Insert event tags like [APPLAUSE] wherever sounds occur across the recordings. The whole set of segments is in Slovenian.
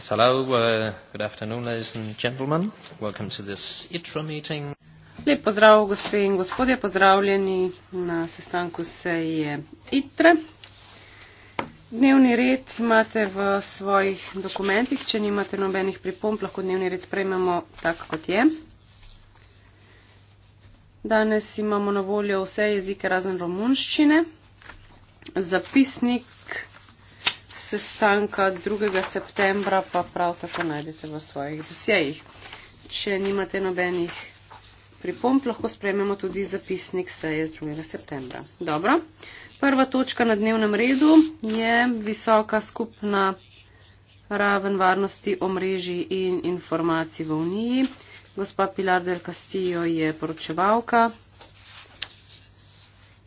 Yes, hello. Uh, good afternoon, ladies and gentlemen. Welcome to this ITRA meeting. Lep pozdrav, gospe in gospodje. Pozdravljeni na sestanku seje ITRA. E. Dnevni red imate v svojih dokumentih. Če nimate nobenih pripomp, lahko dnevni red sprejmemo tak, kot je. Danes imamo na voljo vse jezike razen romunščine. Zapisnik sestanka 2. septembra pa prav tako najdete v svojih dosjejih. Če nimate nobenih pripomp, lahko sprememo tudi zapisnik seje 2. septembra. Dobro. Prva točka na dnevnem redu je visoka skupna raven varnosti omrežij in informacij v Uniji. Gospa Pilar del Castillo je poročevalka.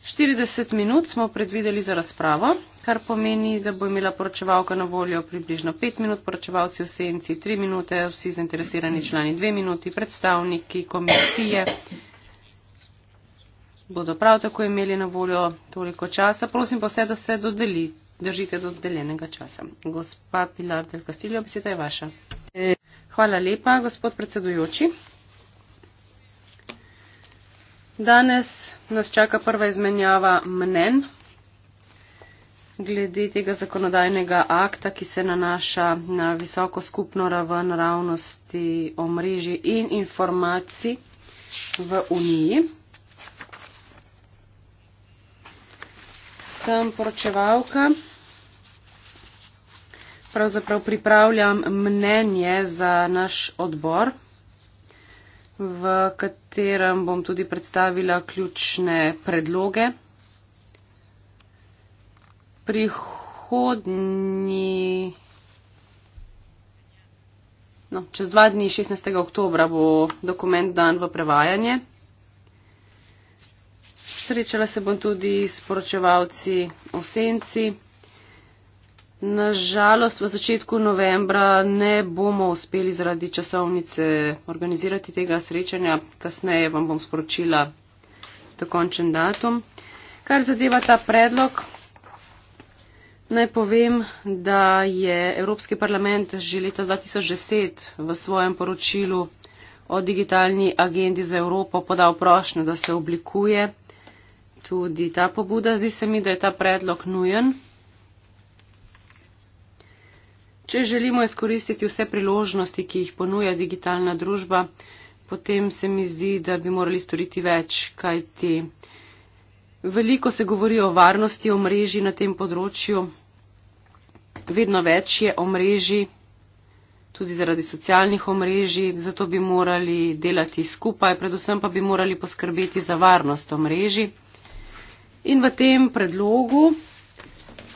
40 minut smo predvideli za razpravo kar pomeni, da bo imela poročevalka na voljo približno pet minut, poročevalci v senci tri minute, vsi zainteresirani člani dve minuti, predstavniki komisije bodo prav tako imeli na voljo toliko časa. Prosim pa vse, da se dodeli, držite do deljenega časa. Gospa Pilar del Castillo, beseda je vaša. Hvala lepa, gospod predsedujoči. Danes nas čaka prva izmenjava mnen glede tega zakonodajnega akta, ki se nanaša na visoko skupno raven ravnosti omrežji in informacij v Uniji. Sem poročevalka, pravzaprav pripravljam mnenje za naš odbor, v katerem bom tudi predstavila ključne predloge prihodnji, no, čez dva dni, 16. oktobra, bo dokument dan v prevajanje. Srečala se bom tudi s poročevalci o senci. Nažalost, v začetku novembra ne bomo uspeli zaradi časovnice organizirati tega srečanja. Kasneje vam bom sporočila dokončen datum. Kar zadeva ta predlog, Naj povem, da je Evropski parlament že leta 2010 v svojem poročilu o digitalni agendi za Evropo podal prošnjo, da se oblikuje tudi ta pobuda. Zdi se mi, da je ta predlog nujen. Če želimo izkoristiti vse priložnosti, ki jih ponuja digitalna družba, potem se mi zdi, da bi morali storiti več, kajti. Veliko se govori o varnosti omrežji na tem področju. Vedno več je omrežji, tudi zaradi socialnih omrežij, zato bi morali delati skupaj, predvsem pa bi morali poskrbeti za varnost omrežji. In v tem predlogu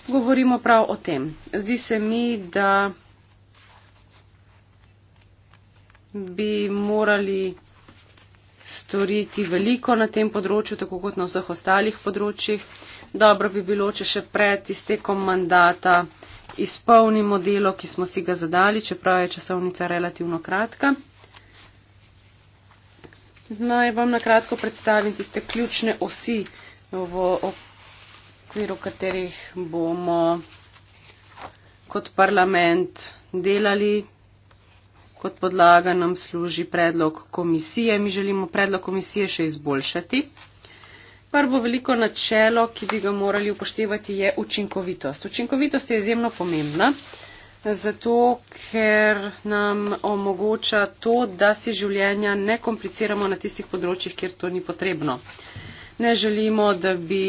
govorimo prav o tem. Zdi se mi, da bi morali storiti veliko na tem področju, tako kot na vseh ostalih področjih. Dobro bi bilo, če še pred iztekom mandata izpolnimo delo, ki smo si ga zadali, čeprav je časovnica relativno kratka. Naj vam na kratko predstavim tiste ključne osi, v okviru katerih bomo kot parlament delali kot podlaga nam služi predlog komisije. Mi želimo predlog komisije še izboljšati. Prvo veliko načelo, ki bi ga morali upoštevati, je učinkovitost. Učinkovitost je izjemno pomembna, zato ker nam omogoča to, da si življenja ne kompliciramo na tistih področjih, kjer to ni potrebno. Ne želimo, da bi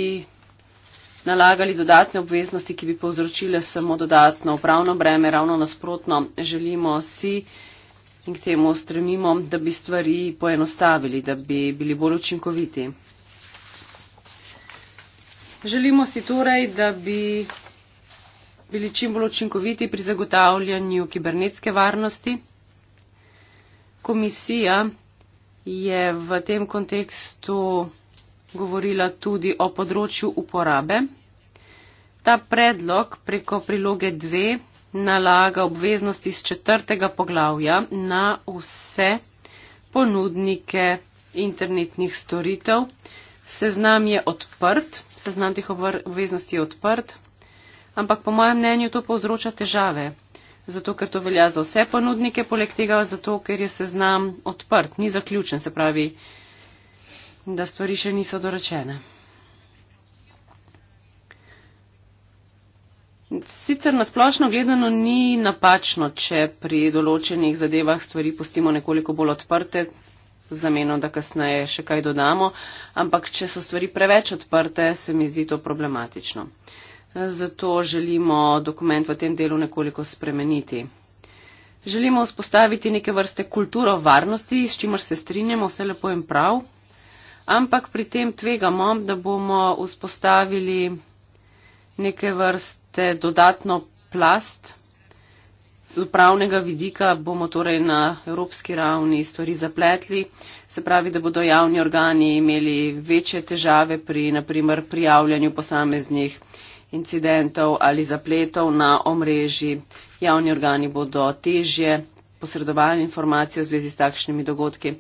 nalagali dodatne obveznosti, ki bi povzročile samo dodatno upravno breme, ravno nasprotno želimo si, in k temu stremimo, da bi stvari poenostavili, da bi bili bolj učinkoviti. Želimo si torej, da bi bili čim bolj učinkoviti pri zagotavljanju kibernetske varnosti. Komisija je v tem kontekstu govorila tudi o področju uporabe. Ta predlog preko priloge 2 nalaga obveznosti iz četrtega poglavja na vse ponudnike internetnih storitev. Seznam je odprt, seznam teh obveznosti je odprt, ampak po mojem mnenju to povzroča težave, zato ker to velja za vse ponudnike, poleg tega zato, ker je seznam odprt, ni zaključen, se pravi, da stvari še niso dorečene. Sicer nasplošno gledano ni napačno, če pri določenih zadevah stvari pustimo nekoliko bolj odprte, z namenom, da kasneje še kaj dodamo, ampak če so stvari preveč odprte, se mi zdi to problematično. Zato želimo dokument v tem delu nekoliko spremeniti. Želimo vzpostaviti neke vrste kulturo varnosti, s čimer se strinjamo, vse lepo in prav, ampak pri tem tvegamo, da bomo vzpostavili neke vrste ste dodatno plast. Z upravnega vidika bomo torej na evropski ravni stvari zapletli, se pravi, da bodo javni organi imeli večje težave pri naprimer prijavljanju posameznih incidentov ali zapletov na omrežji. Javni organi bodo težje posredovali informacije v zvezi s takšnimi dogodki.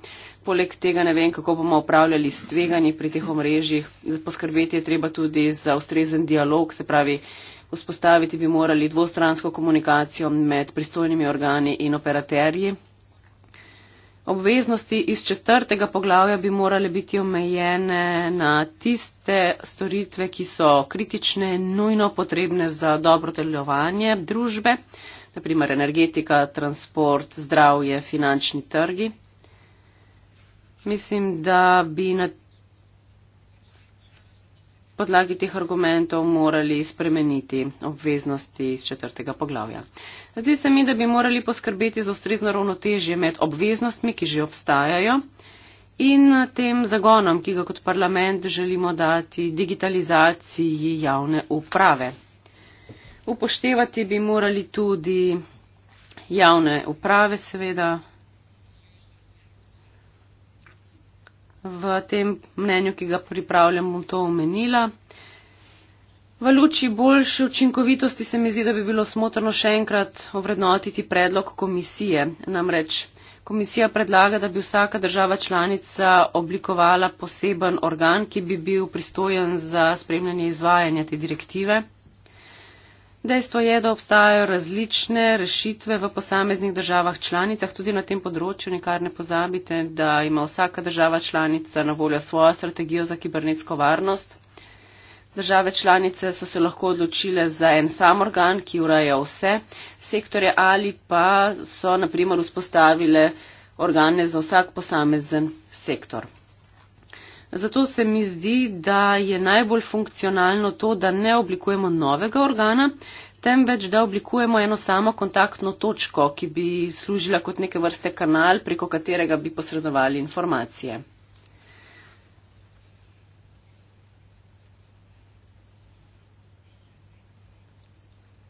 Poleg tega ne vem, kako bomo upravljali stveganje pri teh omrežjih. Poskrbeti je treba tudi za ustrezen dialog, se pravi, Vzpostaviti bi morali dvostransko komunikacijo med pristojnimi organi in operaterji. Obveznosti iz četrtega poglavja bi morale biti omejene na tiste storitve, ki so kritične, nujno potrebne za dobro delovanje družbe, naprimer energetika, transport, zdravje, finančni trgi. Mislim, da bi na podlagi teh argumentov morali spremeniti obveznosti iz četrtega poglavja. Zdi se mi, da bi morali poskrbeti za ustrezno ravnotežje med obveznostmi, ki že obstajajo, in tem zagonom, ki ga kot parlament želimo dati digitalizaciji javne uprave. Upoštevati bi morali tudi javne uprave, seveda, v tem mnenju, ki ga pripravljamo, to omenila. V luči boljše učinkovitosti se mi zdi, da bi bilo smotrno še enkrat ovrednotiti predlog komisije. Namreč komisija predlaga, da bi vsaka država članica oblikovala poseben organ, ki bi bil pristojen za spremljanje izvajanja te direktive. Dejstvo je, da obstajajo različne rešitve v posameznih državah članicah, tudi na tem področju nikar ne pozabite, da ima vsaka država članica na voljo svojo strategijo za kibernetsko varnost. Države članice so se lahko odločile za en sam organ, ki ureja vse sektorje ali pa so naprimer vzpostavile organe za vsak posamezen sektor. Zato se mi zdi, da je najbolj funkcionalno to, da ne oblikujemo novega organa, temveč da oblikujemo eno samo kontaktno točko, ki bi služila kot neke vrste kanal, preko katerega bi posredovali informacije.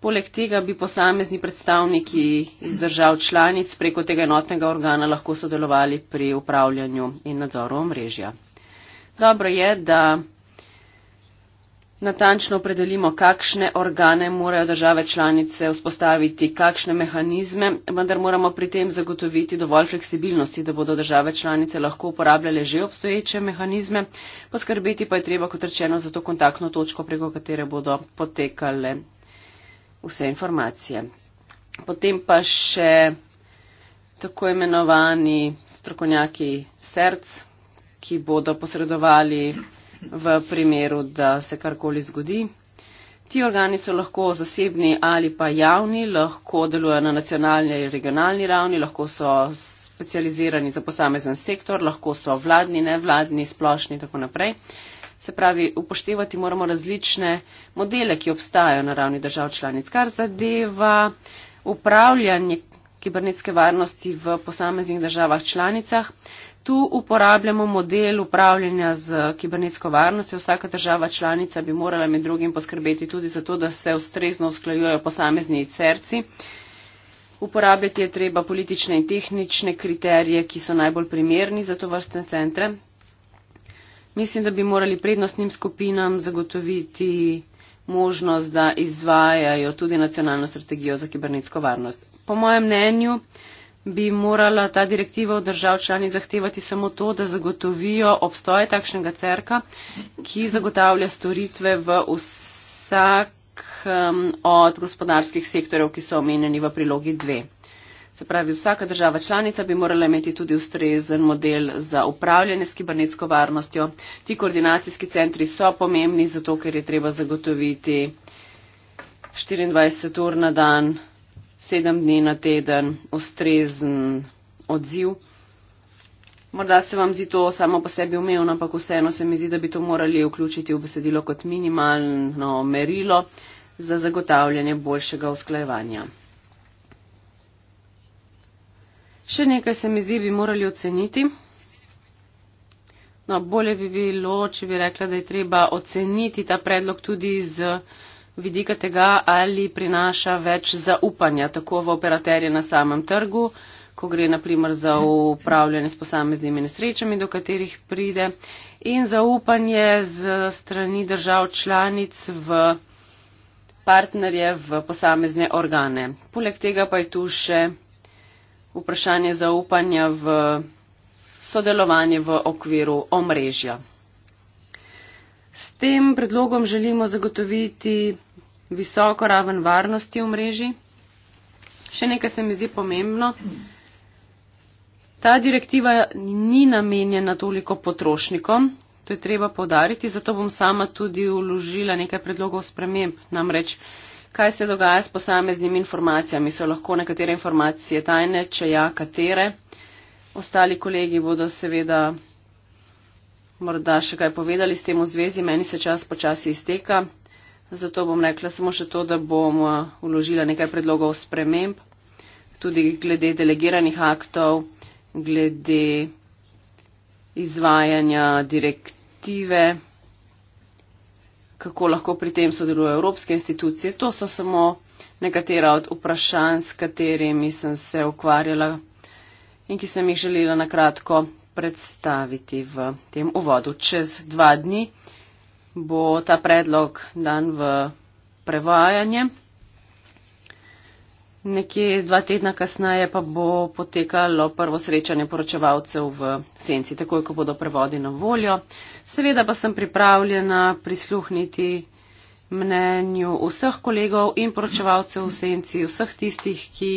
Poleg tega bi posamezni predstavniki iz držav članic preko tega enotnega organa lahko sodelovali pri upravljanju in nadzoru omrežja. Dobro je, da natančno opredelimo, kakšne organe morajo države članice vzpostaviti, kakšne mehanizme, vendar moramo pri tem zagotoviti dovolj fleksibilnosti, da bodo države članice lahko uporabljale že obstoječe mehanizme, poskrbeti pa je treba, kot rečeno, za to kontaktno točko, preko katere bodo potekale vse informacije. Potem pa še tako imenovani strokovnjaki SERC, ki bodo posredovali v primeru, da se karkoli zgodi. Ti organi so lahko zasebni ali pa javni, lahko delujejo na nacionalni ali regionalni ravni, lahko so specializirani za posamezen sektor, lahko so vladni, nevladni, splošni in tako naprej. Se pravi, upoštevati moramo različne modele, ki obstajajo na ravni držav članic, kar zadeva upravljanje kibernetske varnosti v posameznih državah članicah. Tu uporabljamo model upravljanja z kibernetsko varnostjo. Vsaka država članica bi morala med drugim poskrbeti tudi za to, da se ustrezno usklajujejo posamezni cerci. Uporabljati je treba politične in tehnične kriterije, ki so najbolj primerni za to vrstne centre. Mislim, da bi morali prednostnim skupinam zagotoviti možnost, da izvajajo tudi nacionalno strategijo za kibernetsko varnost. Po mojem mnenju bi morala ta direktiva v držav člani zahtevati samo to, da zagotovijo obstoje takšnega crka, ki zagotavlja storitve v vsak um, od gospodarskih sektorjev, ki so omenjeni v prilogi 2. Se pravi, vsaka država članica bi morala imeti tudi ustrezen model za upravljanje s kibernetsko varnostjo. Ti koordinacijski centri so pomembni zato, ker je treba zagotoviti 24 ur na dan sedem dni na teden ustrezen odziv. Morda se vam zdi to samo po sebi umevno, ampak vseeno se mi zdi, da bi to morali vključiti v besedilo kot minimalno merilo za zagotavljanje boljšega usklajevanja. Še nekaj se mi zdi, bi morali oceniti. No, bolje bi bilo, če bi rekla, da je treba oceniti ta predlog tudi z vidika tega, ali prinaša več zaupanja tako v operaterje na samem trgu, ko gre naprimer za upravljanje s posameznimi nesrečami, do katerih pride, in zaupanje z strani držav članic v partnerje, v posamezne organe. Poleg tega pa je tu še vprašanje zaupanja v sodelovanje v okviru omrežja. S tem predlogom želimo zagotoviti visoko raven varnosti v mreži. Še nekaj se mi zdi pomembno. Ta direktiva ni namenjena toliko potrošnikom, to je treba povdariti, zato bom sama tudi uložila nekaj predlogov sprememb. Namreč, kaj se dogaja s posameznimi informacijami, so lahko nekatere informacije tajne, če ja, katere. Ostali kolegi bodo seveda morda še kaj povedali s tem v zvezi, meni se čas počasi izteka. Zato bom rekla samo še to, da bom uložila eh, nekaj predlogov sprememb, tudi glede delegiranih aktov, glede izvajanja direktive, kako lahko pri tem sodelujo evropske institucije. To so samo nekatera od vprašanj, s katerimi sem se ukvarjala in ki sem jih želela na kratko predstaviti v tem uvodu. Čez dva dni bo ta predlog dan v prevajanje. Nekje dva tedna kasneje pa bo potekalo prvo srečanje poročevalcev v senci, takoj, ko bodo prevodi na voljo. Seveda pa sem pripravljena prisluhniti mnenju vseh kolegov in poročevalcev v senci, vseh tistih, ki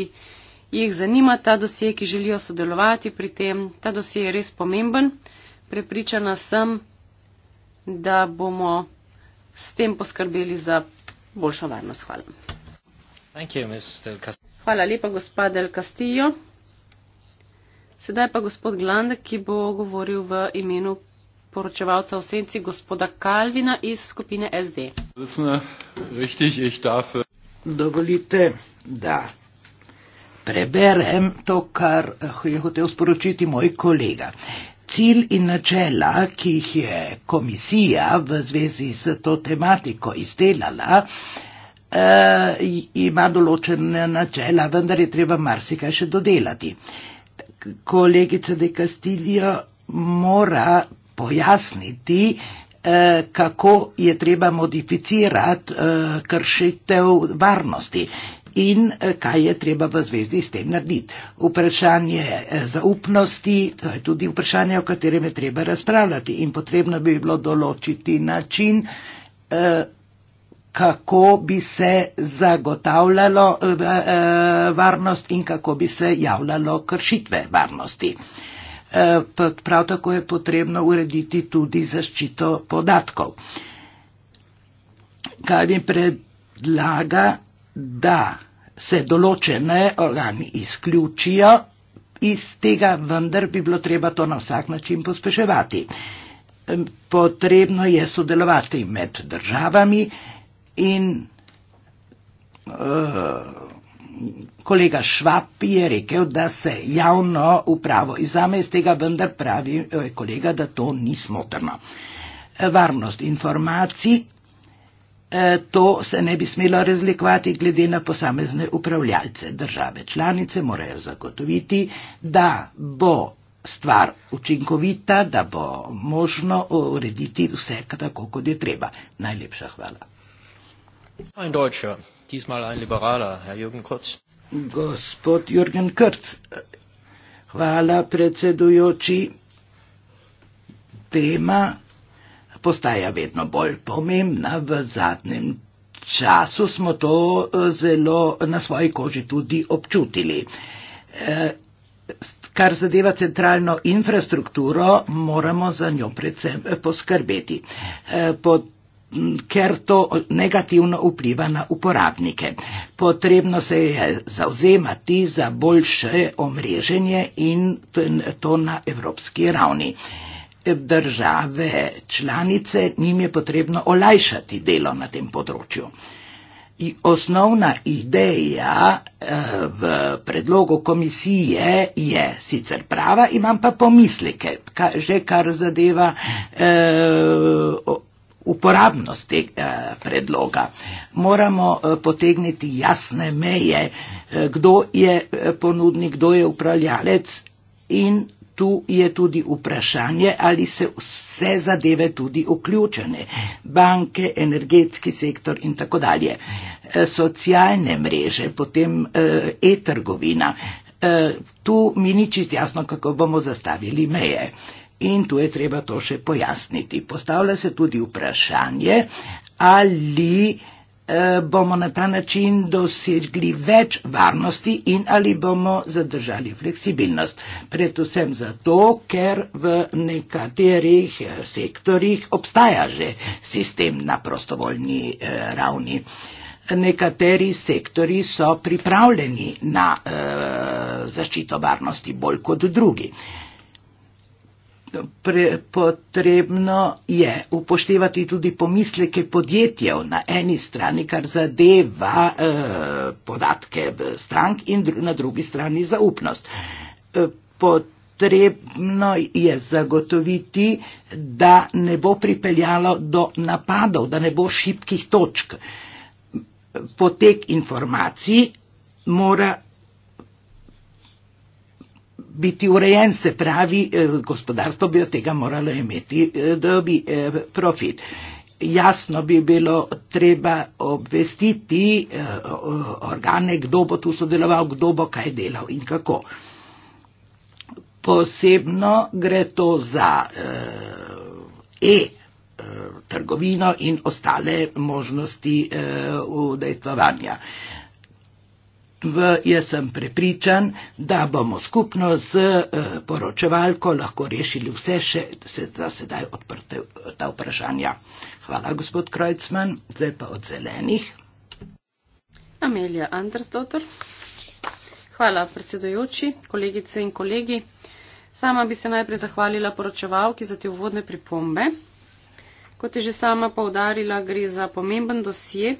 jih zanima ta dosje, ki želijo sodelovati pri tem. Ta dosje je res pomemben. Prepričana sem, da bomo s tem poskrbeli za boljšo varnost. Hvala. Hvala lepa, gospod Del Castillo. Sedaj pa gospod Glande, ki bo govoril v imenu poročevalca v senci gospoda Kalvina iz skupine SD. Äh, Dovolite, da preberem to, kar eh, je hotel sporočiti moj kolega cilj in načela, ki jih je komisija v zvezi s to tematiko izdelala, eh, ima določene načela, vendar je treba marsikaj še dodelati. Kolegica de Castillo mora pojasniti, eh, kako je treba modificirati eh, kršitev varnosti in eh, kaj je treba v zvezdi s tem narediti. Vprašanje eh, zaupnosti, to je tudi vprašanje, o katerem je treba razpravljati in potrebno bi bilo določiti način, eh, kako bi se zagotavljalo varnost in kako bi se javljalo kršitve varnosti. Prav tako je potrebno urediti tudi zaščito podatkov. Kaj mi predlaga da se določene organi izključijo iz tega, vendar bi bilo treba to na vsak način pospeševati. Potrebno je sodelovati med državami in eh, Kolega Švab je rekel, da se javno upravo izame iz tega, vendar pravi eh, kolega, da to ni smotrno. Varnost informacij Eh, to se ne bi smelo razlikovati glede na posamezne upravljalce. Države članice morajo zagotoviti, da bo stvar učinkovita, da bo možno urediti vse tako, kot je treba. Najlepša hvala. Gospod Jürgen Krc, hvala predsedujoči. Tema postaja vedno bolj pomembna v zadnjem času, smo to eh, zelo na svoji koži tudi občutili. Eh, kar zadeva centralno infrastrukturo, moramo za njo predvsem eh, poskrbeti, Pod, ker to negativno vpliva na uporabnike. Potrebno se je zauzemati za boljše omreženje in to na evropski ravni države članice, njim je potrebno olajšati delo na tem področju. I osnovna ideja eh, v predlogu komisije je sicer prava, imam pa pomisleke, že kar zadeva eh, uporabnost tega eh, predloga. Moramo potegniti jasne meje, kdo je ponudnik, kdo je upravljalec in tu je tudi vprašanje, ali se vse zadeve tudi vključene, banke, energetski sektor in tako dalje, e, socialne mreže, potem e, e-trgovina. E, tu mi ni čist jasno, kako bomo zastavili meje. In tu je treba to še pojasniti. Postavlja se tudi vprašanje, ali Eh, bomo na ta način dosegli več varnosti in ali bomo zadržali fleksibilnost. Predvsem zato, ker v nekaterih eh, sektorjih obstaja že sistem na prostovoljni eh, ravni. Nekateri sektori so pripravljeni na zaščito varnosti bolj kot drugi pre, potrebno je upoštevati tudi pomisleke podjetjev na eni strani, kar zadeva eh, podatke strank in dru, na drugi strani zaupnost. Eh, potrebno je zagotoviti, da ne bo pripeljalo do napadov, da ne bo šibkih točk. Potek informacij mora biti urejen, se pravi, eh, gospodarstvo bi od tega moralo imeti eh, dobi eh, profit. Jasno bi bilo treba obvestiti organe, kdo bo tu sodeloval, kdo bo kaj delal in kako. Posebno gre to za e-trgovino e, in ostale možnosti udejstvovanja. E, V, jaz sem prepričan, da bomo skupno z eh, poročevalko lahko rešili vse še se, za sedaj odprte ta vprašanja. Hvala, gospod Krojcman, zdaj pa od zelenih. Amelija Andersdotter. Hvala, predsedujoči, kolegice in kolegi. Sama bi se najprej zahvalila poročevalki za te uvodne pripombe. Kot je že sama poudarila, gre za pomemben dosje.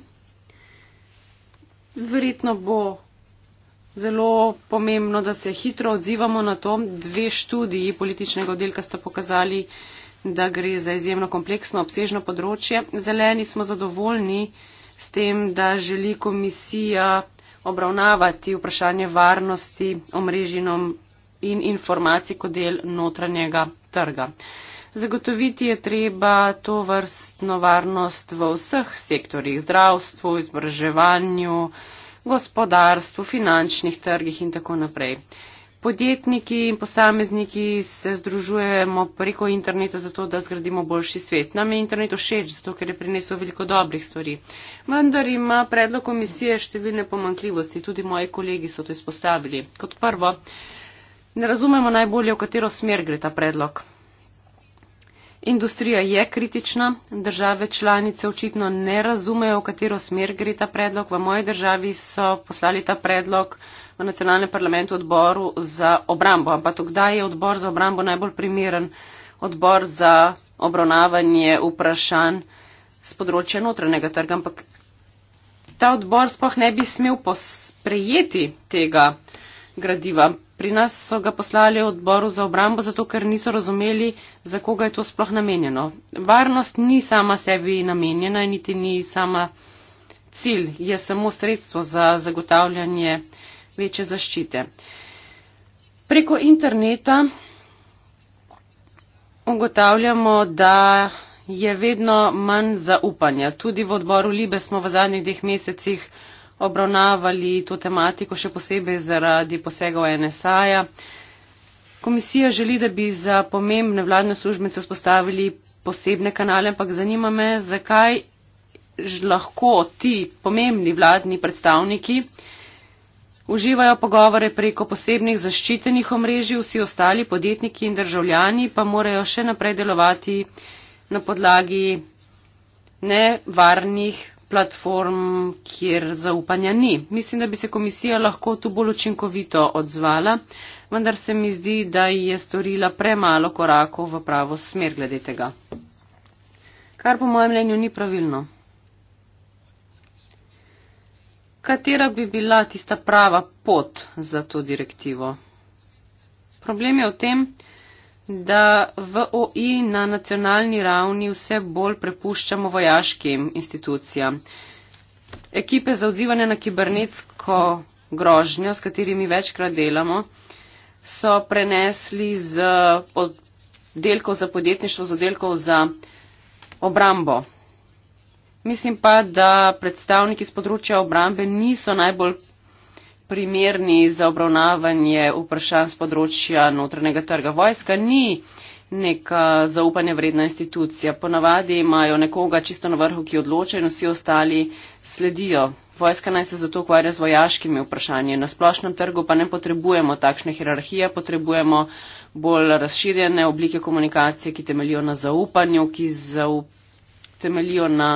Verjetno bo zelo pomembno, da se hitro odzivamo na to. Dve študiji političnega oddelka sta pokazali, da gre za izjemno kompleksno, obsežno področje. Zeleni smo zadovoljni s tem, da želi komisija obravnavati vprašanje varnosti omrežinom in informacij kot del notranjega trga. Zagotoviti je treba to vrstno varnost v vseh sektorjih, zdravstvu, izobraževanju, gospodarstvu, finančnih trgih in tako naprej. Podjetniki in posamezniki se združujemo preko interneta zato, da zgradimo boljši svet. Nam je internet všeč zato, ker je prinesel veliko dobrih stvari. Vendar ima predlog komisije številne pomankljivosti. Tudi moji kolegi so to izpostavili. Kot prvo, ne razumemo najbolje, v katero smer gre ta predlog. Industrija je kritična, države članice očitno ne razumejo, v katero smer gre ta predlog. V moji državi so poslali ta predlog v nacionalnem parlamentu odboru za obrambo. Ampak kdaj je odbor za obrambo najbolj primeren odbor za obravnavanje vprašanj z področja notranjega trga? Ampak ta odbor spoh ne bi smel posprejeti tega gradiva. Pri nas so ga poslali odboru za obrambo, zato ker niso razumeli, za koga je to sploh namenjeno. Varnost ni sama sebi namenjena in niti ni sama cilj, je samo sredstvo za zagotavljanje večje zaščite. Preko interneta ugotavljamo, da je vedno manj zaupanja. Tudi v odboru Libe smo v zadnjih dveh mesecih obravnavali to tematiko še posebej zaradi posegov NSA-ja. Komisija želi, da bi za pomembne vladne službence vzpostavili posebne kanale, ampak zanima me, zakaj lahko ti pomembni vladni predstavniki uživajo pogovore preko posebnih zaščitenih omrežij, vsi ostali podjetniki in državljani pa morajo še naprej delovati na podlagi nevarnih platform, kjer zaupanja ni. Mislim, da bi se komisija lahko tu bolj učinkovito odzvala, vendar se mi zdi, da je storila premalo korakov v pravo smer glede tega. Kar po mojem mnenju ni pravilno. Katera bi bila tista prava pot za to direktivo? Problem je v tem, da da VOI na nacionalni ravni vse bolj prepuščamo vojaškim institucijam. Ekipe za odzivanje na kibernetsko grožnjo, s katerimi večkrat delamo, so prenesli z oddelkov za podjetništvo, z oddelkov za obrambo. Mislim pa, da predstavniki z področja obrambe niso najbolj primerni za obravnavanje vprašanj z področja notranjega trga. Vojska ni neka zaupanja vredna institucija. Ponavadi imajo nekoga čisto na vrhu, ki odloča in vsi ostali sledijo. Vojska naj se zato ukvarja z vojaškimi vprašanji. Na splošnem trgu pa ne potrebujemo takšne hierarhije, potrebujemo bolj razširjene oblike komunikacije, ki temelijo na zaupanju, ki zaup temelijo na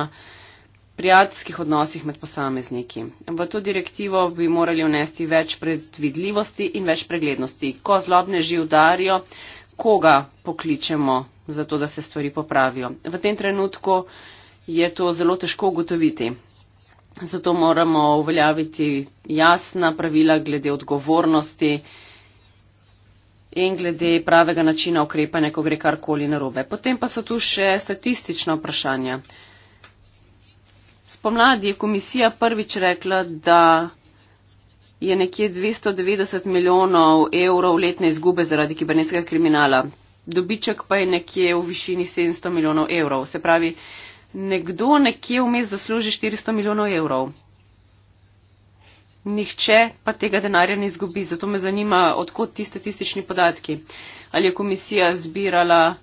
prijateljskih odnosih med posamezniki. V to direktivo bi morali vnesti več predvidljivosti in več preglednosti. Ko zlobne že udarijo, koga pokličemo za to, da se stvari popravijo. V tem trenutku je to zelo težko ugotoviti. Zato moramo uveljaviti jasna pravila glede odgovornosti in glede pravega načina okrepanja, ko gre karkoli narobe. Potem pa so tu še statistična vprašanja. Spomladi je komisija prvič rekla, da je nekje 290 milijonov evrov letne izgube zaradi kibernetskega kriminala. Dobiček pa je nekje v višini 700 milijonov evrov. Se pravi, nekdo nekje vmes zasluži 400 milijonov evrov. Nihče pa tega denarja ne izgubi. Zato me zanima, odkot ti statistični podatki. Ali je komisija zbirala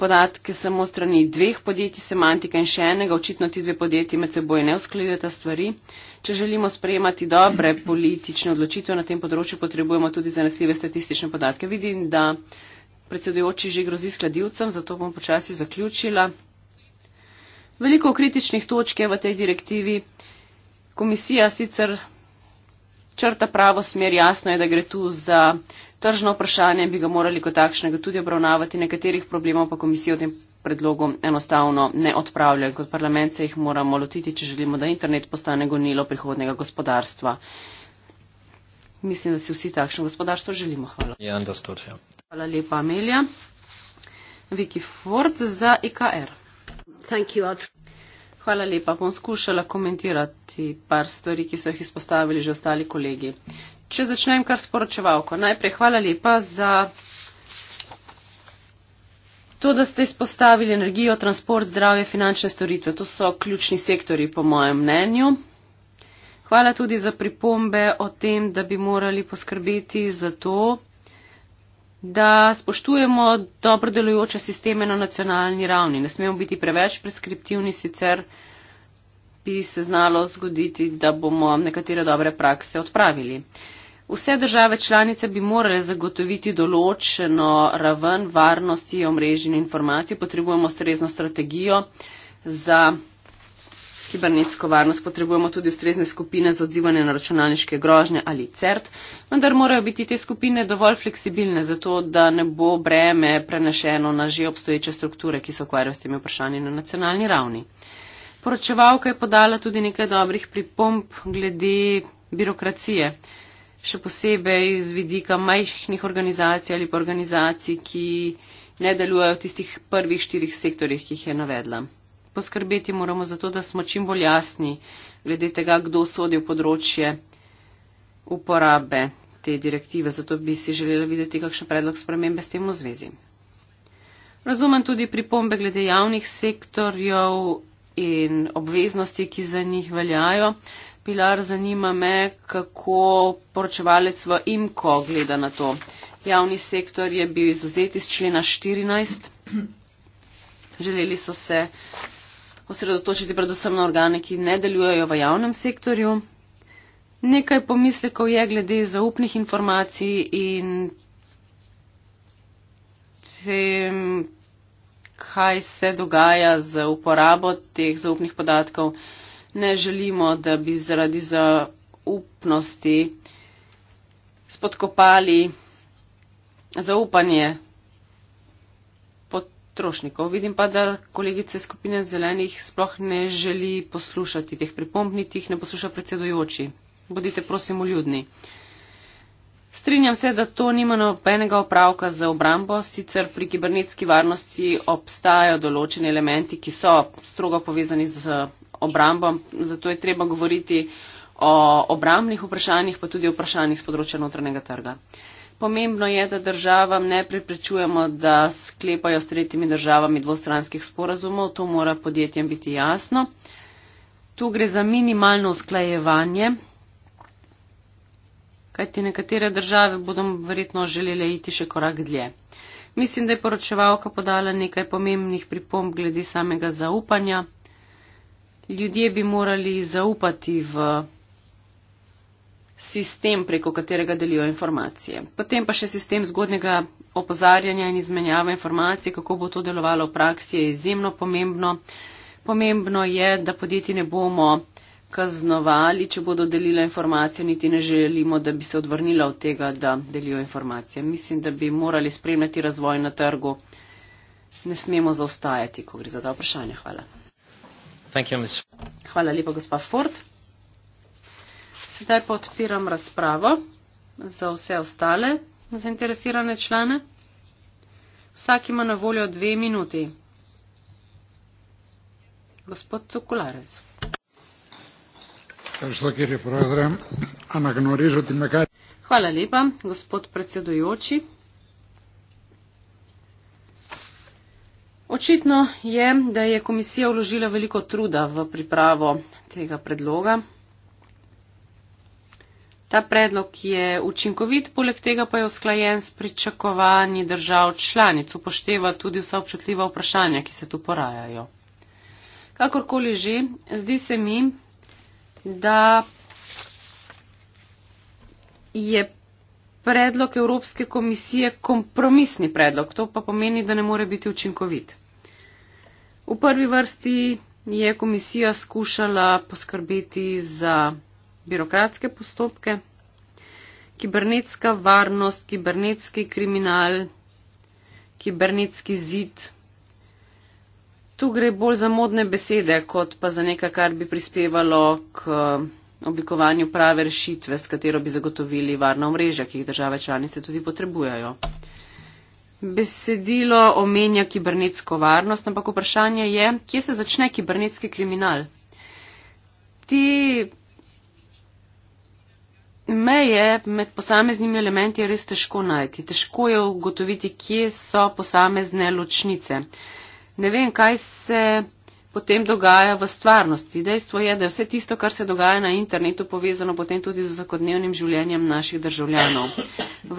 podatke samo strani dveh podjetij semantika in še enega, očitno ti dve podjetji med seboj ne usklajujeta stvari. Če želimo sprejemati dobre politične odločitve na tem področju, potrebujemo tudi zanesljive statistične podatke. Vidim, da predsedujoči že grozi skladivcem, zato bom počasi zaključila. Veliko kritičnih točk je v tej direktivi. Komisija sicer črta pravo smer, jasno je, da gre tu za tržno vprašanje in bi ga morali kot takšnega tudi obravnavati. Nekaterih problemov pa komisija v tem predlogu enostavno ne odpravlja in kot parlament se jih moramo lotiti, če želimo, da internet postane gonilo prihodnega gospodarstva. Mislim, da si vsi takšno gospodarstvo želimo. Hvala. Ja. Hvala lepa, Amelija. Viki Ford za IKR. E Thank you, Hvala lepa. Bom skušala komentirati par stvari, ki so jih izpostavili že ostali kolegi. Če začnem kar sporočevalko. Najprej hvala lepa za to, da ste izpostavili energijo, transport, zdravje, finančne storitve. To so ključni sektori, po mojem mnenju. Hvala tudi za pripombe o tem, da bi morali poskrbeti za to, da spoštujemo dobro delujoče sisteme na nacionalni ravni. Ne smemo biti preveč preskriptivni, sicer bi se znalo zgoditi, da bomo nekatere dobre prakse odpravili. Vse države članice bi morale zagotoviti določeno raven varnosti omrežij in informacij. Potrebujemo strezno strategijo za kibernetsko varnost potrebujemo tudi ustrezne skupine za odzivanje na računalniške grožnje ali CERT, vendar morajo biti te skupine dovolj fleksibilne, zato da ne bo breme prenešeno na že obstoječe strukture, ki se ukvarjajo s temi vprašanji na nacionalni ravni. Poročevalka je podala tudi nekaj dobrih pripomp glede birokracije, še posebej z vidika majhnih organizacij ali pa organizacij, ki ne delujejo v tistih prvih štirih sektorjih, ki jih je navedla poskrbeti moramo za to, da smo čim bolj jasni glede tega, kdo sodi v področje uporabe te direktive. Zato bi si želela videti, kakšen predlog spremembe s tem v zvezi. Razumem tudi pripombe glede javnih sektorjev in obveznosti, ki za njih veljajo. Pilar, zanima me, kako poročevalec v IMKO gleda na to. Javni sektor je bil izuzet iz člena 14. Želeli so se osredotočiti predvsem na organe, ki ne delujejo v javnem sektorju. Nekaj pomislekov je glede zaupnih informacij in tem, kaj se dogaja z uporabo teh zaupnih podatkov. Ne želimo, da bi zaradi zaupnosti spodkopali zaupanje potrošnikov. Vidim pa, da kolegice skupine zelenih sploh ne želi poslušati teh pripomb, niti jih ne posluša predsedujoči. Bodite prosim uljudni. Strinjam se, da to nima nobenega opravka za obrambo, sicer pri kibernetski varnosti obstajajo določeni elementi, ki so strogo povezani z obrambo, zato je treba govoriti o obramnih vprašanjih, pa tudi o vprašanjih z področja notranjega trga. Pomembno je, da državam ne preprečujemo, da sklepajo s tretjimi državami dvostranskih sporazumov. To mora podjetjem biti jasno. Tu gre za minimalno usklajevanje, kajti nekatere države bodo verjetno želele iti še korak dlje. Mislim, da je poročevalka podala nekaj pomembnih pripomb glede samega zaupanja. Ljudje bi morali zaupati v sistem, preko katerega delijo informacije. Potem pa še sistem zgodnega opozarjanja in izmenjava informacij, kako bo to delovalo v praksi, je izjemno pomembno. Pomembno je, da podjetji ne bomo kaznovali, če bodo delila informacije, niti ne želimo, da bi se odvrnila od tega, da delijo informacije. Mislim, da bi morali spremljati razvoj na trgu. Ne smemo zaostajati, ko gre za ta vprašanja. Hvala. Hvala lepa, gospod Ford. Zdaj pa odpiram razpravo za vse ostale zainteresirane člane. Vsak ima na voljo dve minuti. Gospod Cukularez. Hvala lepa, gospod predsedujoči. Očitno je, da je komisija vložila veliko truda v pripravo tega predloga Ta predlog je učinkovit, poleg tega pa je usklajen s pričakovanji držav članic, upošteva tudi vsa občutljiva vprašanja, ki se tu porajajo. Kakorkoli že, zdi se mi, da je predlog Evropske komisije kompromisni predlog, to pa pomeni, da ne more biti učinkovit. V prvi vrsti je komisija skušala poskrbeti za birokratske postopke, kibernetska varnost, kibernetski kriminal, kibernetski zid. Tu gre bolj za modne besede, kot pa za nekaj, kar bi prispevalo k eh, oblikovanju prave rešitve, s katero bi zagotovili varna omrežja, ki jih države članice tudi potrebujajo. Besedilo omenja kibernetsko varnost, ampak vprašanje je, kje se začne kibernetski kriminal. Ti meje med posameznimi elementi je res težko najti. Težko je ugotoviti, kje so posamezne ločnice. Ne vem, kaj se potem dogaja v stvarnosti. Dejstvo je, da je vse tisto, kar se dogaja na internetu, povezano potem tudi z vsakodnevnim življenjem naših državljanov.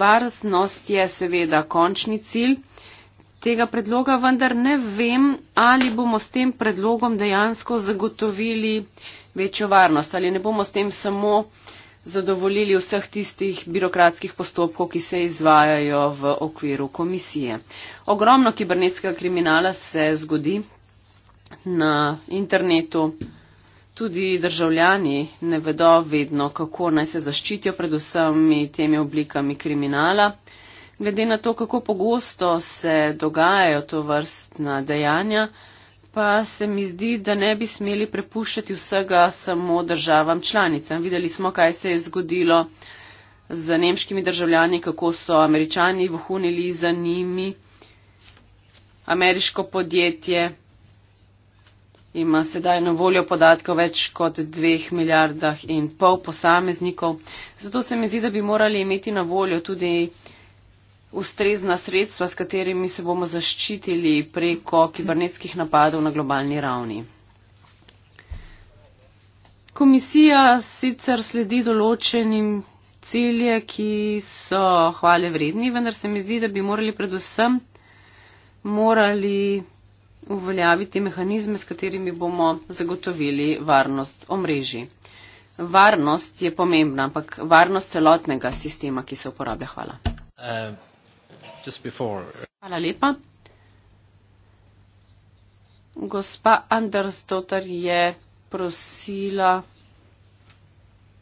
Varnost je seveda končni cilj tega predloga, vendar ne vem, ali bomo s tem predlogom dejansko zagotovili večjo varnost, ali ne bomo s tem samo uh, zadovoljili vseh tistih birokratskih postopkov, ki se izvajajo v okviru komisije. Ogromno kibernetskega kriminala se zgodi na internetu. Tudi državljani ne vedo vedno, kako naj se zaščitijo pred vsemi temi oblikami kriminala. Glede na to, kako pogosto se dogajajo to vrstna dejanja, pa se mi zdi, da ne bi smeli prepuščati vsega samo državam članicam. Videli smo, kaj se je zgodilo z nemškimi državljani, kako so američani vohunili za njimi. Ameriško podjetje ima sedaj na voljo podatkov več kot dveh milijardah in pol posameznikov. Zato se mi zdi, da bi morali imeti na voljo tudi ustrezna sredstva, s katerimi se bomo zaščitili preko kibernetskih napadov na globalni ravni. Komisija sicer sledi določenim cilje, ki so hvale vredni, vendar se mi zdi, da bi morali predvsem morali uveljaviti mehanizme, s katerimi bomo zagotovili varnost omrežji. Varnost je pomembna, ampak varnost celotnega sistema, ki se uporablja. Hvala. Uh. Hvala lepa. Gospa Andersdotter je prosila,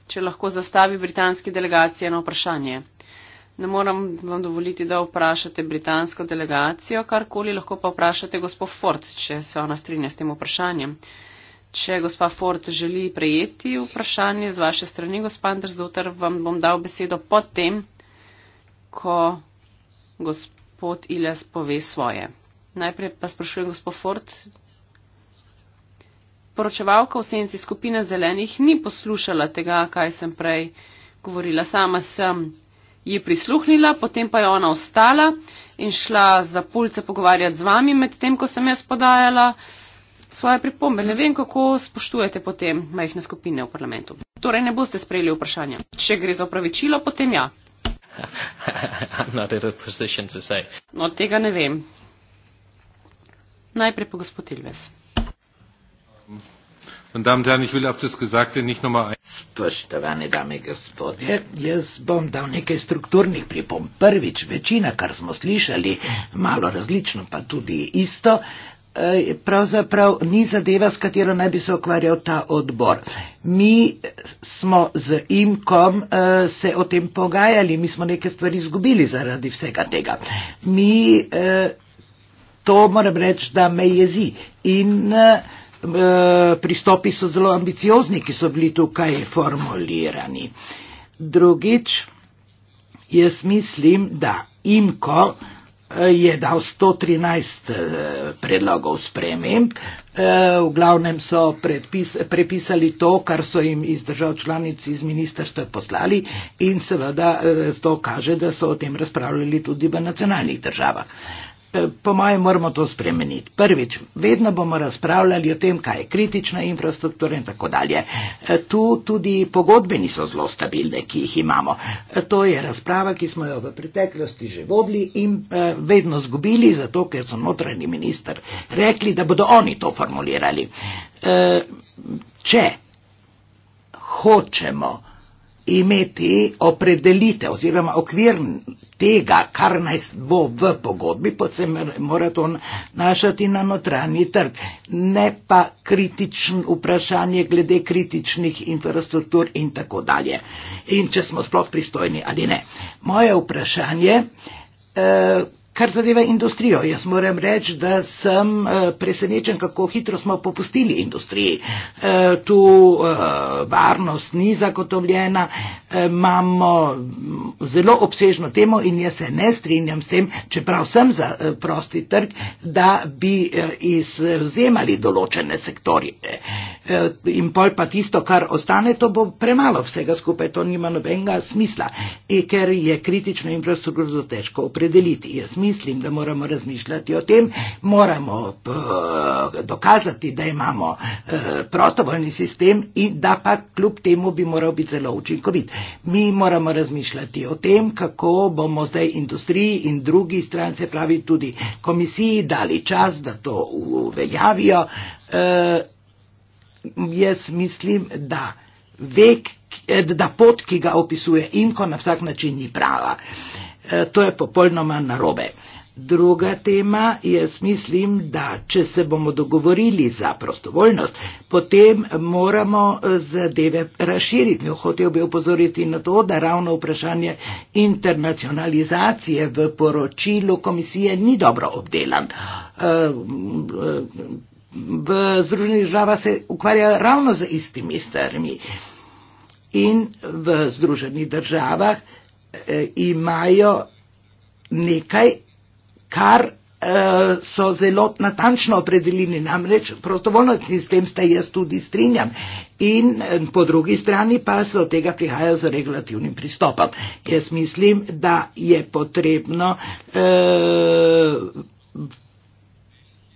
če lahko zastavi britanski delegacije na vprašanje. Ne moram vam dovoliti, da vprašate britansko delegacijo, karkoli lahko pa vprašate gospod Ford, če se ona strinja s tem vprašanjem. Če gospa Ford želi prejeti vprašanje z vaše strani, gospod Andersdotter, vam bom dal besedo potem, ko gospod Iles pove svoje. Najprej pa sprašujem gospod Ford. Poročevalka v senci skupine zelenih ni poslušala tega, kaj sem prej govorila. Sama sem ji prisluhnila, potem pa je ona ostala in šla za pulce pogovarjati z vami, medtem ko sem jaz podajala svoje pripombe. Ne vem, kako spoštujete potem majhne skupine v parlamentu. Torej ne boste sprejeli vprašanja. Če gre za opravičilo, potem ja. I'm not in a position to say. No, tega ne vem. Najprej pa gospod Ilves. Spoštovane dame in gospodje, jaz bom dal nekaj strukturnih pripomb. Prvič, večina, kar smo slišali, malo različno, pa tudi isto, pravzaprav ni zadeva, s katero naj bi se ukvarjal ta odbor. Mi smo z imkom eh, se o tem pogajali, mi smo neke stvari izgubili zaradi vsega tega. Mi, eh, to moram reči, da me jezi in eh, pristopi so zelo ambiciozni, ki so bili tukaj formulirani. Drugič, jaz mislim, da imko, je dal 113 eh, predlogov sprememb. Eh, v glavnem so predpis, prepisali to, kar so jim iz držav članic iz ministrstva poslali in seveda eh, to kaže, da so o tem razpravljali tudi v nacionalnih državah. Eh, po mojem moramo to spremeniti. Prvič, vedno bomo razpravljali o tem, kaj je kritična infrastruktura in tako dalje. Eh, tu tudi pogodbe niso zelo stabilne, ki jih imamo. Eh, to je razprava, ki smo jo v preteklosti že vodili in vedno zgubili, zato ker so notranji minister rekli, da bodo oni to formulirali. Če hočemo, imeti opredelitev oziroma okvir tega, kar naj bo v pogodbi, pa se mora to našati na notranji trg, ne pa kritično vprašanje glede kritičnih infrastruktur in tako dalje. In če smo sploh pristojni ali ne. Moje vprašanje, eh, Kar zadeva industrijo, jaz moram reči, da sem eh, presenečen, kako hitro smo popustili industriji. Eh, tu eh, varnost ni zagotovljena, imamo zelo obsežno temo in jaz se ne strinjam s tem, čeprav sem za prosti trg, da bi izvzemali določene sektorje. In pol pa tisto, kar ostane, to bo premalo vsega skupaj, to nima nobenega smisla, e, ker je kritično infrastrukturo težko opredeliti. Jaz mislim, da moramo razmišljati o tem, moramo eh, dokazati, da imamo eh, prostovoljni sistem in da pa kljub temu bi moral biti zelo učinkovit. Mi moramo razmišljati o tem, kako bomo zdaj industriji in drugi stran, se pravi tudi komisiji, dali čas, da to uveljavijo. Eh, jaz mislim, da vek, da pot, ki ga opisuje Imko, na vsak način ni prava. Uh, E, to je popolnoma narobe. Druga tema, jaz mislim, da če se bomo dogovorili za prostovoljnost, potem moramo e, zadeve razširiti. No, Hotev bi upozoriti na to, da ravno vprašanje internacionalizacije v poročilu komisije ni dobro obdelan. E, v Združenih država se ukvarja ravno z istimi stvarmi. In v Združenih državah eh, imajo nekaj, kar eh, so zelo natančno opredelili. Namreč prostovoljno s tem ste jaz tudi strinjam. In e, po drugi strani pa se od tega prihajajo z regulativnim pristopom. Jaz mislim, da je potrebno eh,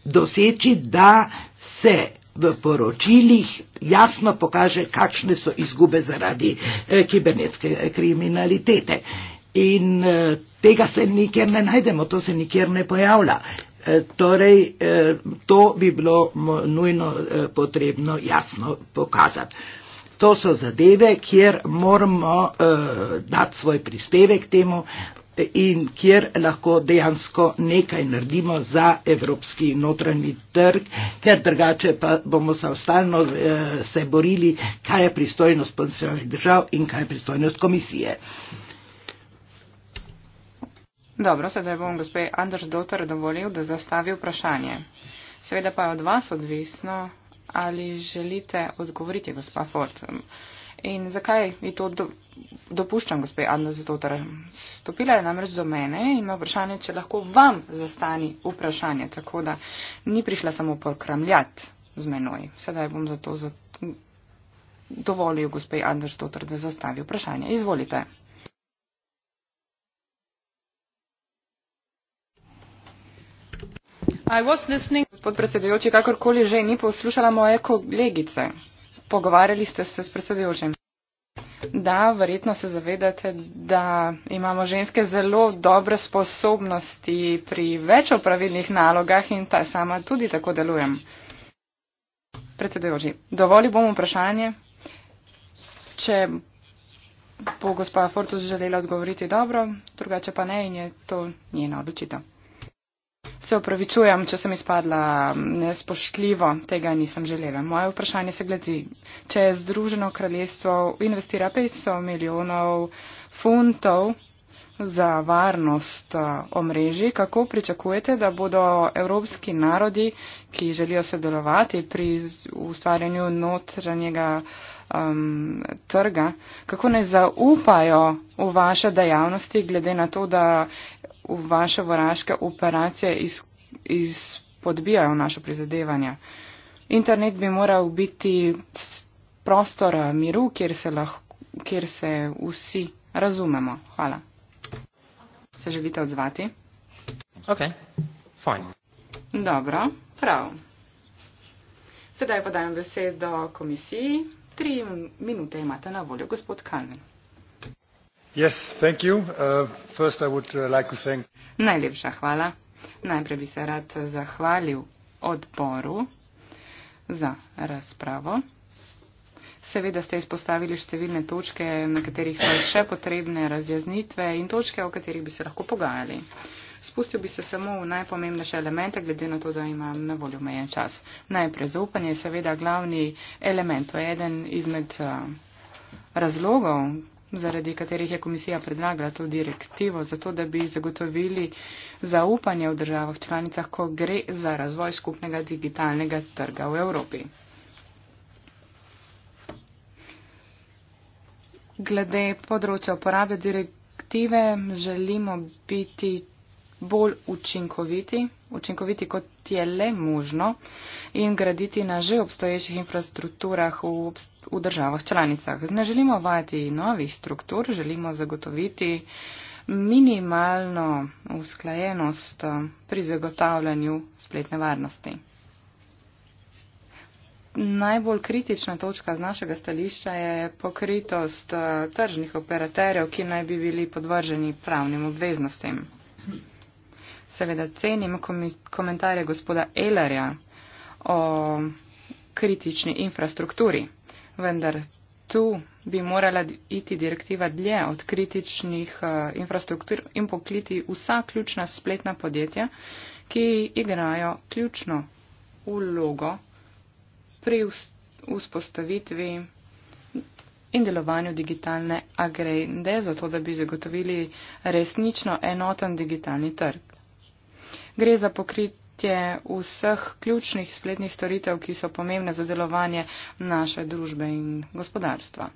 doseči, da se v poročilih jasno pokaže, kakšne so izgube zaradi eh, kibernetske eh, kriminalitete. In eh, tega se nikjer ne najdemo, to se nikjer ne pojavlja. Eh, torej, eh, to bi bilo nujno eh, potrebno jasno pokazati. To so zadeve, kjer moramo eh, dati svoj prispevek temu, in kjer lahko dejansko nekaj naredimo za evropski notranji trg, ker drugače pa bomo se ostalno eh, se borili, kaj je pristojnost poncionalnih držav in kaj je pristojnost komisije. Dobro, sedaj bom gospe Anders Dotar dovolil, da zastavi vprašanje. Seveda pa je od vas odvisno, ali želite odgovoriti, gospa Ford. In zakaj mi to do, dopuščam, gospe Adna Zotar? Stopila je namreč do mene in ima vprašanje, če lahko vam zastani vprašanje, tako da ni prišla samo pokramljati z menoj. Sedaj bom zato za dovolil gospe Adna Zotar, da zastavi vprašanje. Izvolite. Gospod predsedujoči, kakorkoli že ni poslušala moje kolegice pogovarjali ste se s predsedujočim. Da, verjetno se zavedate, da imamo ženske zelo dobre sposobnosti pri več opravilnih nalogah in ta sama tudi tako delujem. Predsedujoči, dovolj bom vprašanje, če bo gospa Fortus želela odgovoriti dobro, drugače pa ne in je to njena odločitev. Se opravičujem, če sem izpadla nespoštljivo, tega nisem želela. Moje vprašanje se glazi, če je Združeno kraljestvo investira 500 milijonov funtov za varnost omrežji, kako pričakujete, da bodo evropski narodi, ki želijo sodelovati pri ustvarjanju notranjega um, trga, kako ne zaupajo v vaše dejavnosti, glede na to, da vaše vojaške operacije izpodbijajo iz naše prizadevanja. Internet bi moral biti prostor miru, kjer se, lahko, kjer se vsi razumemo. Hvala. Se želite odzvati? Ok, fine. Dobro, prav. Sedaj pa dajem besedo komisiji. Tri minute imate na voljo, gospod Kalven. Uh, uh, Najlepša hvala. Najprej bi se rad zahvalil odboru za razpravo. Seveda ste izpostavili številne točke, na katerih so še potrebne razjaznitve in točke, o katerih bi se lahko pogajali. Spustil bi se samo v najpomembnejše elemente, glede na to, da imam na voljo omejen čas. Najprej zaupanje je seveda glavni element. To je eden izmed uh, razlogov, zaradi katerih je komisija predlagala to direktivo, zato da bi zagotovili zaupanje v državah članicah, ko gre za razvoj skupnega digitalnega trga v Evropi. Glede področja uporabe direktive želimo biti bolj učinkoviti, učinkoviti kot je le možno in graditi na že obstoječih infrastrukturah v, v državah članicah. Ne želimo vajati novih struktur, želimo zagotoviti minimalno usklajenost eh, pri zagotavljanju spletne varnosti. Najbolj kritična točka z našega stališča je pokritost eh, tržnih operaterjev, ki naj bi bili podvrženi pravnim obveznostim seveda cenim komentarje gospoda Eilerja o kritični infrastrukturi, vendar tu bi morala iti direktiva dlje od kritičnih eh, infrastruktur in pokliti vsa ključna spletna podjetja, ki igrajo ključno ulogo pri vzpostavitvi in delovanju digitalne agende, zato da bi zagotovili resnično enoten digitalni trg. Gre za pokritje vseh ključnih spletnih storitev, ki so pomembne za delovanje naše družbe in gospodarstva.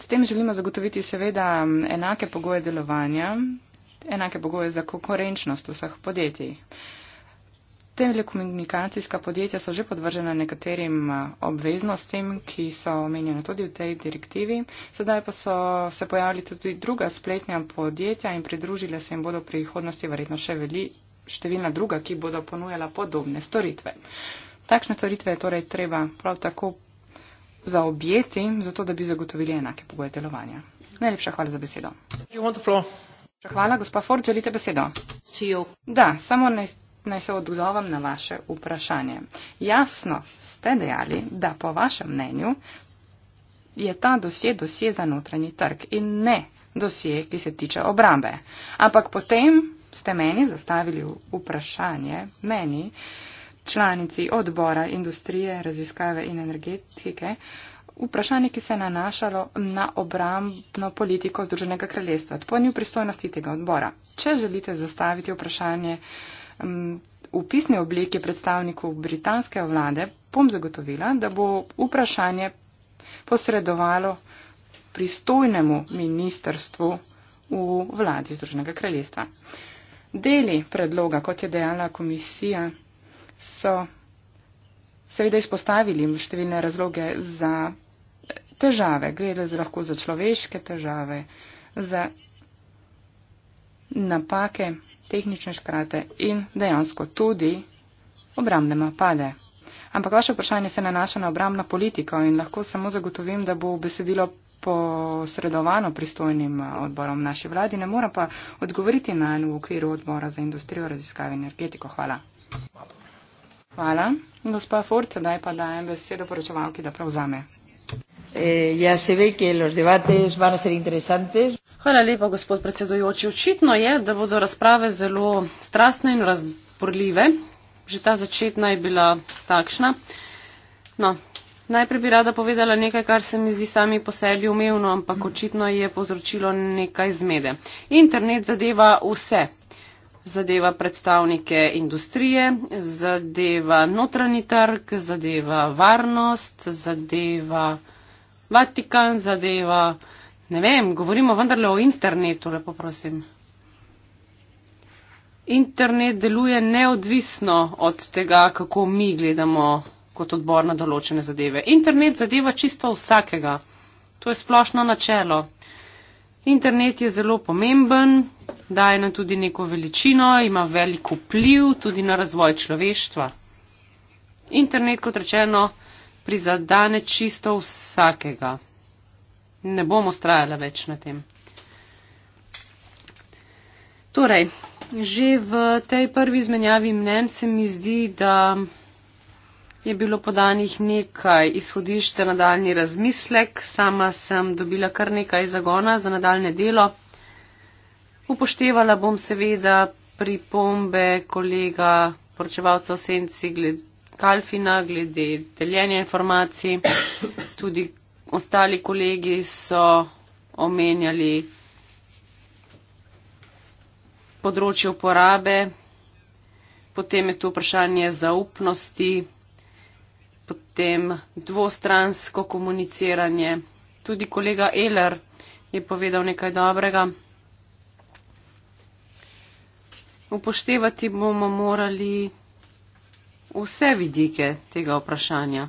S tem želimo zagotoviti seveda enake pogoje delovanja, enake pogoje za konkurenčnost vseh podjetij. Telekomunikacijska podjetja so že podvržena nekaterim eh, obveznostim, ki so omenjene tudi v tej direktivi. Sedaj pa so se pojavili tudi druga spletna podjetja in pridružile se jim bodo v prihodnosti verjetno še veli, številna druga, ki bodo ponujala podobne storitve. Takšne storitve je torej treba prav tako zaobjeti, zato da bi zagotovili enake pogoje delovanja. Najlepša hvala za besedo. Hvala, gospa Ford, želite besedo? Da, samo naj. Ne naj se odzovem na vaše vprašanje. Jasno ste dejali, da po vašem mnenju je ta dosje dosje za notranji trg in ne dosje, ki se tiče obrambe. Ampak potem ste meni zastavili vprašanje, meni, članici odbora industrije, raziskave in energetike, vprašanje, ki se je nanašalo na obrambno politiko Združenega kraljestva. To ni v pristojnosti tega odbora. Če želite zastaviti vprašanje, v pisni obliki predstavniku britanske vlade bom zagotovila, da bo vprašanje posredovalo pristojnemu ministrstvu v vladi Združenega kraljestva. Deli predloga, kot je dejala komisija, so seveda izpostavili številne razloge za težave, glede za lahko za človeške težave, za napake, tehnične škrate in dejansko tudi obramne napade. Ampak vaše vprašanje se nanaša na obramno politiko in lahko samo zagotovim, da bo besedilo posredovano pristojnim eh, odborom naši vladi, ne mora pa odgovoriti na eno v okviru odbora za industrijo raziskave energetiko. Hvala. Hvala. Gospa Ford, sedaj pa dajem besedo poročevalki, da prav zame. Eh, ja se ve, ki los debates van a ser interesantes. Hvala lepa, gospod predsedujoči. Očitno je, da bodo razprave zelo strastne in razporljive. Že ta začetna je bila takšna. No, najprej bi rada povedala nekaj, kar se mi zdi sami po sebi umevno, ampak očitno je povzročilo nekaj zmede. Internet zadeva vse. Zadeva predstavnike industrije, zadeva notranji trg, zadeva varnost, zadeva. Vatikan zadeva, ne vem, govorimo vendarle o internetu, lepo prosim. Internet deluje neodvisno od tega, kako mi gledamo kot odbor na določene zadeve. Internet zadeva čisto vsakega. To je splošno načelo. Internet je zelo pomemben, daje nam tudi neko veličino, ima veliko vpliv tudi na razvoj človeštva. Internet, kot rečeno, prizadane čisto vsakega. Ne bom ustrajala več na tem. Torej, že v tej prvi izmenjavi mnen se mi zdi, da je bilo podanih nekaj izhodišč za nadaljni razmislek. Sama sem dobila kar nekaj zagona za nadaljne delo. Upoštevala bom seveda pripombe kolega poročevalca o senci glede Kalfina glede deljenja informacij. Tudi ostali kolegi so omenjali področje uporabe, potem je tu vprašanje zaupnosti, potem dvostransko komuniciranje. Tudi kolega Eler je povedal nekaj dobrega. Upoštevati bomo morali vse vidike tega vprašanja.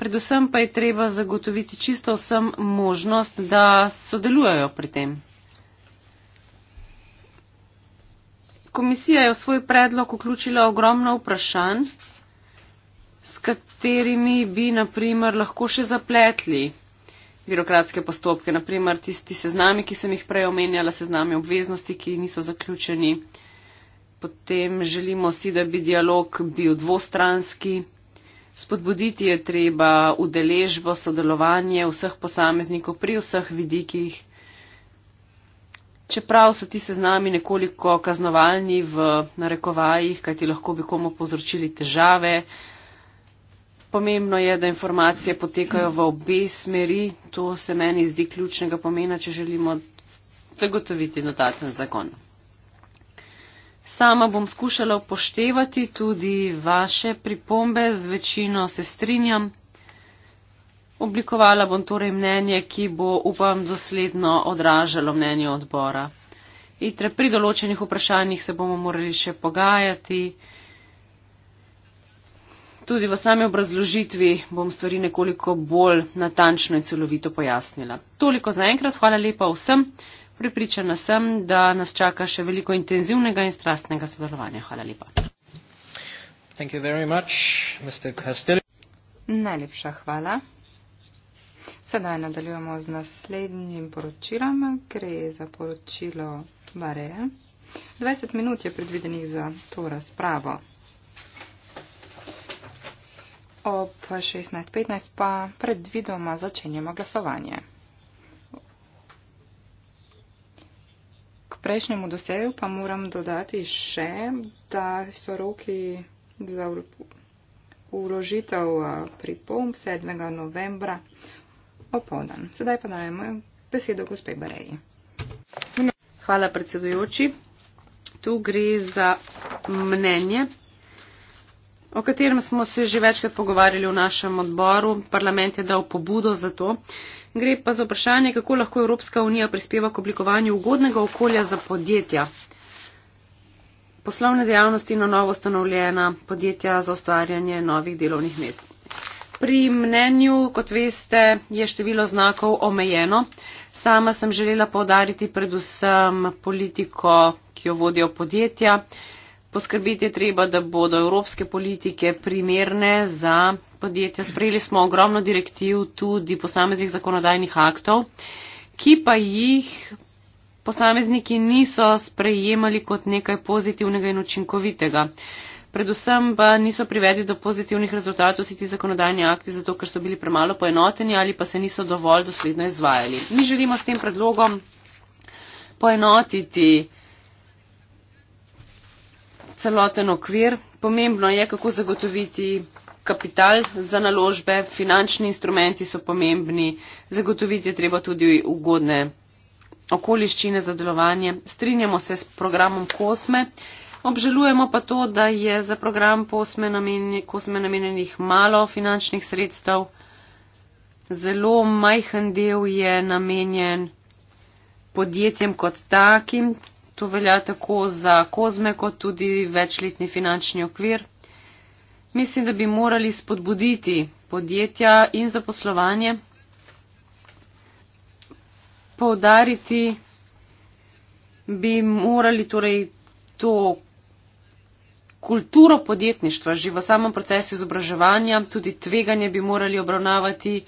Predvsem pa je treba zagotoviti čisto vsem možnost, da sodelujajo pri tem. Komisija je v svoj predlog vključila ogromno vprašanj, s katerimi bi naprimer lahko še zapletli birokratske postopke, naprimer tisti seznami, ki sem jih prej omenjala, seznami obveznosti, ki niso zaključeni potem želimo si, da bi dialog bil dvostranski. Spodbuditi je treba udeležbo, sodelovanje vseh posameznikov pri vseh vidikih. Čeprav so ti seznami nekoliko kaznovalni v narekovajih, kajti lahko bi komu povzročili težave, pomembno je, da informacije potekajo v obe smeri. To se meni zdi ključnega pomena, če želimo zagotoviti dodaten zakon. Sama bom skušala upoštevati tudi vaše pripombe, z večino se strinjam. Oblikovala bom torej mnenje, ki bo, upam, dosledno odražalo mnenje odbora. Itre, pri določenih vprašanjih se bomo morali še pogajati. Tudi v sami obrazložitvi bom stvari nekoliko bolj natančno in celovito pojasnila. Toliko za enkrat, hvala lepa vsem. Pripričana sem, da nas čaka še veliko intenzivnega in strastnega sodelovanja. Hvala lepa. Much, Najlepša hvala. Sedaj nadaljujemo z naslednjim poročilom, gre za poročilo Bareja. 20 minut je predvidenih za to razpravo. Ob 16.15 pa predvidoma začenjamo glasovanje. prejšnjemu doseju pa moram dodati še, da so roki za uložitev pripomb 7. novembra opodan. Sedaj pa dajemo besedo gospe Bareji. Hvala predsedujoči. Tu gre za mnenje, o katerem smo se že večkrat pogovarjali v našem odboru. Parlament je dal pobudo za to, gre pa za vprašanje, kako lahko Evropska unija prispeva k oblikovanju ugodnega okolja za podjetja. Poslovne dejavnosti na novo ustanovljena, podjetja za ustvarjanje novih delovnih mest. Pri mnenju, kot veste, je število znakov omejeno. Sama sem želela povdariti predvsem politiko, ki jo vodijo podjetja poskrbiti je treba, da bodo evropske politike primerne za podjetja. Sprejeli smo ogromno direktiv, tudi posameznih zakonodajnih aktov, ki pa jih posamezniki niso sprejemali kot nekaj pozitivnega in učinkovitega. Predvsem pa niso privedli do pozitivnih rezultatov vsi ti zakonodajni akti, zato ker so bili premalo poenoteni ali pa se niso dovolj dosledno izvajali. Mi želimo s tem predlogom poenotiti celoten okvir. Pomembno je, kako zagotoviti kapital za naložbe, finančni instrumenti so pomembni, zagotoviti je treba tudi ugodne okoliščine za delovanje. Strinjamo se s programom Kosme, obžalujemo pa to, da je za program Kosme, namen, Kosme namenjenih malo finančnih sredstev, zelo majhen del je namenjen podjetjem kot takim, To velja tako za kozme, kot tudi večletni finančni okvir. Mislim, da bi morali spodbuditi podjetja in zaposlovanje, poudariti bi morali torej to kulturo podjetništva že v samem procesu izobraževanja, tudi tveganje bi morali obravnavati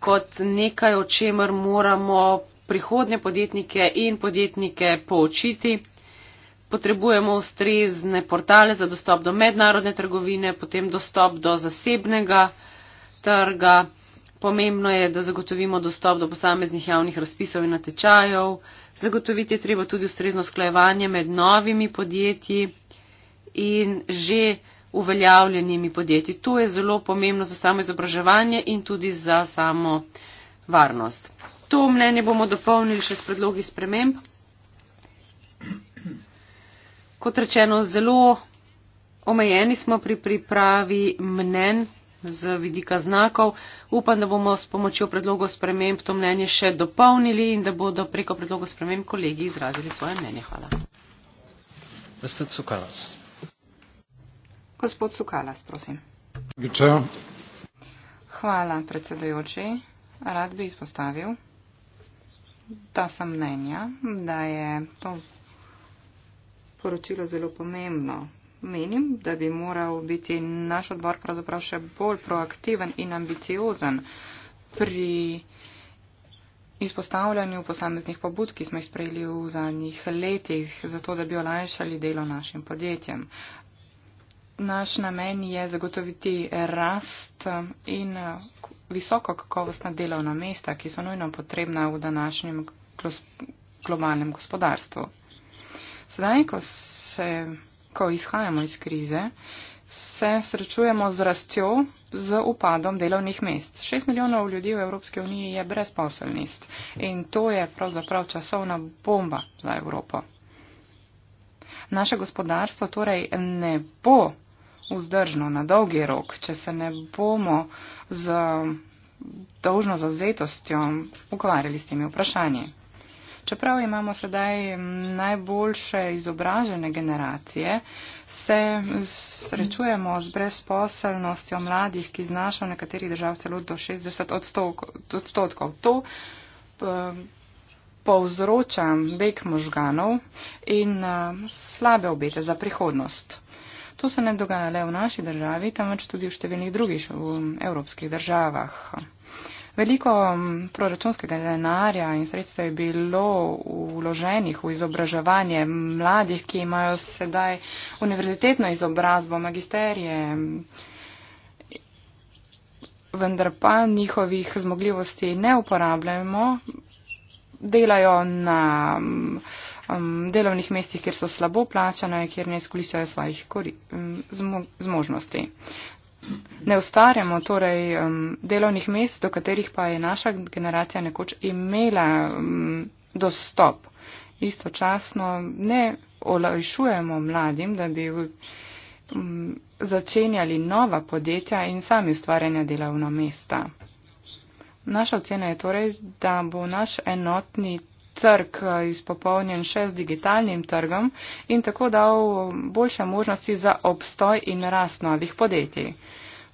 kot nekaj, o čemer moramo prihodne podjetnike in podjetnike poučiti. Potrebujemo ustrezne portale za dostop do mednarodne trgovine, potem dostop do zasebnega trga. Pomembno je, da zagotovimo dostop do posameznih javnih razpisov in natečajev. Zagotoviti je treba tudi ustrezno sklajevanje med novimi podjetji in že uveljavljenimi podjetji. To je zelo pomembno za samo izobraževanje in tudi za samo varnost. To mnenje bomo dopolnili še s predlogi sprememb. Kot rečeno, zelo omejeni smo pri pripravi mnen z vidika znakov. Upam, da bomo s pomočjo predlogov sprememb to mnenje še dopolnili in da bodo preko predlogov sprememb kolegi izrazili svoje mnenje. Hvala. Veste, Cukalas. Gospod Cukalas, prosim. Hvala, predsedajoči. Rad bi izpostavil. Ta sem mnenja, da je to poročilo zelo pomembno. Menim, da bi moral biti naš odbor pravzaprav še bolj proaktiven in ambiciozen pri izpostavljanju posameznih pobud, ki smo jih sprejeli v zadnjih letih, zato da bi olajšali delo našim podjetjem. Naš namen je zagotoviti rast in eh, visoko kakovostna delovna mesta, ki so nujno potrebna v današnjem globalnem gospodarstvu. Sedaj, ko, se, ko izhajamo iz krize, se srečujemo z rastjo, z upadom delovnih mest. Šest milijonov ljudi v Evropski uniji je brezposelnist in to je pravzaprav časovna bomba za Evropo. Naše gospodarstvo torej ne bo vzdržno na dolgi rok, če se ne bomo z dolžno zauzetostjo ukvarjali s temi vprašanji. Čeprav imamo sedaj najboljše izobražene generacije, se srečujemo z brezposelnostjo mladih, ki znaša v nekaterih držav celo do 60 odstotkov. To eh, povzroča beg možganov in eh, slabe obete za prihodnost. To se ne dogaja le v naši državi, temveč tudi v številnih drugih evropskih državah. Veliko proračunskega denarja in sredstva je bilo uloženih v izobraževanje mladih, ki imajo sedaj univerzitetno izobrazbo, magisterije, vendar pa njihovih zmogljivosti ne uporabljamo. Delajo na um, delovnih mestih, kjer so slabo plačane, kjer ne izkoriščajo svojih kori, um, zmo, zmožnosti. Ne ustvarjamo torej um, delovnih mest, do katerih pa je naša generacija nekoč imela um, dostop. Istočasno ne olajšujemo mladim, da bi um, začenjali nova podjetja in sami ustvarjanja delovna mesta. Naša ocena je torej, da bo naš enotni trg izpopolnjen še z digitalnim trgom in tako dal boljše možnosti za obstoj in rast novih podjetij.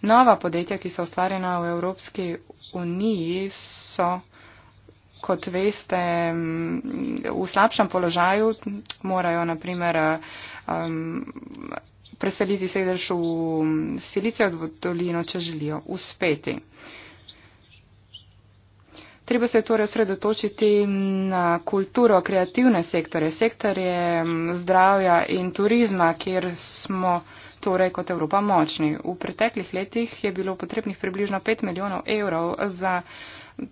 Nova podjetja, ki so ustvarjena v Evropski uniji, so, kot veste, v slabšem položaju, morajo naprimer um, preseliti sedež v Silicijo dolino, če želijo uspeti. Uh, treba se je torej osredotočiti na kulturo, kreativne sektore, sektore zdravja in turizma, kjer smo torej kot Evropa močni. V preteklih letih je bilo potrebnih približno 5 milijonov evrov za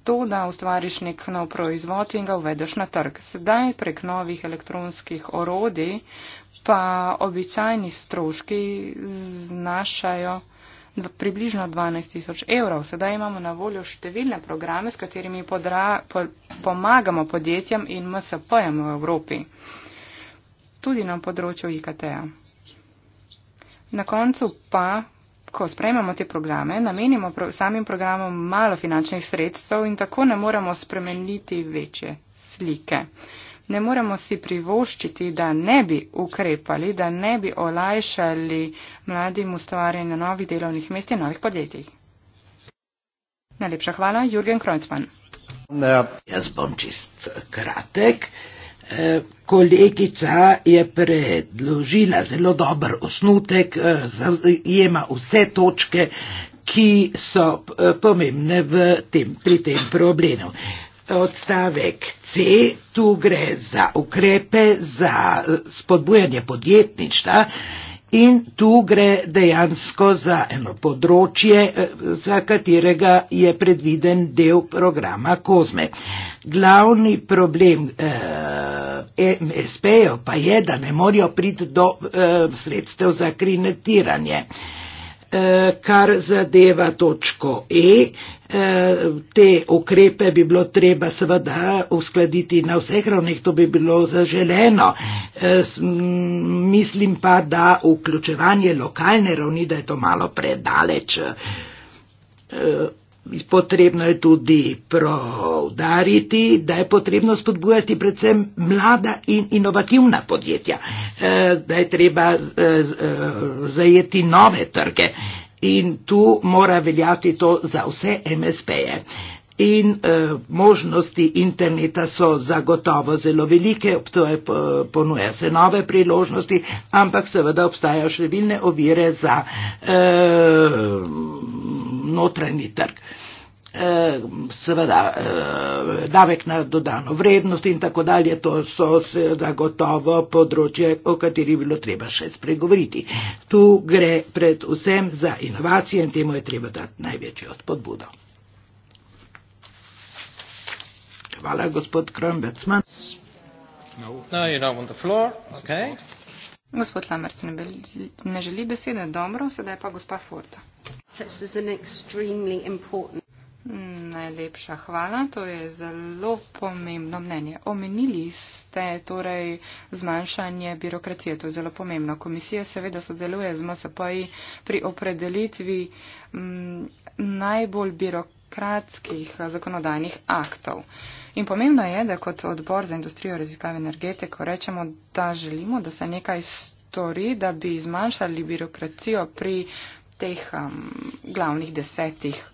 to, da ustvariš nek nov proizvod in ga uvedeš na trg. Sedaj prek novih elektronskih orodij pa običajni stroški znašajo približno 12 tisoč evrov. Sedaj imamo na voljo številne programe, s katerimi podra, po, pomagamo podjetjem in MSP-jem v Evropi, tudi na področju IKT-ja. Na koncu pa, ko sprejmemo te programe, namenimo pro, samim programom malo finančnih sredstev in tako ne moremo spremeniti večje slike ne moremo si privoščiti, da ne bi ukrepali, da ne bi olajšali mladim ustvarjanje novih delovnih mest in novih podjetij. Najlepša hvala, Jürgen Kreuzmann. No, jaz bom čist kratek. E, kolegica je predložila zelo dober osnutek, e, zajema vse točke, ki so e, pomembne v tem, pri tem problemu. Odstavek C, tu gre za ukrepe za eh, spodbujanje podjetništva in tu gre dejansko za eno področje, eh, za katerega je predviden del programa Kozme. Glavni problem eh, MSP-jev pa je, da ne morajo priti do eh, sredstev za kreditiranje. Eh, kar zadeva točko E, Eh, te ukrepe bi bilo treba seveda uskladiti na vseh ravneh, to bi bilo zaželeno. Eh, mislim pa, da vključevanje lokalne ravni, da je to malo predaleč. Eh, potrebno je tudi proudariti, da je potrebno spodbujati predvsem mlada in inovativna podjetja, da je treba zajeti nove trge in tu mora veljati to za vse MSP-je. In e, možnosti interneta so zagotovo zelo velike, obtoje eh, ponuja se nove priložnosti, ampak seveda obstajajo še vilne ovire za e, notranji trg. E, Eh, seveda eh, davek na dodano vrednost in tako dalje, to so seveda gotovo področje, o kateri bilo treba še spregovoriti. Tu gre predvsem za inovacije in temu je treba dati največjo odpodbudo. Hvala, gospod Krombecman. No. No, gospod Lamers ne, ne želi besede, dobro, sedaj pa gospa Forta. Najlepša hvala, to je zelo pomembno mnenje. Omenili ste torej zmanjšanje birokracije, to je zelo pomembno. Komisija seveda sodeluje z MSP-ji pri opredelitvi m, mm, najbolj birokratskih zakonodajnih aktov. In pomembno je, da kot odbor za industrijo raziskave energetiko rečemo, da želimo, da se nekaj stori, da bi zmanjšali birokracijo pri teh um, glavnih desetih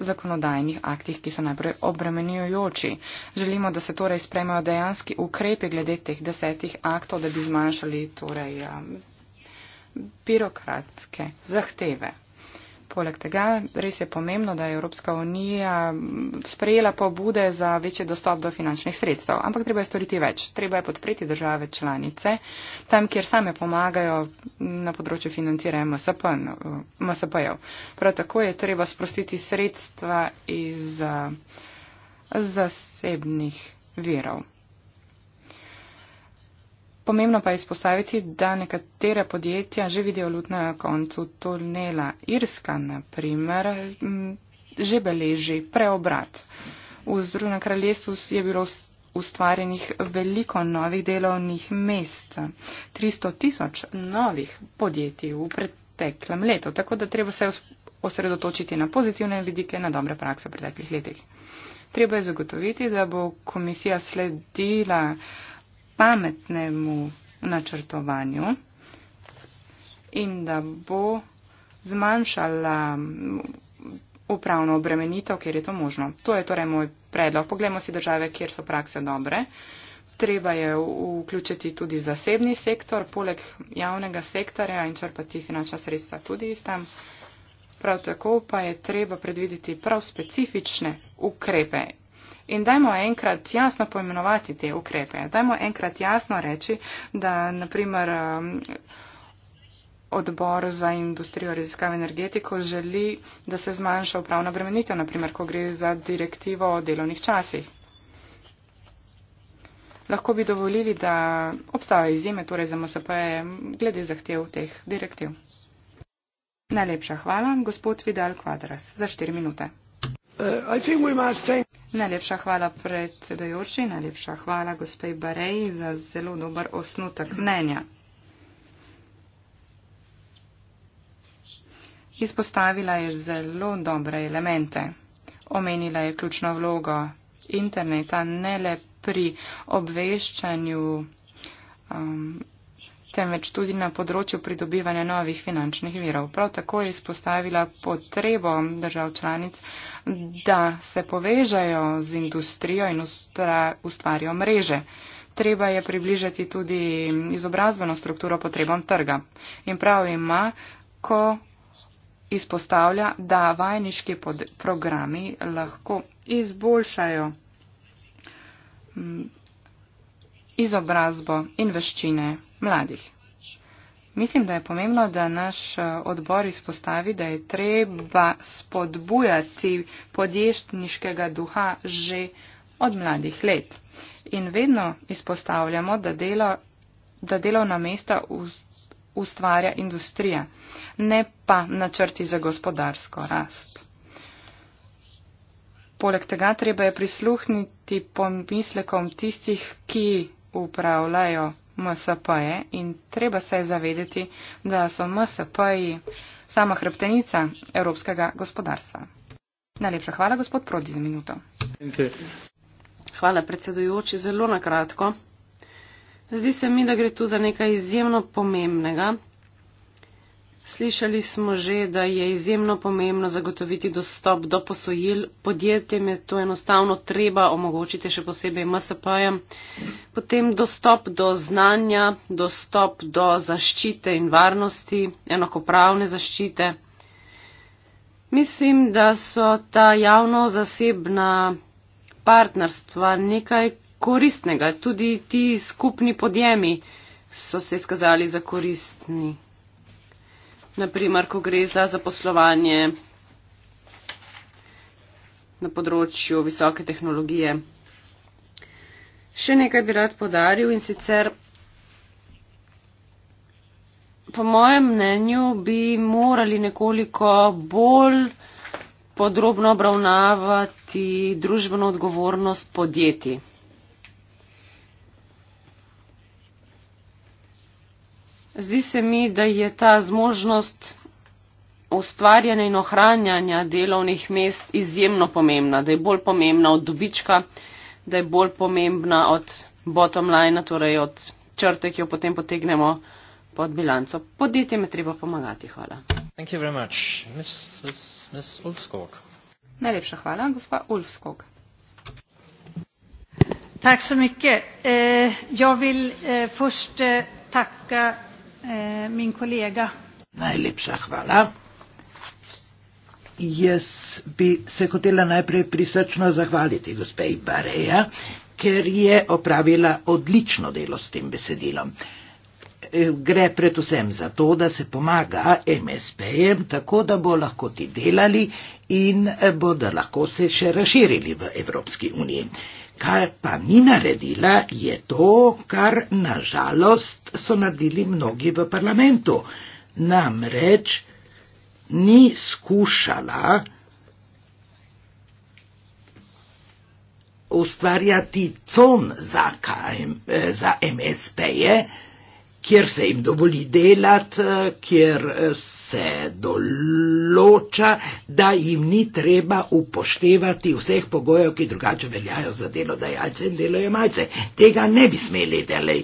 zakonodajnih aktih, ki so najprej obremenjujoči. Želimo, da se torej spremajo dejanski ukrepe glede teh desetih aktov, da bi zmanjšali torej, um, birokratske zahteve. Poleg tega res je pomembno, da je Evropska unija sprejela pobude za večji dostop do finančnih sredstev, ampak treba je storiti več. Treba je podpreti države članice tam, kjer same pomagajo na področju financiranja MSP-jev. Prav tako je treba sprostiti sredstva iz eh, zasebnih virov. Pomembno pa je izpostaviti, da nekatere podjetja že vidijo lut na koncu tunela. Irska, na primer, že beleži preobrat. V Združenem kraljestvu je bilo ustvarjenih veliko novih delovnih mest, 300 tisoč novih podjetij v preteklem letu, tako da treba se osredotočiti na pozitivne vidike, na dobre prakse v preteklih letih. Treba je zagotoviti, da bo komisija sledila pametnemu načrtovanju in da bo zmanjšala upravno obremenitev, kjer je to možno. To je torej moj predlog. Poglejmo si države, kjer so prakse dobre. Treba je vključiti tudi zasebni sektor, poleg javnega sektorja in črpati finančna sredstva tudi iz tam. Prav tako pa je treba predvideti prav specifične ukrepe In dajmo enkrat jasno poimenovati te ukrepe. Dajmo enkrat jasno reči, da naprimer um, odbor za industrijo raziskave energetiko želi, da se zmanjša upravna bremenitev, naprimer, ko gre za direktivo o delovnih časih. Lahko bi dovolili, da obstajajo izjeme, torej za MSP, e, glede zahtev teh direktiv. Najlepša hvala, gospod Vidal Kvadras, za štiri minute. Uh, najlepša hvala predsedajoči, najlepša hvala gospej Barej za zelo dober osnutek mnenja. Izpostavila je zelo dobre elemente. Omenila je ključno vlogo interneta ne le pri obveščanju um, temveč tudi na področju pridobivanja novih finančnih virov. Prav tako je izpostavila potrebo držav članic, da se povežajo z industrijo in ustvarijo mreže. Treba je približati tudi izobrazbeno strukturo potrebam trga. In prav ima, ko izpostavlja, da vajniški programi lahko izboljšajo mm, izobrazbo in veščine mladih. Mislim, da je pomembno, da naš eh, odbor izpostavi, da je treba spodbujati podještniškega duha že od mladih let. In vedno izpostavljamo, da, delo, da delovna mesta ustvarja industrija, ne pa načrti za gospodarsko rast. Poleg tega treba je prisluhniti pomislekom tistih, ki upravljajo MSP-je in treba se je zavedeti, da so MSP-ji sama hrbtenica evropskega gospodarstva. Najlepša hvala, gospod Prodi, za minuto. Hvala, predsedujoči, zelo na kratko. Zdi se mi, da gre tu za nekaj izjemno pomembnega, Slišali smo že, da je izjemno pomembno zagotoviti dostop do posojil. Podjetjem je to enostavno treba omogočiti, še posebej MSP-jem. Potem dostop do znanja, dostop do zaščite in varnosti, enakopravne zaščite. Mislim, da so ta javno-zasebna partnerstva nekaj koristnega. Tudi ti skupni podjemi so se izkazali za koristni naprimer, ko gre za zaposlovanje na področju visoke tehnologije. Še nekaj bi rad podaril in sicer, po mojem mnenju, bi morali nekoliko bolj podrobno obravnavati družbeno odgovornost podjetij. Zdi se mi, da je ta zmožnost ustvarjanja in ohranjanja delovnih mest izjemno pomembna, da je bolj pomembna od dobička, da je bolj pomembna od bottom line, torej od črte, ki jo potem potegnemo pod bilanco. Podjetjem je treba pomagati. Hvala. Najlepša hvala, gospa Ulfskog. Tak så mycket. Eh, jag vill eh, först eh, tacka eh, min kolega. Najlepša hvala. Jaz bi se hotela najprej prisrčno zahvaliti gospej Bareja, ker je opravila odlično delo s tem besedilom. Eh, gre predvsem za to, da se pomaga MSP-jem, tako da bo lahko ti delali in eh, bodo lahko se še razširili v Evropski uniji. Kar pa ni naredila, je to, kar nažalost so naredili mnogi v parlamentu. Namreč ni skušala ustvarjati con za, eh, za MSP-je, kjer se jim dovoli delati, eh, kjer eh, se določa, da jim ni treba upoštevati vseh pogojev, ki drugače veljajo za delodajalce in delojemalce. Tega ne bi smeli delati.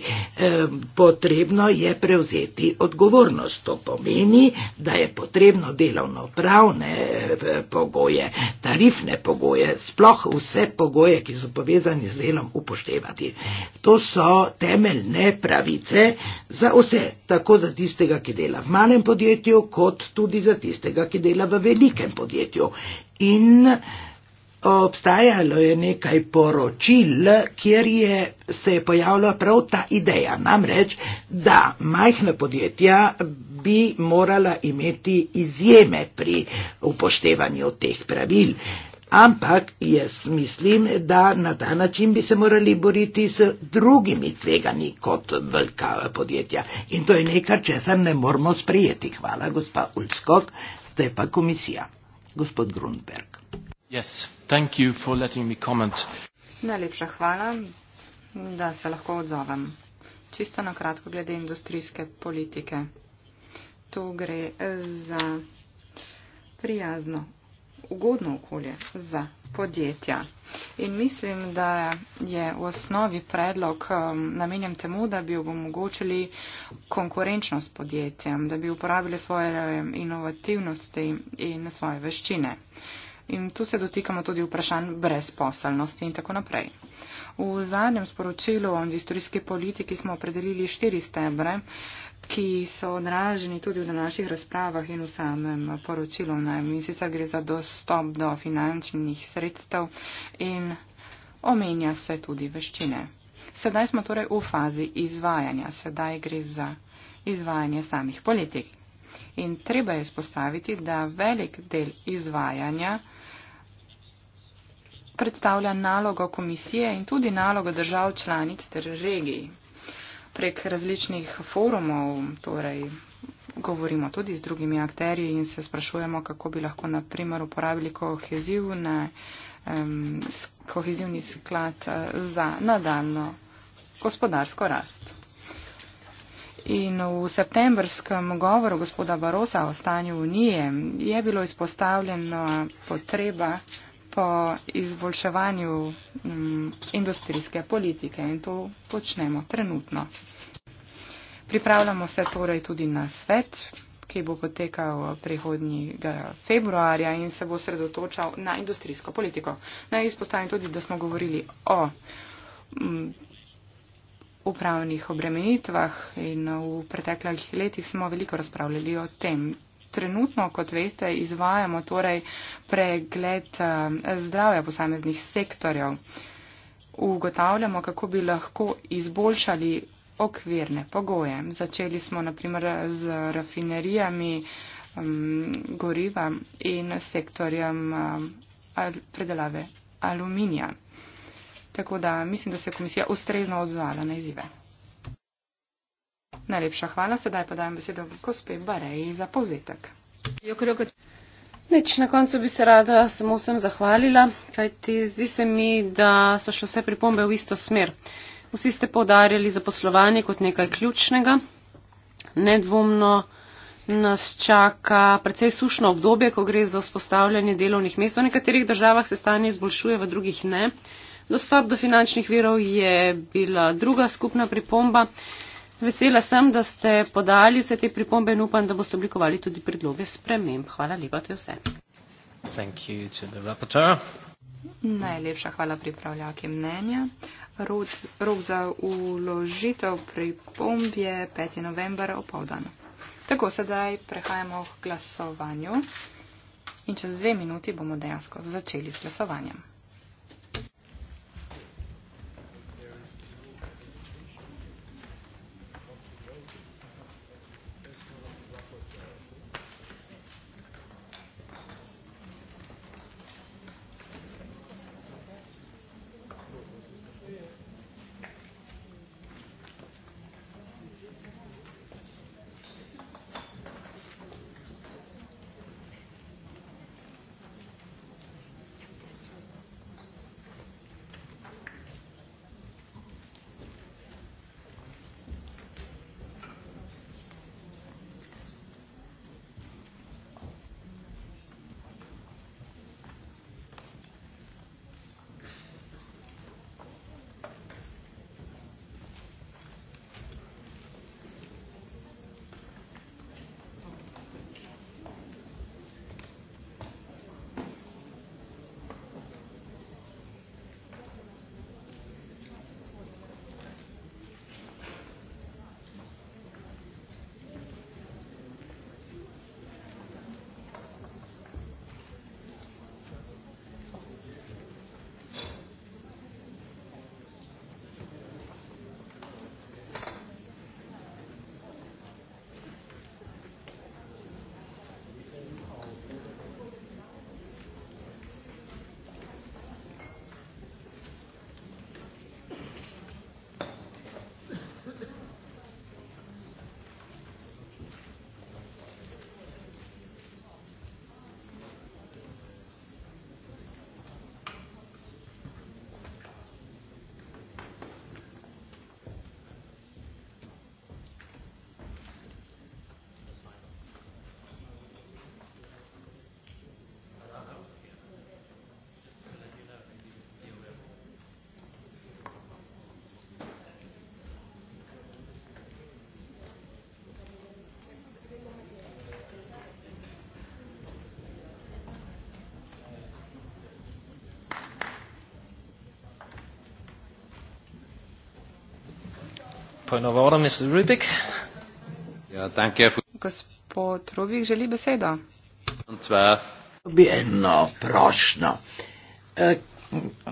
Potrebno je prevzeti odgovornost. To pomeni, da je potrebno delovno pravne eh, pogoje, tarifne pogoje, sploh vse pogoje, ki so povezani z delom, upoštevati. To so temeljne pravice, za vse, tako za tistega, ki dela v malem podjetju, kot tudi za tistega, ki dela v velikem podjetju. In obstajalo je nekaj poročil, kjer je, se je pojavila prav ta ideja, namreč, da majhna podjetja bi morala imeti izjeme pri upoštevanju teh pravil. Ampak jaz mislim, da na ta način bi se morali boriti z drugimi tvegani kot velika podjetja. In to je nekaj, česar ne moramo sprijeti. Hvala, gospa Ulskog. Zdaj pa komisija. Gospod Grunberg. Yes, Najlepša hvala, da se lahko odzovem. Čisto na kratko glede industrijske politike. Tu gre za prijazno ugodno okolje za podjetja. In mislim, da je v osnovi predlog um, namenjen temu, da bi omogočili konkurenčnost podjetjem, da bi uporabili svoje um, inovativnosti in svoje veščine. In tu se dotikamo tudi vprašanj brezposelnosti in tako naprej. V zadnjem sporočilu o industrijski politiki smo opredelili štiri stebre, ki so odraženi tudi v naših razpravah in v samem poročilu. In sicer gre za dostop do finančnih sredstev in omenja se tudi veščine. Sedaj smo torej v fazi izvajanja, sedaj gre za izvajanje samih politik. In treba je spostaviti, da velik del izvajanja predstavlja nalogo komisije in tudi nalogo držav članic ter regij prek različnih forumov, torej govorimo tudi z drugimi akterji in se sprašujemo, kako bi lahko naprimer uporabili kohezivne, um, kohezivni sklad eh, za nadaljno gospodarsko rast. In v septembrskem govoru gospoda Barosa o stanju unije je bilo izpostavljeno potreba, po izboljševanju um, industrijske politike in to počnemo trenutno. Pripravljamo se torej tudi na svet, ki bo potekal prihodnjega februarja in se bo sredotočal na industrijsko politiko. Naj izpostavim tudi, da smo govorili o um, upravnih obremenitvah in v preteklih letih smo veliko razpravljali o tem trenutno, kot veste, izvajamo torej pregled eh, zdravja posameznih sektorjev. Ugotavljamo, kako bi lahko izboljšali okvirne pogoje. Začeli smo naprimer z rafinerijami mm, goriva in sektorjem eh, predelave aluminija. Tako da mislim, da se je komisija ustrezno odzvala na izive. Najlepša hvala, sedaj pa dajem besedo gospe Bareji za povzetek. Neč, na koncu bi se rada samo vsem zahvalila, kajti zdi se mi, da so šle vse pripombe v isto smer. Vsi ste povdarjali zaposlovanje kot nekaj ključnega. Nedvomno nas čaka precej sušno obdobje, ko gre za vzpostavljanje delovnih mest. V nekaterih državah se stanje izboljšuje, v drugih ne. Dostop do finančnih virov je bila druga skupna pripomba. Vesela sem, da ste podali vse te pripombe in upam, da boste oblikovali tudi predloge sprememb. Hvala lepa, to je vse. Najlepša hvala pripravljake mnenja. Rok, rok za uložitev pripomb je 5. november opovdan. Tako, sedaj prehajamo k glasovanju in čez dve minuti bomo dejansko začeli s glasovanjem. Ponovora, Mr. Rubik. Ja, danke. Gospod Rubik želi besedo. Bi eno prošno. E,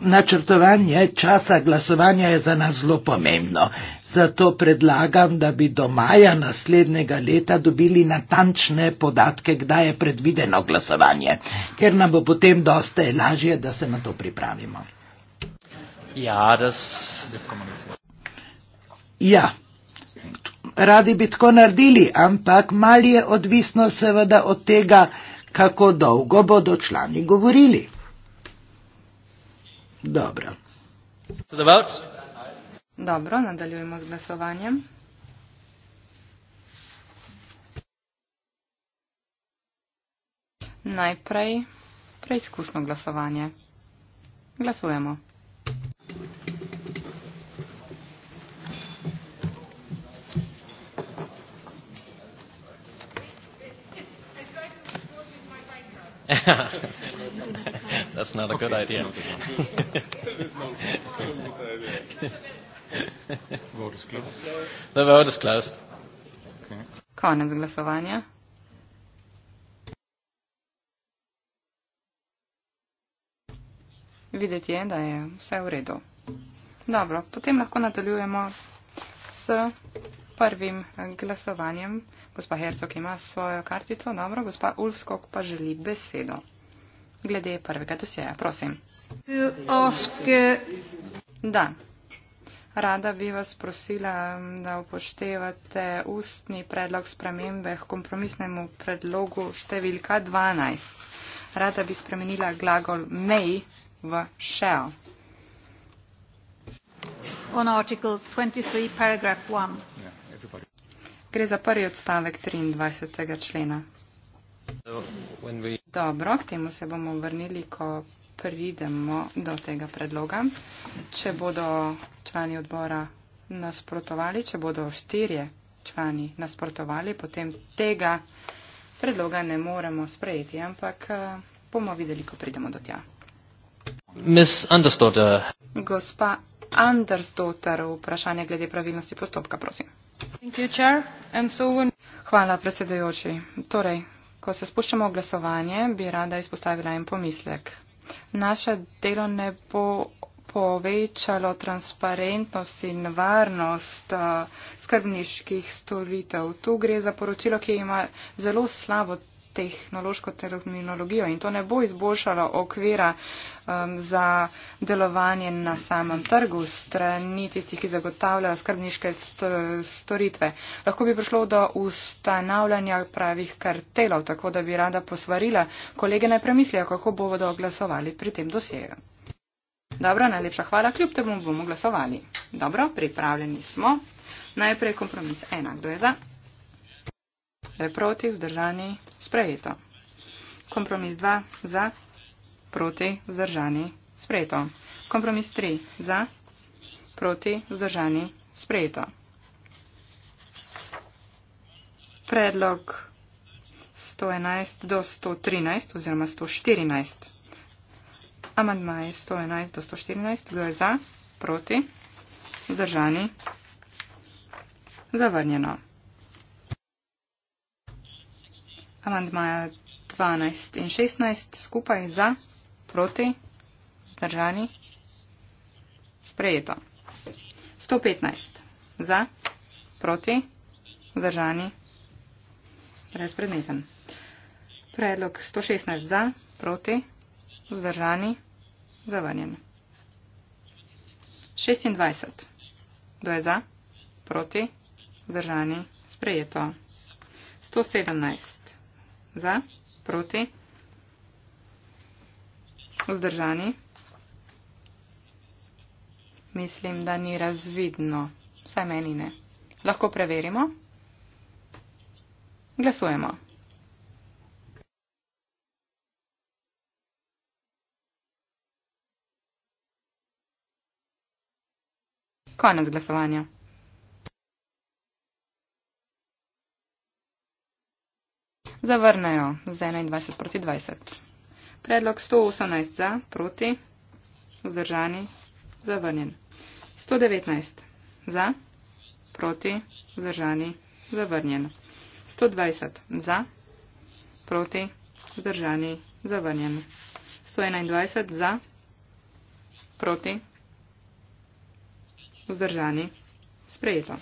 načrtovanje časa glasovanja je za nas zelo pomembno. Zato predlagam, da bi do maja naslednjega leta dobili natančne podatke, kdaj je predvideno glasovanje, ker nam bo potem dosta lažje, da se na to pripravimo. Ja, das... Ja, radi bi tako naredili, ampak mal je odvisno seveda od tega, kako dolgo bodo člani govorili. Dobro. Dobro, nadaljujemo z glasovanjem. Najprej preizkusno glasovanje. Glasujemo. [LAUGHS] That's not a good idea. The vote is closed. Konec glasovanja. Videti je, da je vse v redu. Dobro, potem lahko nadaljujemo s prvim glasovanjem. Gospa Hercog ima svojo kartico, dobro, gospa Ulfskog pa želi besedo. Glede prvega dosjeja, prosim. Oske. Da. Rada bi vas prosila, da upoštevate ustni predlog spremembe k kompromisnemu predlogu številka 12. Rada bi spremenila glagol may v shall on article 23, paragraph 1. Gre za prvi odstavek 23. člena. Dobro, k temu se bomo vrnili, ko pridemo do tega predloga. Če bodo člani odbora nasprotovali, če bodo štirje člani nasprotovali, potem tega predloga ne moremo sprejeti, ampak eh, bomo videli, ko pridemo do tja. Gospa Andersdotter, vprašanje glede pravilnosti postopka, prosim. Hvala, predsedujoči. Torej, ko se spuščamo v glasovanje, bi rada izpostavila en pomislek. Naše delo ne bo povečalo transparentnost in varnost uh, skrbniških storitev. Tu gre za poročilo, ki ima zelo slabo tehnološko terminologijo in to ne bo izboljšalo okvira um, za delovanje na samem trgu strani tistih, ki zagotavljajo skrbniške storitve. Lahko bi prišlo do ustanavljanja pravih kartelov, tako da bi rada posvarila kolege naj premislijo, kako bodo glasovali pri tem dosjeju. Dobro, najlepša hvala, kljub temu bomo glasovali. Dobro, pripravljeni smo. Najprej kompromis ena, kdo je za? proti, vzdržani, sprejeto. Kompromis 2 za, proti, vzdržani, sprejeto. Kompromis 3 za, proti, vzdržani, sprejeto. Predlog 111 do 113 oziroma 114. Amandmaj 111 do 114, kdo je za, proti, vzdržani, zavrnjeno. Amandmaja 12 in 16 skupaj za, proti, zdržani, sprejeto. 115 za, proti, zdržani, brezpredmeten. Predlog 116 za, proti, vzdržani, zavrnjen. 26. Kdo je za, proti, vzdržani, sprejeto. 117. Za? Proti? Vzdržani? Mislim, da ni razvidno. Vsaj meni ne. Lahko preverimo? Glasujemo. Konec glasovanja. zavrnejo z 21 proti 20. Predlog 118 za, proti, vzdržani, zavrnjen. 119 za, proti, vzdržani, zavrnjen. 120 za, proti, vzdržani, zavrnjen. 121 za, proti, vzdržani, sprejeto.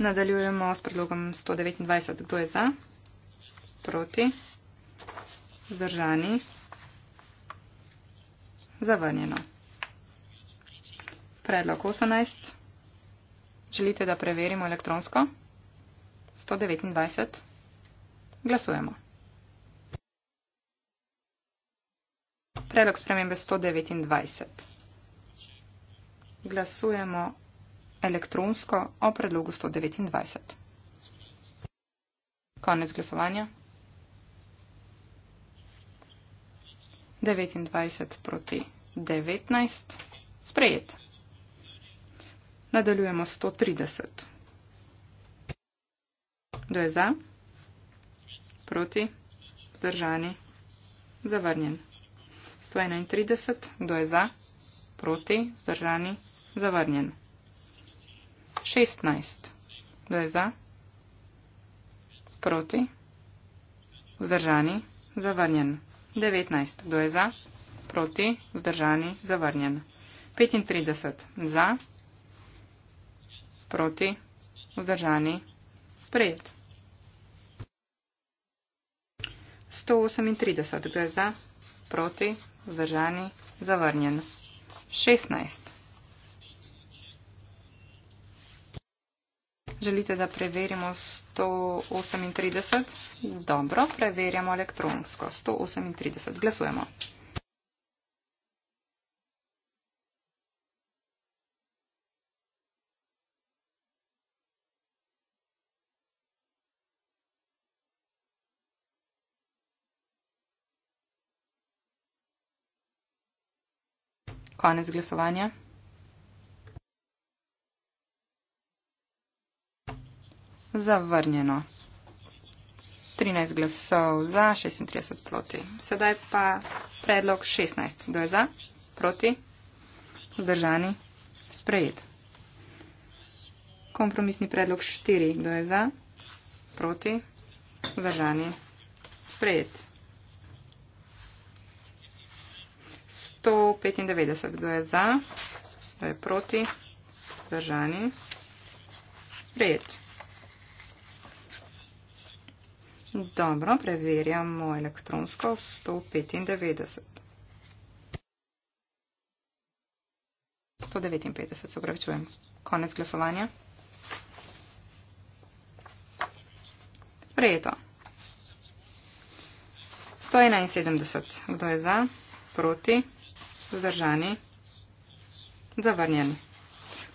Nadaljujemo s predlogom 129. Kdo je za? Proti? Zdržani? Zavrnjeno. Predlog 18. Želite, da preverimo elektronsko? 129. Glasujemo. Predlog spremembe 129. Glasujemo elektronsko o predlogu 129. Konec glasovanja. 29 proti 19. Sprejet. Nadaljujemo 130. Kdo je za? Proti? Zdržani? Zavrnjen. 131. Kdo je za? Proti? Zdržani? Zavrnjen. 16. Kdo je za? Proti? Vzdržani? Zavrnjen. 19. Kdo je za? Proti? Vzdržani? Zavrnjen. 35. Za? Proti? Vzdržani? Sprejet. 138. Kdo je za? Proti? Vzdržani? Zavrnjen. 16. Želite, da preverimo 138? Dobro, preverjamo elektronsko. 138. Glasujemo. Konec glasovanja. Zavrnjeno. 13 glasov za, 36 proti. Sedaj pa predlog 16. Kdo je za? Proti? Zdržani? Sprejet. Kompromisni predlog 4. Kdo je za? Proti? Zdržani? Sprejet. 195. Kdo je za? Kdo je proti? Zdržani? Sprejet. Dobro, preverjamo elektronsko 195. 159, se upravičujem. Konec glasovanja. Sprejeto. 171. Kdo je za? Proti? Zdržani? Zavrnjen.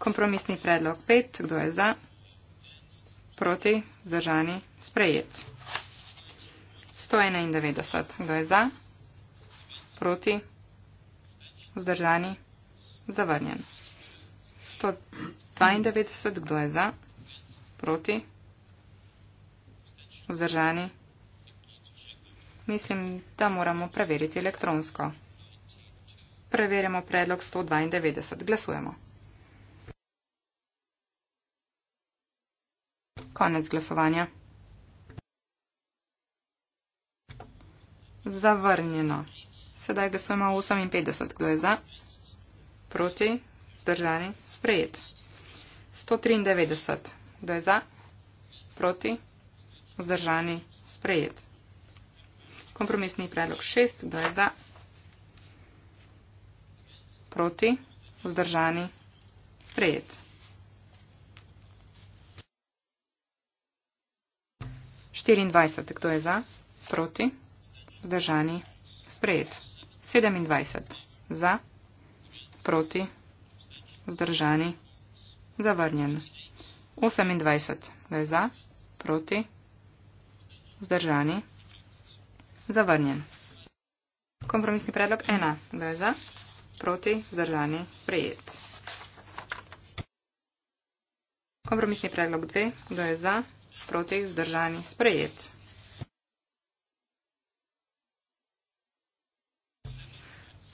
Kompromisni predlog 5. Kdo je za? Proti? Zdržani? Sprejeto. 191. Kdo je za? Proti? Vzdržani? Zavrnjen. 192. Kdo je za? Proti? Vzdržani? Mislim, da moramo preveriti elektronsko. Preverjamo predlog 192. Glasujemo. Konec glasovanja. zavrnjeno. Sedaj glasujemo 58. Kdo je za? Proti? Zdržani? Sprejet. 193. Kdo je za? Proti? Vzdržani? Sprejet. Kompromisni predlog 6. Kdo je za? Proti? Vzdržani? Sprejet. Štiriindvajset, kdo je za? Proti? vzdržani, sprejet. 27 za, proti, vzdržani, zavrnjen. 28 ga je za, proti, vzdržani, zavrnjen. Kompromisni predlog 1 ga je za, proti, vzdržani, sprejet. Kompromisni predlog 2 ga je za, proti, vzdržani, sprejet.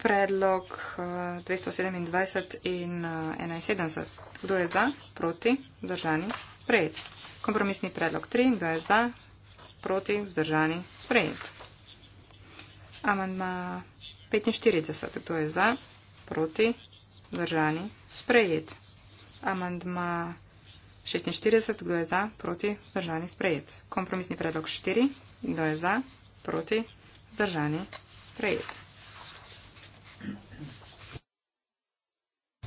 predlog 227 eh, in 71. Eh, Kdo je za, proti, vzdržani, sprejet. Kompromisni predlog 3. Kdo je za, proti, vzdržani, sprejet. Amandma 45. Kdo je za, proti, vzdržani, sprejet. Amandma 46. Kdo je za, proti, vzdržani, sprejet. Kompromisni predlog 4. Kdo je za, proti, vzdržani, sprejet.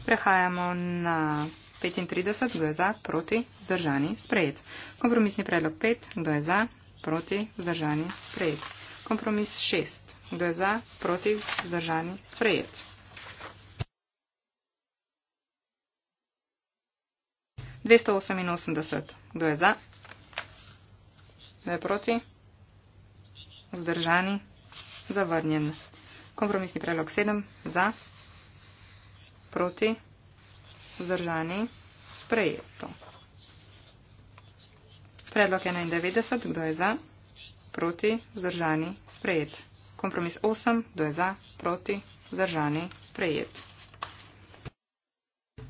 Prehajamo na 35, kdo je za, proti, zdržani, sprejet. Kompromisni predlog 5, kdo je za, proti, zdržani, sprejet. Kompromis 6, kdo je za, proti, zdržani, sprejet. Dvesto oseminosemdeset, kdo je za, kdo je proti, vzdržani, zavrnjen. Kompromisni predlog sedem, za proti, vzdržani, sprejeto. Predlog 91, kdo je za, proti, vzdržani, sprejet. Kompromis 8, kdo je za, proti, vzdržani, sprejet.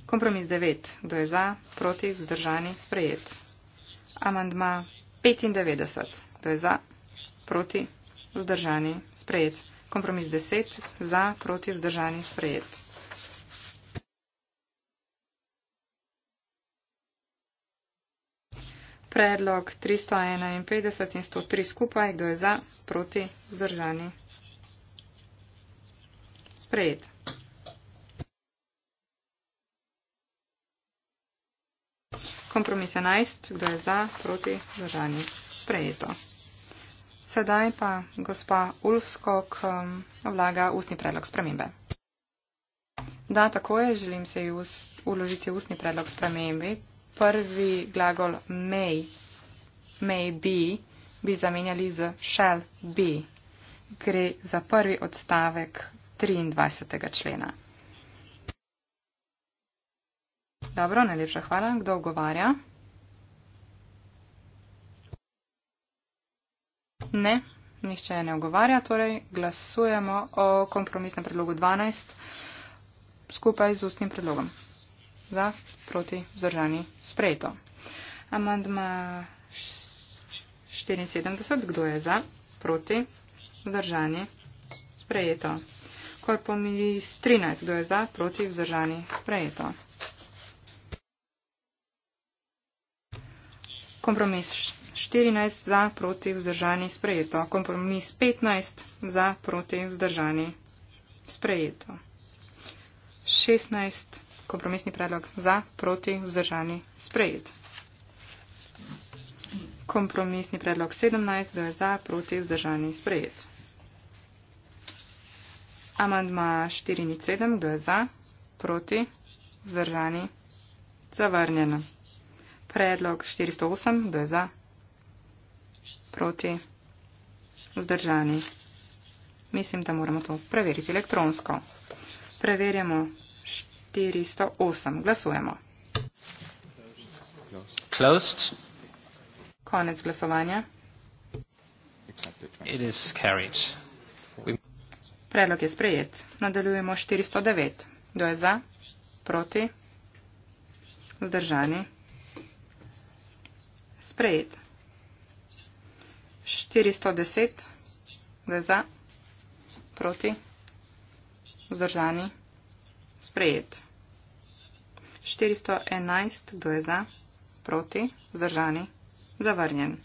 Kompromis 9, kdo je za, proti, vzdržani, sprejet. Amandma 95, kdo je za, proti, vzdržani, sprejet. Kompromis 10, za, proti, vzdržani, sprejet. predlog 351 in 103 skupaj, kdo je za, proti, vzdržani. Sprejet. Kompromis 11, kdo je za, proti, vzdržani. Sprejeto. Sedaj pa gospa Ulfskog vlaga um, ustni predlog spremembe. Da, tako je, želim se vložiti ustni predlog spremembe, prvi glagol may, may be, bi zamenjali z shall be. Gre za prvi odstavek 23. člena. Dobro, najlepša hvala. Kdo ogovarja? Ne, nihče ne ogovarja, torej glasujemo o kompromisnem predlogu 12 skupaj z ustnim predlogom za, proti, vzdržani, sprejeto. Amandma 74, kdo je za, proti, vzdržani, sprejeto. Korpomis 13, kdo je za, proti, vzdržani, sprejeto. Kompromis 14, za, proti, vzdržani, sprejeto. Kompromis 15, za, proti, vzdržani, sprejeto. 16 kompromisni predlog za, proti, vzdržani, sprejet. Kompromisni predlog 17, da je za, proti, vzdržani, sprejet. Amandma 47, da je za, proti, vzdržani, zavrnjen. Predlog 408, da je za, proti, vzdržani. Mislim, da moramo to preveriti elektronsko. Preverjamo 408. 408. Glasujemo. Closed. Konec glasovanja. It is carried. We... Predlog je sprejet. Nadaljujemo 409. Kdo je za? Proti? Zdržani? Sprejet. 410. Kdo je za? Proti? Zdržani? Sprejet. 411, kdo je za? Proti? Zdržani? Zavrnjen.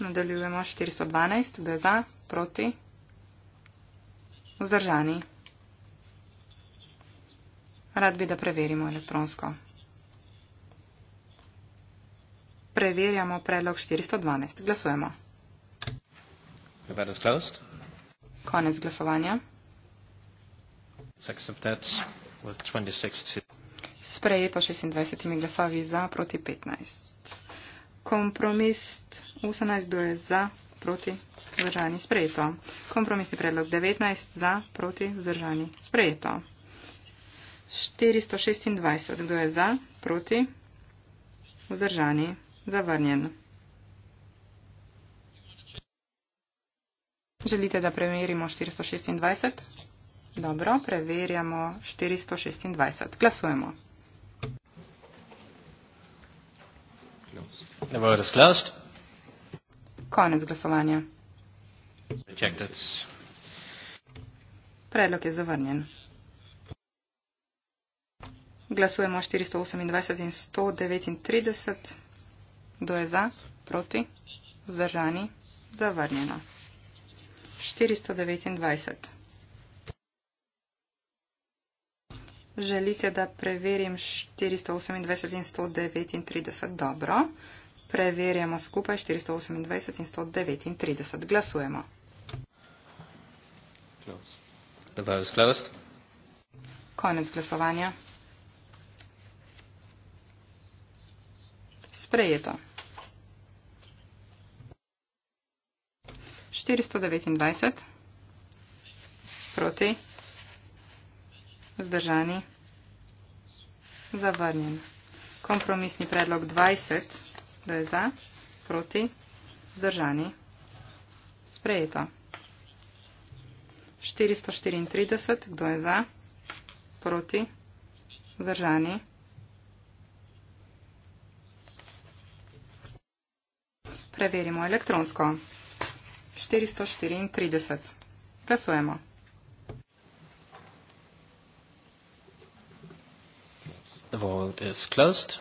Nadaljujemo 412, kdo je za? Proti? Vzdržani. Rad bi, da preverimo elektronsko. Preverjamo predlog 412. Glasujemo. Konec glasovanja. Sprejeto 26 glasovi za proti 15. Kompromis 18 je za proti vzdržani sprejeto. Kompromisni predlog 19 za proti vzdržani sprejeto. 426 kdo je za proti vzdržani zavrnjen. Želite, da premerimo 426? Dobro, preverjamo 426. Glasujemo. The vote is closed. Konec glasovanja. Rejected. Predlog je zavrnjen. Glasujemo 428 in 139. Kdo je za? Proti? Zdržani? Zavrnjeno. 429. Želite, da preverim 428 in 139. Dobro. Preverjamo skupaj 428 in 139. Glasujemo. The vote is closed. Konec glasovanja. Sprejeto. 429 proti. Vzdržani. Zavrnjen. Kompromisni predlog 20. Kdo je za? Proti? Vzdržani. Sprejeto. 434. Kdo je za? Proti? Vzdržani. Preverimo elektronsko. 434. Glasujemo. 434. result is closed.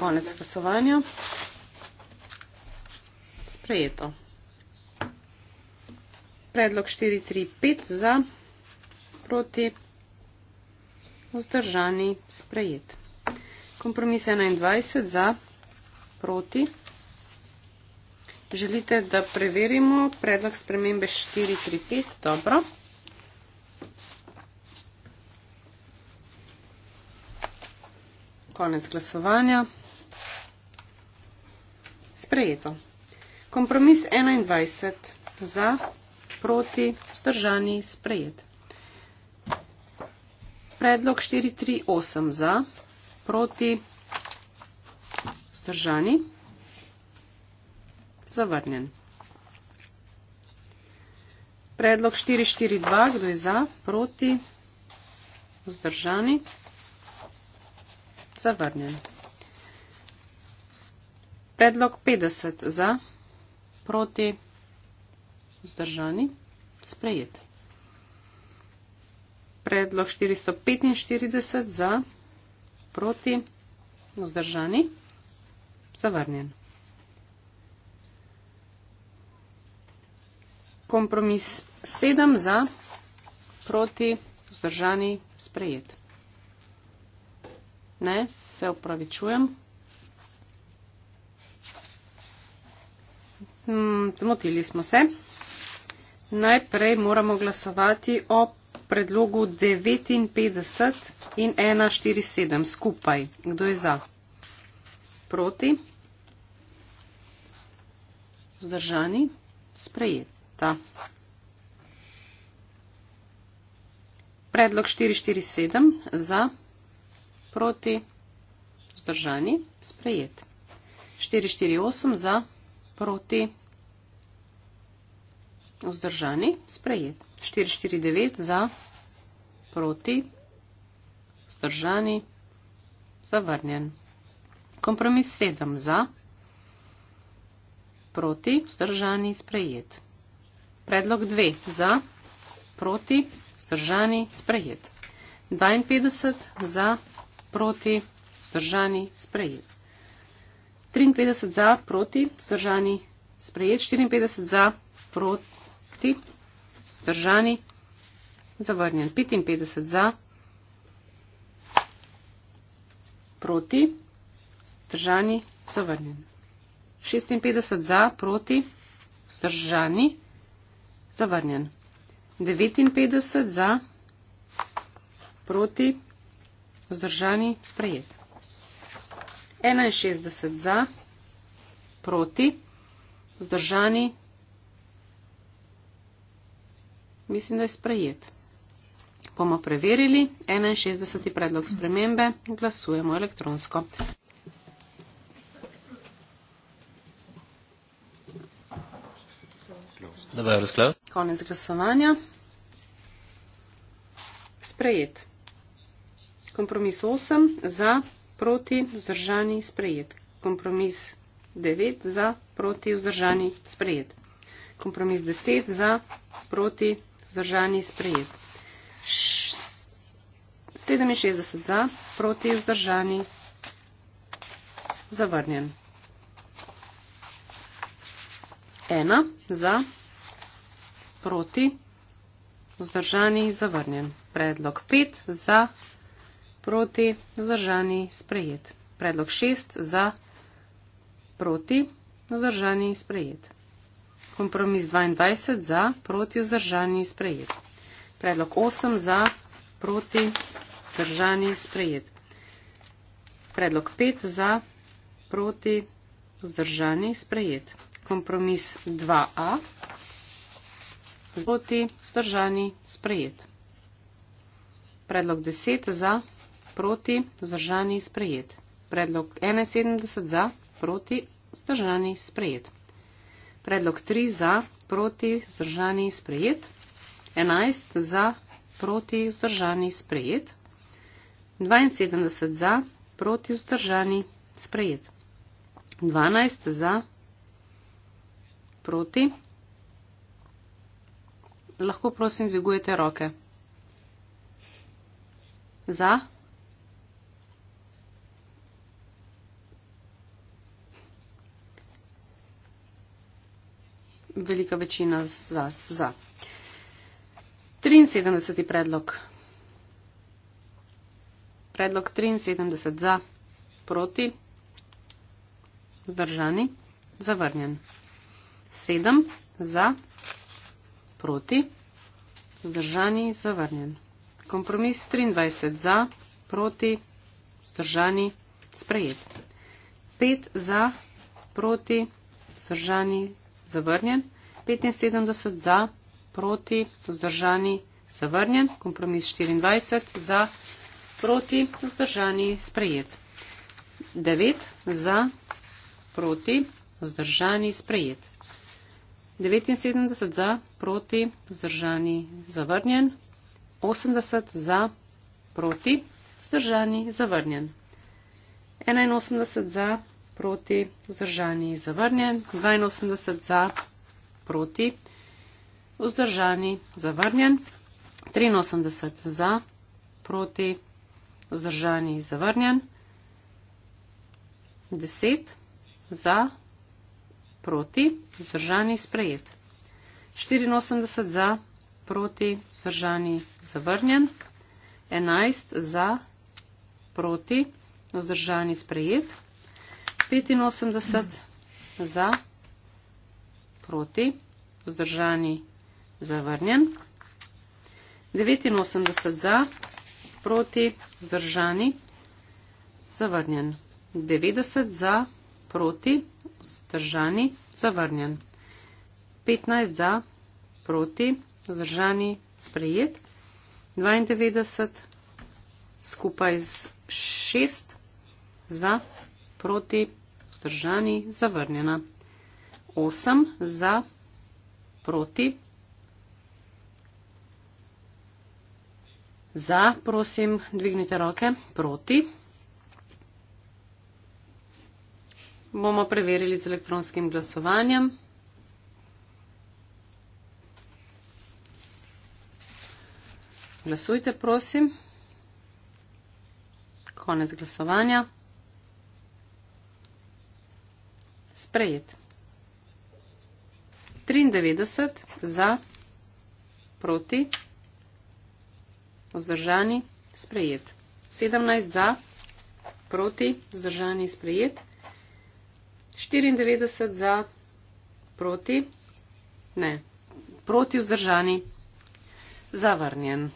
Konec glasovanja. Sprejeto. Predlog 435 za, proti, vzdržani, sprejet. Kompromis 21 za, proti. Želite, da preverimo predlog spremembe 435? Dobro. konec glasovanja. Sprejeto. Kompromis 21 za, proti, vzdržani, sprejet. Predlog 438 za, proti, vzdržani, zavrnjen. Predlog 442, kdo je za, proti, vzdržani, vzdržani zavrnjen. Predlog 50 za, proti, vzdržani, sprejet. Predlog 445 za, proti, vzdržani, zavrnjen. Kompromis 7 za, proti, vzdržani, sprejet. Ne, se upravičujem. Hmm, zmotili smo se. Najprej moramo glasovati o predlogu 59 in 147 skupaj. Kdo je za? Proti? Zdržani? Sprejeta. Predlog 447 za proti, vzdržani, sprejet. 448 za, proti, vzdržani, sprejet. 449 za, proti, vzdržani, zavrnjen. Kompromis 7 za, proti, vzdržani, sprejet. Predlog 2 za, proti, vzdržani, sprejet. 52 za, proti, vzdržani, sprejet proti, vzdržani, sprejet. 53 za, proti, vzdržani, sprejet. 54 za, proti, vzdržani, zavrnjen. 55 za, proti, vzdržani, zavrnjen. 56 za, proti, vzdržani, zavrnjen. 59 za, proti, vzdržani vzdržani, sprejet. 61 za, proti, vzdržani, mislim, da je sprejet. Bomo preverili 61. predlog spremembe, glasujemo elektronsko. Konec glasovanja. Sprejet. Kompromis 8 za, proti, vzdržani, sprejet. Kompromis 9 za, proti, vzdržani, sprejet. Kompromis 10 za, proti, vzdržani, sprejet. 67 za, proti, vzdržani, zavrnjen. 1 za, proti, vzdržani, zavrnjen. Predlog 5 za, proti, vzdržani, sprejet. Predlog šest za, proti, vzdržani, sprejet. Kompromis 22 za, proti, vzdržani, sprejet. Predlog 8 za, proti, vzdržani, sprejet. Predlog 5 za, proti, vzdržani, sprejet. Kompromis 2a, proti, vzdržani, sprejet. Predlog 10 za, proti, vzdržani, sprejet proti, vzdržani, sprejet. Predlog 71 za, proti, vzdržani, sprejet. Predlog 3 za, proti, vzdržani, sprejet. 11 za, proti, vzdržani, sprejet. 72 za, proti, vzdržani, sprejet. 12 za, proti. Lahko prosim dvigujete roke. За. velika večina za. za. 73. predlog. Predlog 73 za, proti, vzdržani, zavrnjen. 7 za, proti, vzdržani, zavrnjen. Kompromis 23 za, proti, vzdržani, sprejet. 5 za, proti, vzdržani, zavrnjen, 75 za, proti, vzdržani, zavrnjen, kompromis 24 za, proti, vzdržani, sprejet. 9 za, proti, vzdržani, sprejet. 79 za, proti, vzdržani, zavrnjen. 80 za, proti, vzdržani, zavrnjen. 81 za, proti, vzdržani je zavrnjen, 82 za, proti, vzdržani zavrnjen, 83 za, proti, vzdržani zavrnjen, 10 za, proti, vzdržani sprejet, 84 za, proti, vzdržani zavrnjen, 11 za, proti, vzdržani sprejet, 85 za, proti, vzdržani, zavrnjen. 89 za, proti, vzdržani, zavrnjen. 90 za, proti, vzdržani, zavrnjen. 15 za, proti, vzdržani, sprejet. 92 skupaj z 6 za, proti, vzdržani, zavrnjen vzdržani, zavrnjena. 8 za, proti. Za, prosim, dvignite roke, proti. Bomo preverili z elektronskim glasovanjem. Glasujte, prosim. Konec glasovanja. sprejet. 93 za, proti, vzdržani, sprejet. 17 za, proti, vzdržani, sprejet. 94 za, proti, ne, proti, vzdržani, zavrnjen.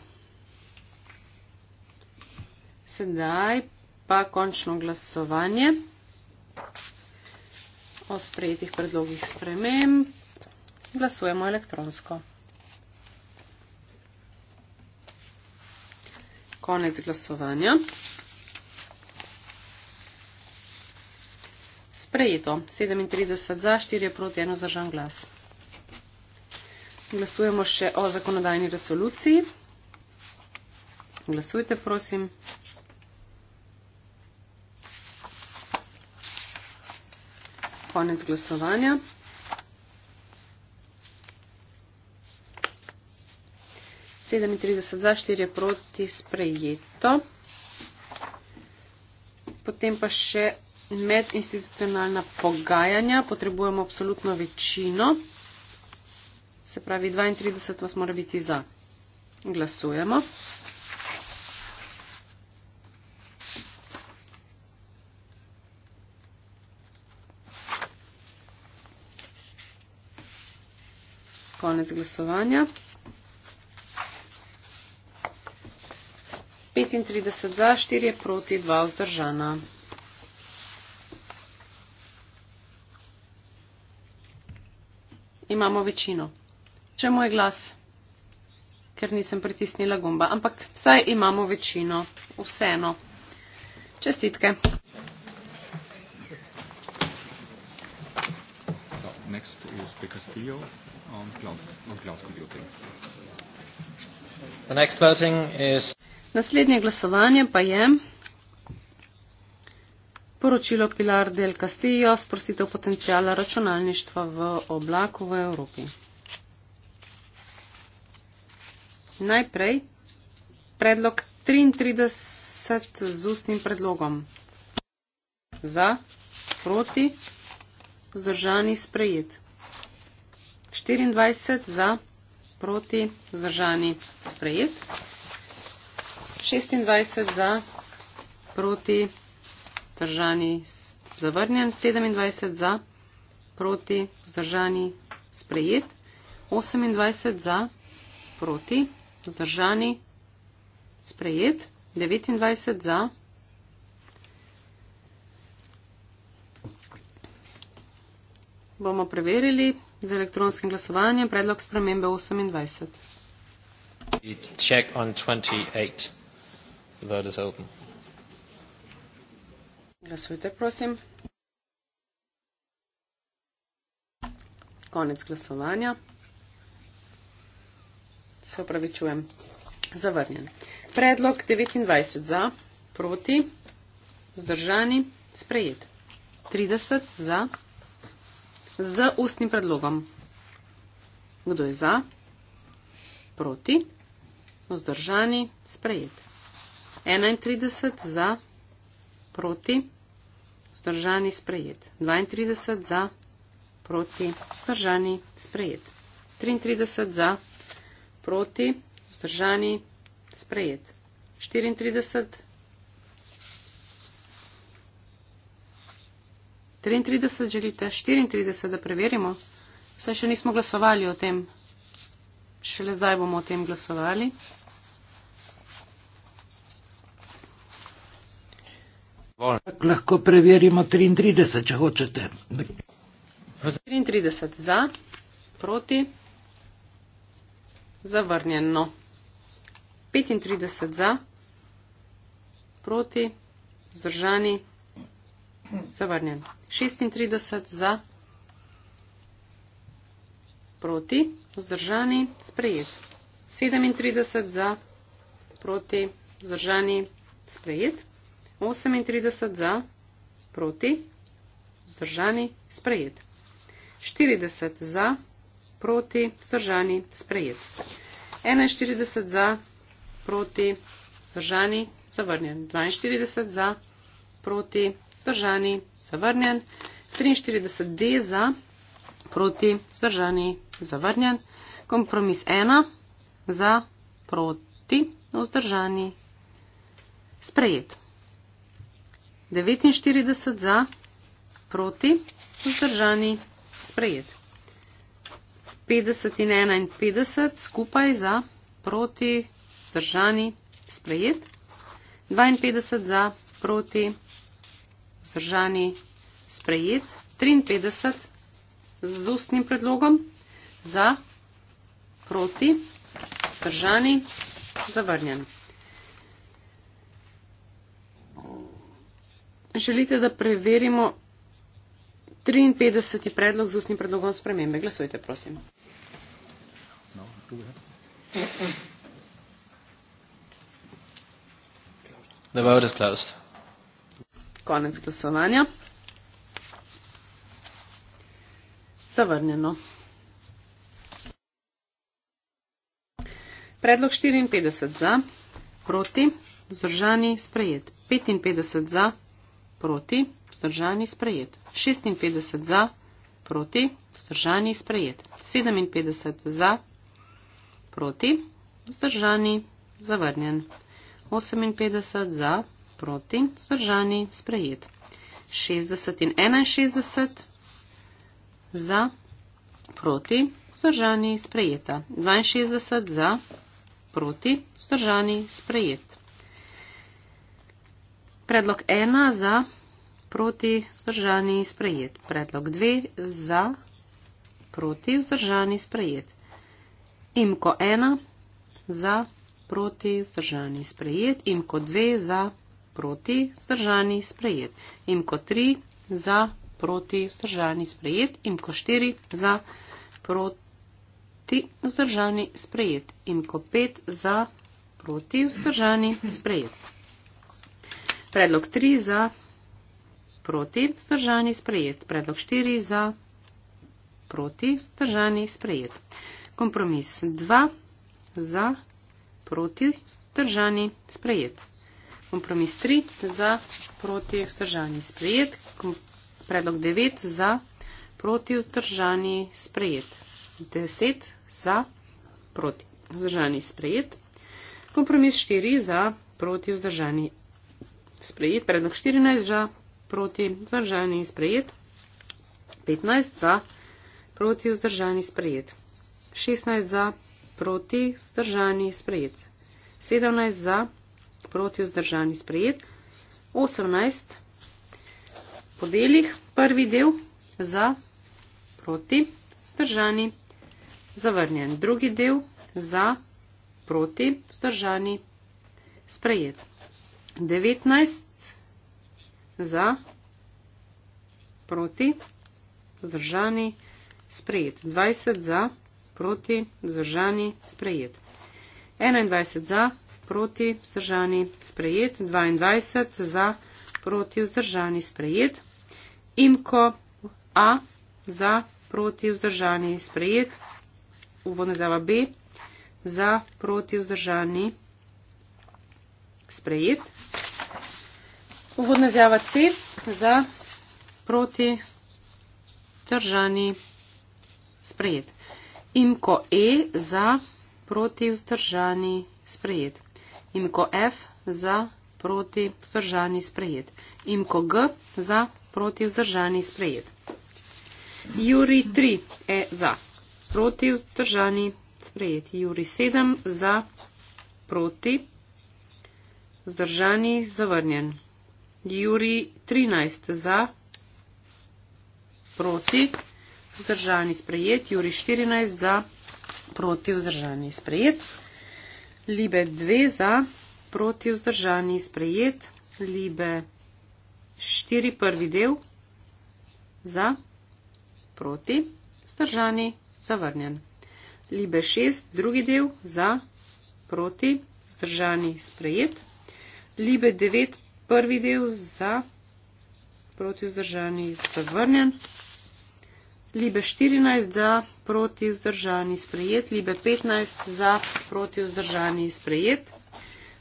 Sedaj pa končno glasovanje o sprejetih predlogih sprememb. Glasujemo elektronsko. Konec glasovanja. Sprejeto. 37 za, 4 proti, 1 zažan glas. Glasujemo še o zakonodajni resoluciji. Glasujte, prosim. konec glasovanja. Sedemintrideset za, štiri je proti sprejeto. Potem pa še medinstitucionalna pogajanja. Potrebujemo absolutno večino. Se pravi, 32 vas mora biti za. Glasujemo. konec glasovanja. 35 za, 4 proti, 2 vzdržana. Imamo večino. Čemu je glas? Ker nisem pritisnila gumba. Ampak vsaj imamo večino. Vseeno. Čestitke. Mr. Castillo on cloud, on cloud computing. The next voting is Naslednje glasovanje pa je poročilo Pilar del Castillo, sprostitev potencijala računalništva v oblaku v Evropi. Najprej predlog 33 z ustnim predlogom. Za, proti, vzdržani sprejet. 24 za, proti, vzdržani, sprejet. 26 za, proti, vzdržani, zavrnjen. 27 za, proti, vzdržani, sprejet. 28 za, proti, vzdržani, sprejet. 29 za z elektronskim glasovanjem predlog spremembe 28. You check on 28. The vote is open. Glasujte, prosim. Konec glasovanja. Se opravičujem. Zavrnjen. Predlog 29 za, proti, vzdržani, sprejet. 30 za z ustnim predlogom. Kdo je za? Proti? Vzdržani? Sprejet. 31 za? Proti? Vzdržani? Sprejet. 32 za? Proti? Vzdržani? Sprejet. 33 za? Proti? Vzdržani? Sprejet. 34 za? 33 želite, 34, da preverimo. Saj še nismo glasovali o tem. Šele zdaj bomo o tem glasovali. Lahko preverimo 33, če hočete. 33 za, proti, zavrnjeno. 35 za, proti, zdržani. Zavrnjen. 36 za. Proti. Vzdržani. Sprejet. 37 za. Proti. Vzdržani. Sprejet. 38 za. Proti. Vzdržani. Sprejet. 40 za. Proti. Vzdržani. Sprejet. 41 za. Proti. Vzdržani. Zavrnjen. 42 za. Proti vzdržani, zavrnjen, 43 D za, proti, vzdržani, zavrnjen, kompromis 1 za, proti, vzdržani, sprejet. 49 za, proti, vzdržani, sprejet. 50 in 51 skupaj za, proti, vzdržani, sprejet. 52 za, proti, vzdržani vzdržani, sprejet 53 z ustnim predlogom, za, proti, vzdržani, zavrnjen. Želite, da preverimo 53. predlog z ustnim predlogom spremembe? Glasujte, prosim. No, Da bo razklavstvo konec glasovanja. Zavrnjeno. Predlog 54 za, proti, vzdržani, sprejet. 55 za, proti, vzdržani, sprejet. 56 za, proti, vzdržani, sprejet. 57 za, proti, vzdržani, zavrnjen. 58 za, proti proti, vzdržani, sprejet. 60 in 61 za, proti, vzdržani, sprejeta. 62 za, proti, vzdržani, sprejet. Predlog 1 za, proti, vzdržani, sprejet. Predlog 2 za, proti, vzdržani, sprejet. Imko 1 za, proti, vzdržani, sprejet. Imko 2 za, proti, vzdržani, sprejet proti, vzdržani, sprejet. Imko 3 za, proti, vzdržani, sprejet. Imko 4 za, proti, vzdržani, sprejet. Imko 5 za, proti, vzdržani, sprejet. Predlog 3 za, proti, vzdržani, sprejet. Predlog 4 za, proti, vzdržani, sprejet. Kompromis 2 za, proti, vzdržani, sprejet kompromis 3 za, proti vzdržani sprejet, predlog 9 za, proti vzdržani sprejet, 10 za, proti vzdržani sprejet, kompromis 4 za, proti vzdržani sprejet, predlog 14 za, proti vzdržani sprejet, 15 za, proti vzdržani sprejet, 16 za, proti vzdržani sprejet, 17 za, proti vzdržani sprejet proti vzdržani sprejet. 18 podeljih, prvi del za proti vzdržani, zavrnjen, drugi del za proti vzdržani sprejet. 19 za proti vzdržani sprejet, 20 za proti vzdržani sprejet. 21 za, proti vzdržani sprejet, 22 za proti vzdržani sprejet, imko A za proti vzdržani sprejet, uvodna zava B za proti vzdržani sprejet, uvodna zava C za proti vzdržani sprejet, imko E za proti vzdržani sprejet imko F za proti vzdržani sprejet, imko G za proti vzdržani sprejet. Juri 3 je za proti vzdržani sprejet, Juri 7 za proti vzdržani zavrnjen, Juri 13 za proti vzdržani sprejet, Juri 14 za proti vzdržani sprejet. Libe 2 za, proti vzdržani sprejet, Libe 4 prvi del za, proti vzdržani zavrnjen. Libe 6 drugi del za, proti vzdržani sprejet. Libe 9 prvi del za, proti vzdržani zavrnjen. Libe 14 za, proti vzdržani sprejet, libe 15 za proti vzdržani sprejet,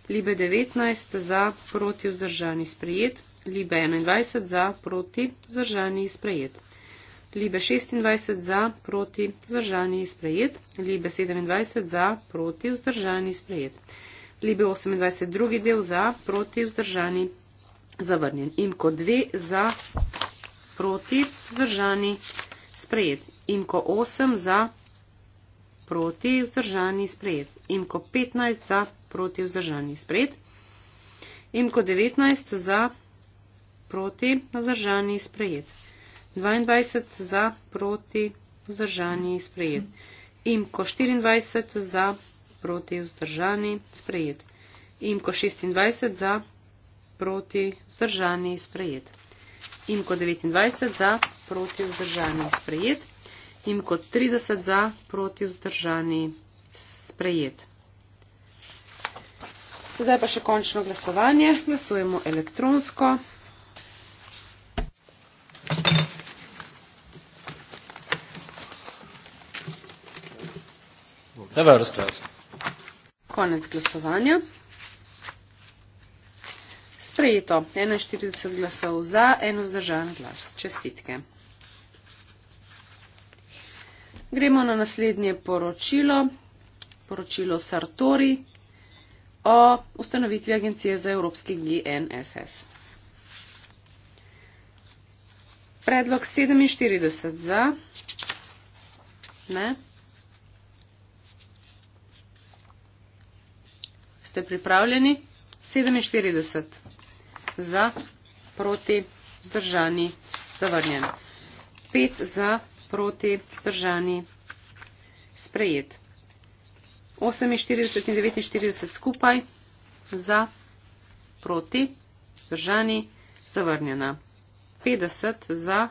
libe 19 za proti vzdržani sprejet, libe 21 za proti vzdržani sprejet, libe 26 za proti vzdržani sprejet, libe 27 za proti vzdržani sprejet, libe 28 drugi del za proti vzdržani zavrnjen in kot dve za proti vzdržani sprejet in ko 8 za proti vzdržani sprejet, in ko 15 za proti vzdržani sprejet, in ko 19 za proti vzdržani sprejet, 22 za proti vzdržani sprejet, in ko 24 za proti vzdržani sprejet, in ko 26 za proti vzdržani sprejet, in ko 29 za proti vzdržani sprejet. In ko in kot 30 za proti vzdržani sprejet. Sedaj pa še končno glasovanje. Glasujemo elektronsko. Konec glasovanja. Sprejeto. 41 glasov za, eno zdržan glas. Čestitke. Gremo na naslednje poročilo, poročilo Sartori o ustanovitvi agencije za evropski GNSS. Predlog 47 za. Ne. Ste pripravljeni? 47 za, proti, zdržani, zavrnjen. 5 za proti vzdržani sprejet. 48 in 49 skupaj za proti vzdržani zavrnjena. 50 za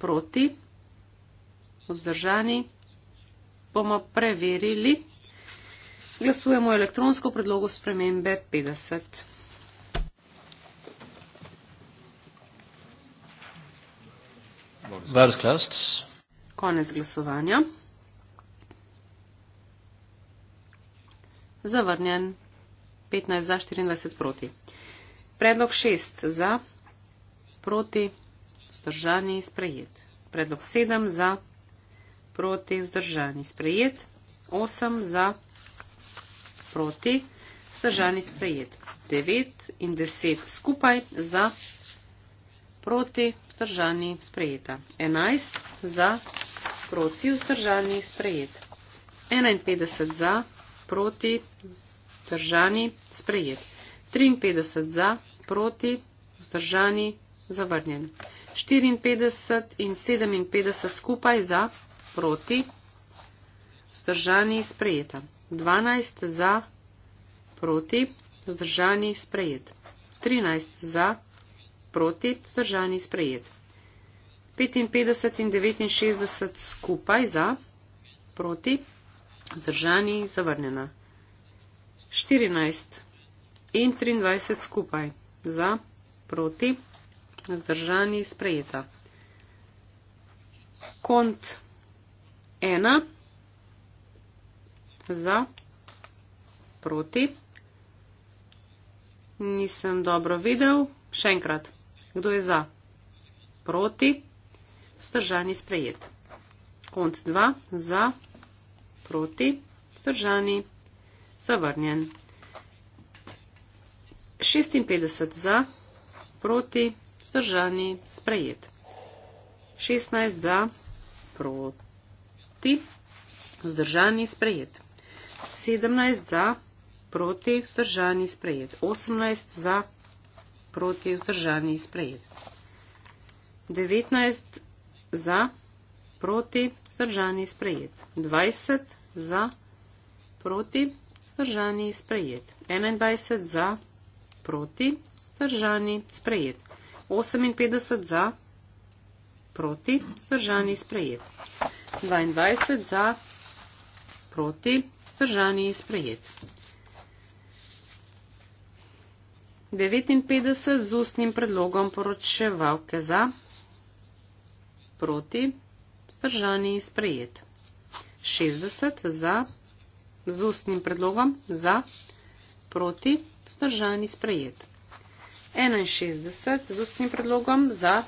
proti vzdržani bomo preverili. Glasujemo elektronsko predlogo spremembe 50. Konec glasovanja. Zavrnjen 15 za 24 proti. Predlog 6 za proti vzdržani sprejet. Predlog 7 za proti vzdržani sprejet. 8 za proti vzdržani sprejet. 9 in 10 skupaj za proti proti, vzdržani, sprejeta. 11 za, proti, vzdržani, sprejet. 51 za, proti, vzdržani, sprejet. 53 za, proti, vzdržani, zavrnjen. 54 in 57 skupaj za, proti, vzdržani, sprejeta. 12 za, proti, vzdržani, sprejet. 13 za, proti proti, vzdržani sprejet. 55 in 69 skupaj za, proti, vzdržani zavrnjena. 14 in 23 skupaj za, proti, vzdržani sprejeta. Kont 1 za, proti. Nisem dobro videl. Še enkrat. Kdo je za? Proti. Vzdržani sprejet. Konc 2. Za. Proti. Vzdržani. Zavrnjen. 56 za. Proti. Vzdržani. Sprejet. 16 za. Proti. Vzdržani. Sprejet. 17 za. Proti. Vzdržani. Sprejet. 18 za. Proti proti vzdržavni sprejet. 19 za, proti vzdržavni sprejet. 20 za, proti vzdržavni sprejet. 21 za, proti vzdržavni sprejet. 58 za, proti vzdržavni sprejet. 22 za, proti vzdržavni sprejet. 59 z ustnim predlogom poročevalke za, proti, vzdržani in sprejet. 60 za, z ustnim predlogom za, proti, vzdržani in sprejet. 61 z ustnim predlogom za,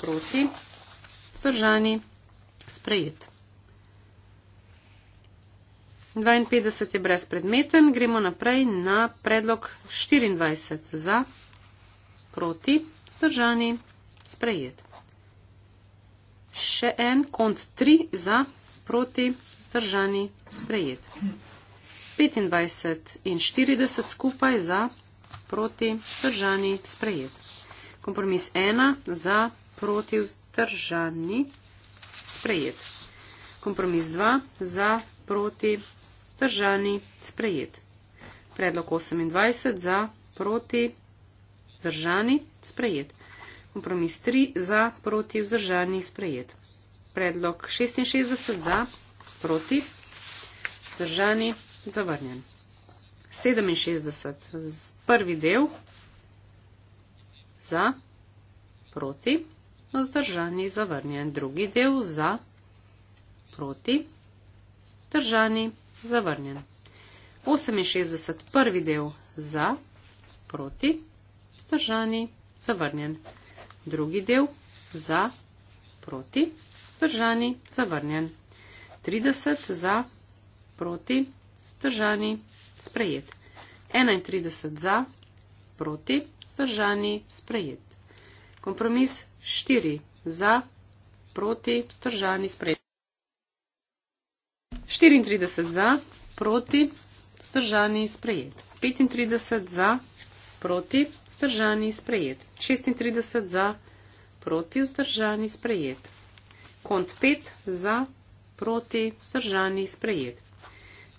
proti, vzdržani in sprejet. 52 je brezpredmeten. Gremo naprej na predlog 24. Za, proti, zdržani, sprejet. Še en, konc 3. Za, proti, zdržani, sprejet. 25 in 40 skupaj za, proti, zdržani, sprejet. Kompromis 1 za, proti, zdržani, sprejet. Kompromis 2 za, proti, vzdržani, sprejet. Predlog 28 za, proti, vzdržani, sprejet. Kompromis 3 za, proti, vzdržani, sprejet. Predlog 66 za, proti, vzdržani, zavrnjen. 67 z prvi del za, proti, vzdržani, zavrnjen. Drugi del za, proti, vzdržani, zavrnjen zavrnjen. 68. prvi del za, proti, vzdržani, zavrnjen. Drugi del za, proti, vzdržani, zavrnjen. 30 za, proti, vzdržani, sprejet. 31 za, proti, vzdržani, sprejet. Kompromis 4 za, proti, vzdržani, sprejet. 34 za, proti, stržani, sprejet. 35 za, proti, stržani, sprejet. 36 za, proti, stržani, sprejet. Kont 5 za, proti, stržani, sprejet.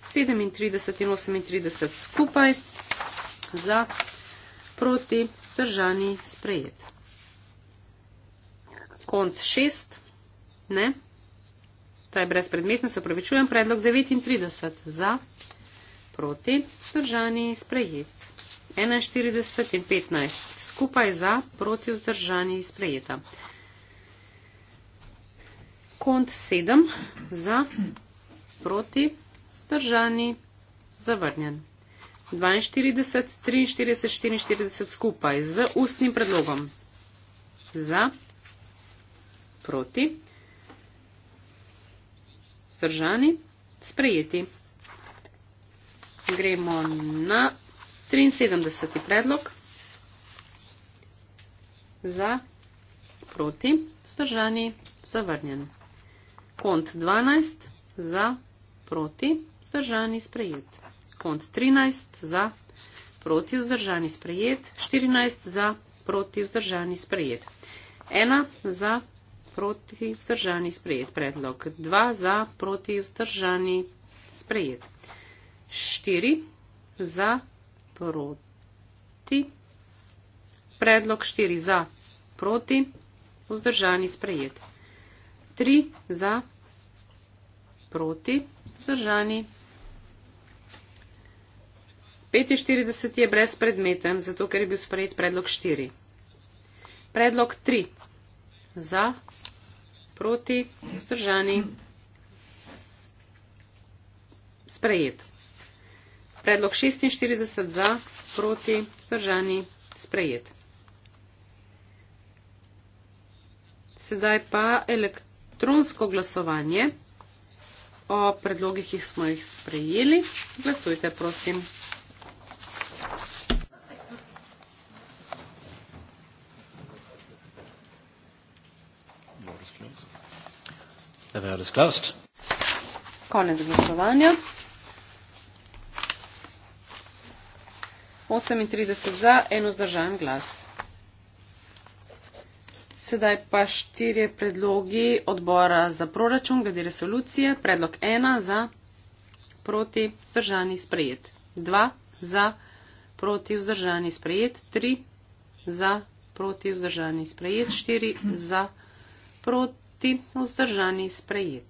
37 in 38 skupaj za, proti, stržani, sprejet. Kont 6, ne. Ta je brezpredmeten, se upravičujem, predlog 39 za, proti, vzdržani, sprejet. 41 in 15 skupaj za, proti, vzdržani, sprejeta. Kont 7 za, proti, vzdržani, zavrnjen. 42, 43, 44 skupaj z ustnim predlogom. Za, proti, vzdržani vzdržani, sprejeti. Gremo na 73. predlog za proti, vzdržani, zavrnjen. Kont 12 za proti, vzdržani, sprejet. Kont 13 za proti, vzdržani, sprejet. 14 za proti, vzdržani, sprejet. 1 za proti proti vzdržani sprejet. Predlog 2 za proti vzdržani sprejet. 4 za proti. Predlog 4 za proti vzdržani sprejet. 3 za proti vzdržani. 45 je brezpredmeten, zato ker je bil sprejet predlog 4. Predlog 3 za proti, vzdržani, sprejet. Predlog 46 za, proti, vzdržani, sprejet. Sedaj pa elektronsko glasovanje o predlogih, ki smo jih sprejeli. Glasujte, prosim. Konec glasovanja. 38 za, eno zdržan glas. Sedaj pa štirje predlogi odbora za proračun glede resolucije. Predlog ena za, proti, zdržani sprejet. Dva za, proti, vzdržani sprejet. Tri za, proti, vzdržani sprejet. Štiri za, proti ti vzdržani sprejet.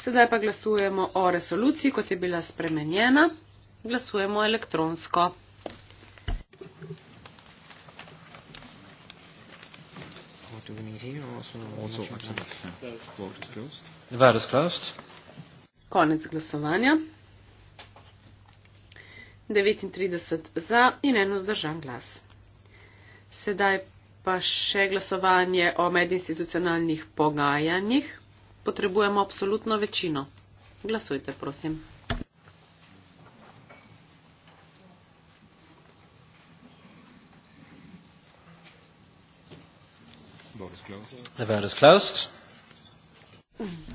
Sedaj pa glasujemo o resoluciji, kot je bila spremenjena. Glasujemo elektronsko. Konec glasovanja. 39 za in eno zdržan glas. Sedaj pa še glasovanje o medinstitucionalnih pogajanjih. Potrebujemo absolutno večino. Glasujte, prosim.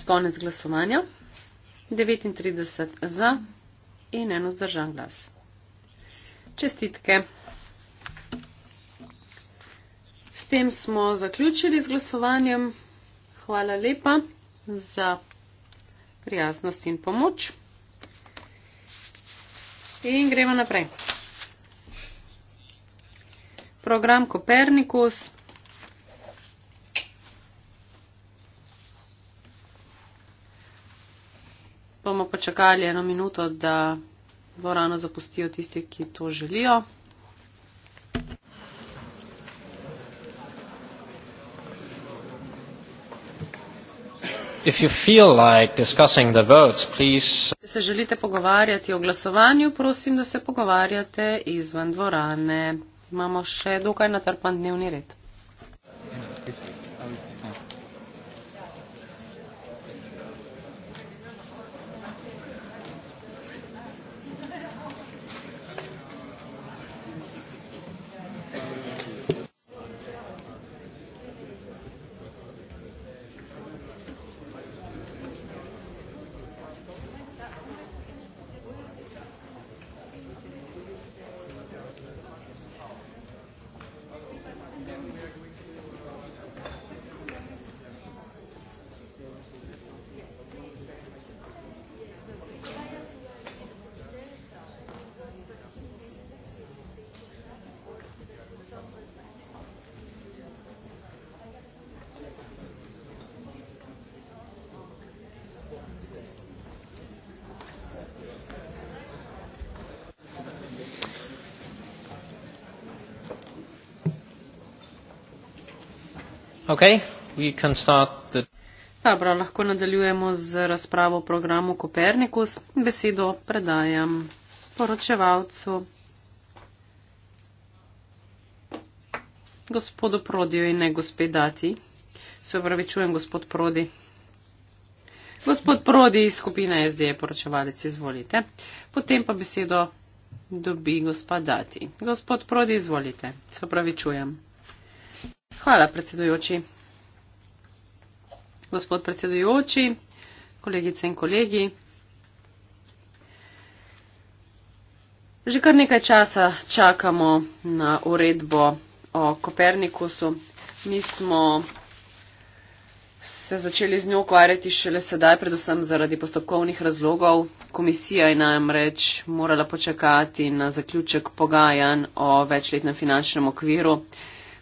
Konec glasovanja. 39 za in eno zdržan glas. Čestitke. S tem smo zaključili z glasovanjem. Hvala lepa za prijaznost in pomoč. In gremo naprej. Program Kopernikus. Bomo počakali eno minuto, da dvorano zapustijo tisti, ki to želijo. Če se želite pogovarjati o glasovanju, prosim, da se pogovarjate izven dvorane. Imamo še dokaj natrpan dnevni red. Okay, we can start the... Dobro, lahko nadaljujemo z razpravo o programu Kopernikus. Besedo predajam poročevalcu. Gospodu Prodiju in ne gospe Dati. Se upravičujem, gospod Prodi. Gospod Prodi iz skupine SD je poročevalec, izvolite. Potem pa besedo dobi gospod Dati. Gospod Prodi, izvolite. Se upravičujem. Hvala, predsedujoči. Gospod predsedujoči, kolegice in kolegi. Že kar nekaj časa čakamo na uredbo o Kopernikusu. Mi smo se začeli z njo ukvarjati šele sedaj, predvsem zaradi postopkovnih razlogov. Komisija je namreč morala počakati na zaključek pogajanj o večletnem finančnem okviru.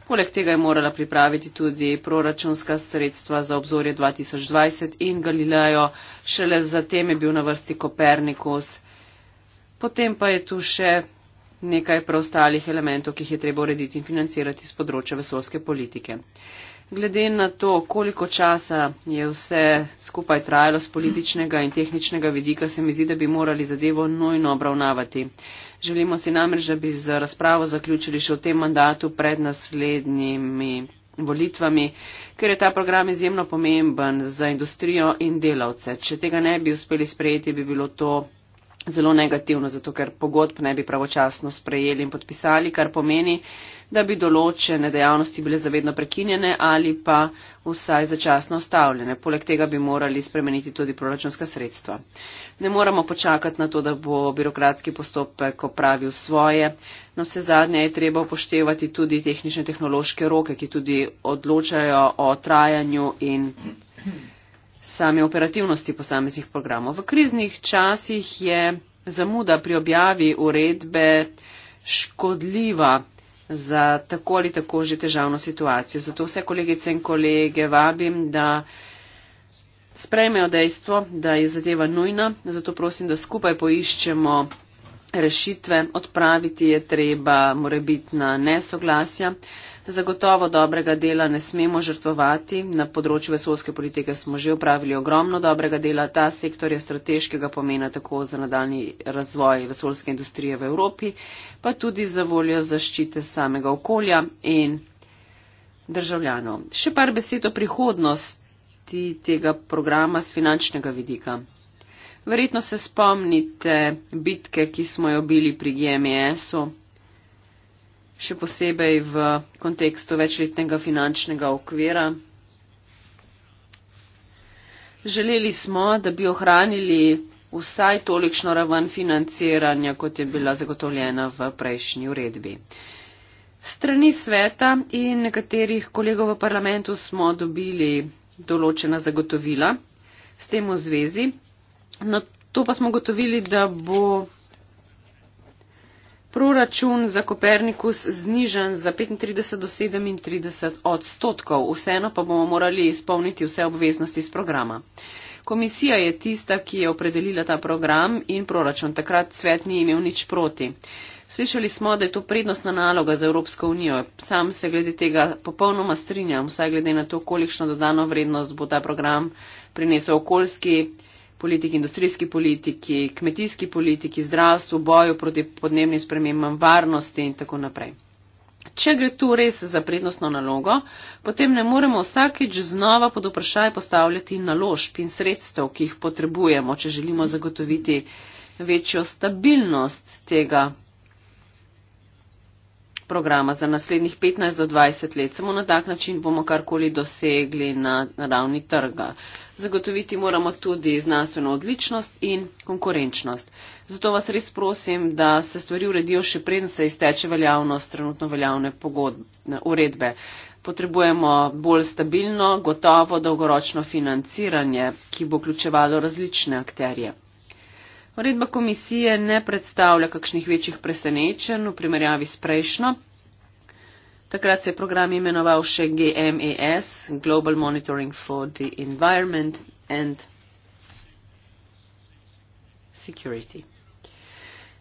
Poleg tega je morala pripraviti tudi proračunska sredstva za obzorje 2020 in Galilejo, šele zatem je bil na vrsti Kopernikus. Potem pa je tu še nekaj preostalih elementov, ki jih je treba urediti in financirati z področja vesolske politike glede na to, koliko časa je vse skupaj trajalo z političnega in tehničnega vidika, se mi zdi, da bi morali zadevo nojno obravnavati. Želimo si namreč, da bi z razpravo zaključili še v tem mandatu pred naslednjimi volitvami, ker je ta program izjemno pomemben za industrijo in delavce. Če tega ne bi uspeli sprejeti, bi bilo to zelo negativno, zato ker pogodb ne bi pravočasno sprejeli in podpisali, kar pomeni, da bi določene dejavnosti bile zavedno prekinjene ali pa vsaj začasno ustavljene. Poleg tega bi morali spremeniti tudi proračunska sredstva. Ne moramo počakati na to, da bo birokratski postopek opravil svoje. No vse zadnje je treba upoštevati tudi tehnične tehnološke roke, ki tudi odločajo o trajanju in same operativnosti posameznih programov. V kriznih časih je zamuda pri objavi uredbe škodljiva za tako ali tako že težavno situacijo. Zato vse kolegice in kolege vabim, da sprejmejo dejstvo, da je zadeva nujna, zato prosim, da skupaj poiščemo rešitve, odpraviti je treba morebitna nesoglasja. Zagotovo dobrega dela ne smemo žrtvovati. Na področju vesolske politike smo že upravili ogromno dobrega dela. Ta sektor je strateškega pomena tako za nadaljni razvoj vesolske industrije v Evropi, pa tudi za voljo zaščite samega okolja in državljanov. Še par besed o prihodnosti tega programa z finančnega vidika. Verjetno se spomnite bitke, ki smo jo bili pri GMS-u. E še posebej v kontekstu večletnega finančnega okvira. Želeli smo, da bi ohranili vsaj tolikšno raven financiranja, kot je bila zagotovljena v prejšnji uredbi. Strani sveta in nekaterih kolegov v parlamentu smo dobili določena zagotovila s tem v zvezi. Na to pa smo gotovili, da bo proračun za Kopernikus znižen za 35 do 37 odstotkov, vseeno pa bomo morali izpolniti vse obveznosti iz programa. Komisija je tista, ki je opredelila ta program in proračun. Takrat svet ni imel nič proti. Slišali smo, da je to prednostna naloga za Evropsko unijo. Sam se glede tega popolnoma strinjam, vsaj glede na to, kolikšno dodano vrednost bo ta program prinesel okoljski, politiki, industrijski politiki, kmetijski politiki, zdravstvu, boju proti podnebnim spremembam, varnosti in tako naprej. Če gre tu res za prednostno nalogo, potem ne moremo vsakeč znova pod vprašaj postavljati naložb in sredstev, ki jih potrebujemo, če želimo zagotoviti večjo stabilnost tega programa za naslednjih 15 do 20 let. Samo na tak način bomo karkoli dosegli na ravni trga. Zagotoviti moramo tudi znanstveno odličnost in konkurenčnost. Zato vas res prosim, da se stvari uredijo še preden se izteče veljavnost trenutno veljavne pogodne uredbe. Potrebujemo bolj stabilno, gotovo, dolgoročno financiranje, ki bo vključevalo različne akterje. Uredba komisije ne predstavlja kakšnih večjih presenečenj v primerjavi s prejšnjo. Takrat se je program imenoval še GMES, Global Monitoring for the Environment and Security.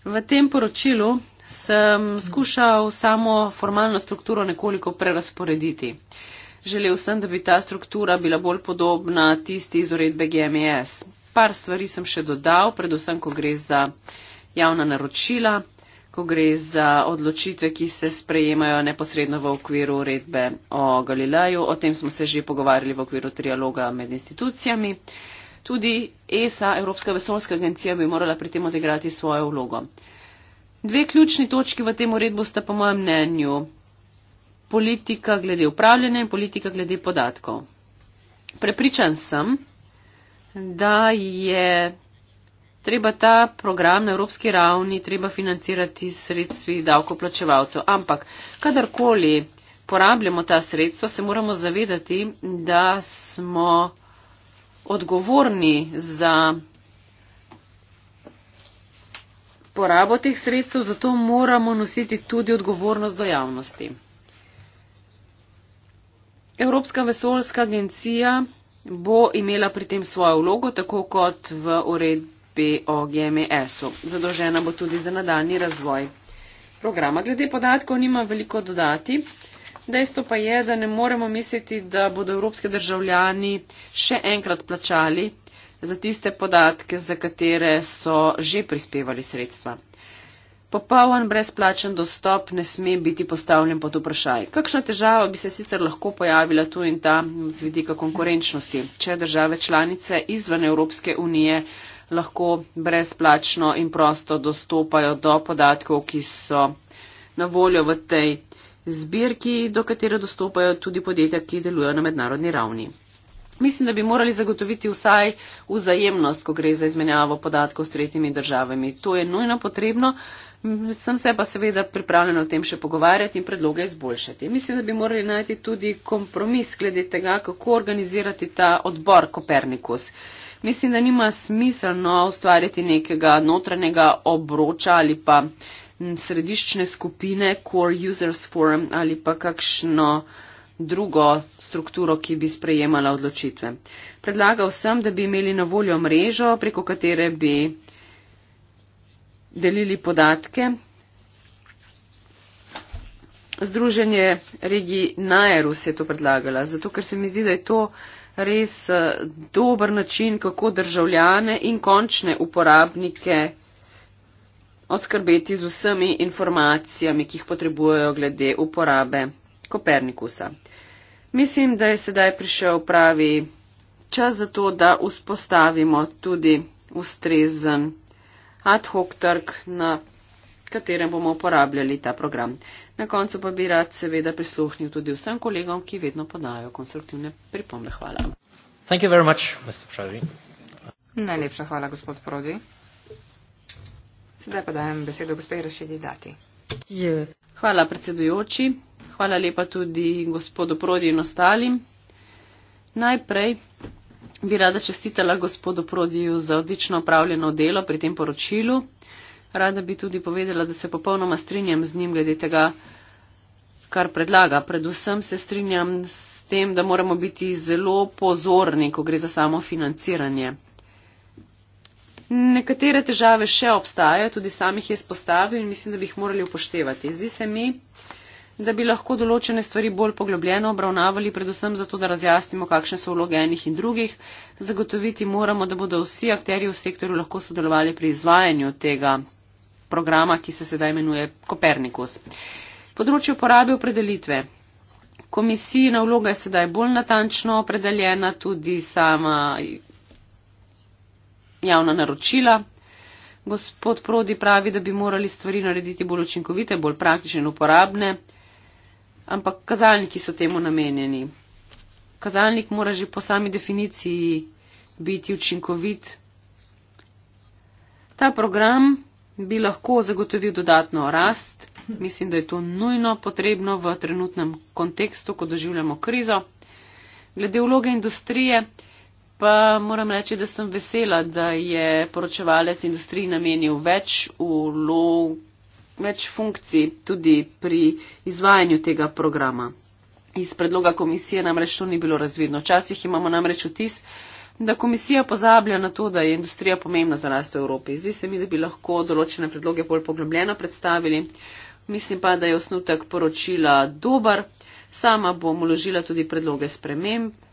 V tem poročilu sem skušal samo formalno strukturo nekoliko prerasporediti. Želel sem, da bi ta struktura bila bolj podobna tisti iz uredbe GMES. Par stvari sem še dodal, predvsem, ko gre za javna naročila, ko gre za odločitve, ki se sprejemajo neposredno v okviru uredbe o Galileju. O tem smo se že pogovarjali v okviru trialoga med institucijami. Tudi ESA, Evropska vesolska agencija, bi morala pri tem odigrati svojo vlogo. Dve ključni točki v tem uredbu sta po mojem mnenju politika glede upravljanja in politika glede podatkov. Prepričan sem, da je treba ta program na evropski ravni treba financirati s sredstvi davkoplačevalcev. Ampak kadarkoli porabljamo ta sredstva, se moramo zavedati, da smo odgovorni za porabo teh sredstev, zato moramo nositi tudi odgovornost do javnosti. Evropska vesoljska agencija bo imela pri tem svojo vlogo, tako kot v uredbi o GMS-u. Zadolžena bo tudi za nadaljni razvoj programa. Glede podatkov nima veliko dodati. Dejstvo pa je, da ne moremo misliti, da bodo evropske državljani še enkrat plačali za tiste podatke, za katere so že prispevali sredstva. Popoln brezplačen dostop ne sme biti postavljen pod vprašaj. Kakšna težava bi se sicer lahko pojavila tu in ta z vidika konkurenčnosti, če države članice izven Evropske unije lahko brezplačno in prosto dostopajo do podatkov, ki so na voljo v tej zbirki, do katere dostopajo tudi podjetja, ki delujejo na mednarodni ravni. Mislim, da bi morali zagotoviti vsaj vzajemnost, ko gre za izmenjavo podatkov s tretjimi državami. To je nujno potrebno, sem se pa seveda pripravljena o tem še pogovarjati in predloge izboljšati. Mislim, da bi morali najti tudi kompromis glede tega, kako organizirati ta odbor Kopernikus. Mislim, da nima smiselno ustvarjati nekega notranjega obroča ali pa središčne skupine Core Users Forum ali pa kakšno drugo strukturo, ki bi sprejemala odločitve. Predlagal sem, da bi imeli na voljo mrežo, preko katere bi delili podatke. Združenje regij Najerus je to predlagala, zato ker se mi zdi, da je to res eh, dober način, kako državljane in končne uporabnike oskrbeti z vsemi informacijami, ki jih potrebujejo glede uporabe Kopernikusa. Mislim, da je sedaj prišel pravi čas za to, da vzpostavimo tudi ustrezen ad hoc trg, na katerem bomo uporabljali ta program. Na koncu pa bi rad seveda prisluhnil tudi vsem kolegom, ki vedno podajo konstruktivne pripombe. Hvala. Thank you very much, Mr. Prodi. Najlepša hvala, gospod Prodi. Sedaj pa dajem besedo gospe Rašidi Dati. Yeah. Hvala, predsedujoči. Hvala lepa tudi gospodu Prodi in ostalim. Najprej bi rada čestitala gospodu Prodiju za odlično opravljeno delo pri tem poročilu. Rada bi tudi povedala, da se popolnoma strinjam z njim glede tega, kar predlaga. Predvsem se strinjam s tem, da moramo biti zelo pozorni, ko gre za samo financiranje. Nekatere težave še obstajajo, tudi sam jih je spostavil in mislim, da bi jih morali upoštevati. Zdi se mi, da bi lahko določene stvari bolj poglobljeno obravnavali, predvsem zato, da razjasnimo, kakšne so vloge enih in drugih. Zagotoviti moramo, da bodo vsi akteri v sektorju lahko sodelovali pri izvajanju tega programa, ki se sedaj imenuje Kopernikus. Področje uporabe opredelitve. Komisijina vloga je sedaj bolj natančno opredeljena, tudi sama javna naročila. Gospod Prodi pravi, da bi morali stvari narediti bolj učinkovite, bolj praktične in uporabne ampak kazalniki so temu namenjeni. Kazalnik mora že po sami definiciji biti učinkovit. Ta program bi lahko zagotovil dodatno rast. Mislim, da je to nujno potrebno v trenutnem kontekstu, ko doživljamo krizo. Glede vloge industrije pa moram reči, da sem vesela, da je poročevalec industriji namenil več vlog več funkcij tudi pri izvajanju tega programa. Iz predloga komisije namreč to ni bilo razvidno. Včasih imamo namreč vtis, da komisija pozablja na to, da je industrija pomembna za rast v Evropi. Zdi se mi, da bi lahko določene predloge bolj poglobljeno predstavili. Mislim pa, da je osnutek poročila dober. Sama bom uložila tudi predloge sprememb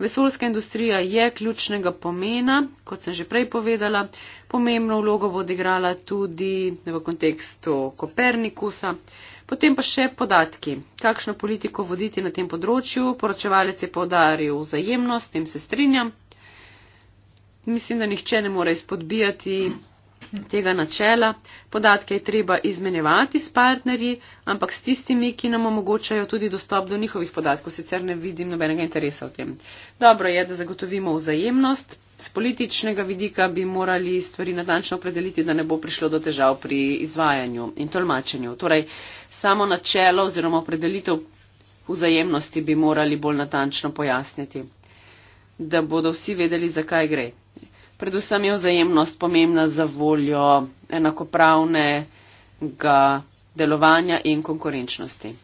Vesoljska industrija je ključnega pomena, kot sem že prej povedala, pomembno vlogo bo odigrala tudi v kontekstu Kopernikusa. Potem pa še podatki. Kakšno politiko voditi na tem področju? Poročevalec je povdaril vzajemnost, s tem se strinjam. Mislim, da nihče ne more izpodbijati tega načela. Podatke je treba izmenjevati s partnerji, ampak s tistimi, ki nam omogočajo tudi dostop do njihovih podatkov, sicer ne vidim nobenega interesa v tem. Dobro je, da zagotovimo vzajemnost. Z političnega vidika bi morali stvari natančno opredeliti, da ne bo prišlo do težav pri izvajanju in tolmačenju. Torej, samo načelo oziroma opredelitev vzajemnosti bi morali bolj natančno pojasniti, da bodo vsi vedeli, zakaj gre predvsem je vzajemnost pomembna za voljo enakopravnega delovanja in konkurenčnosti.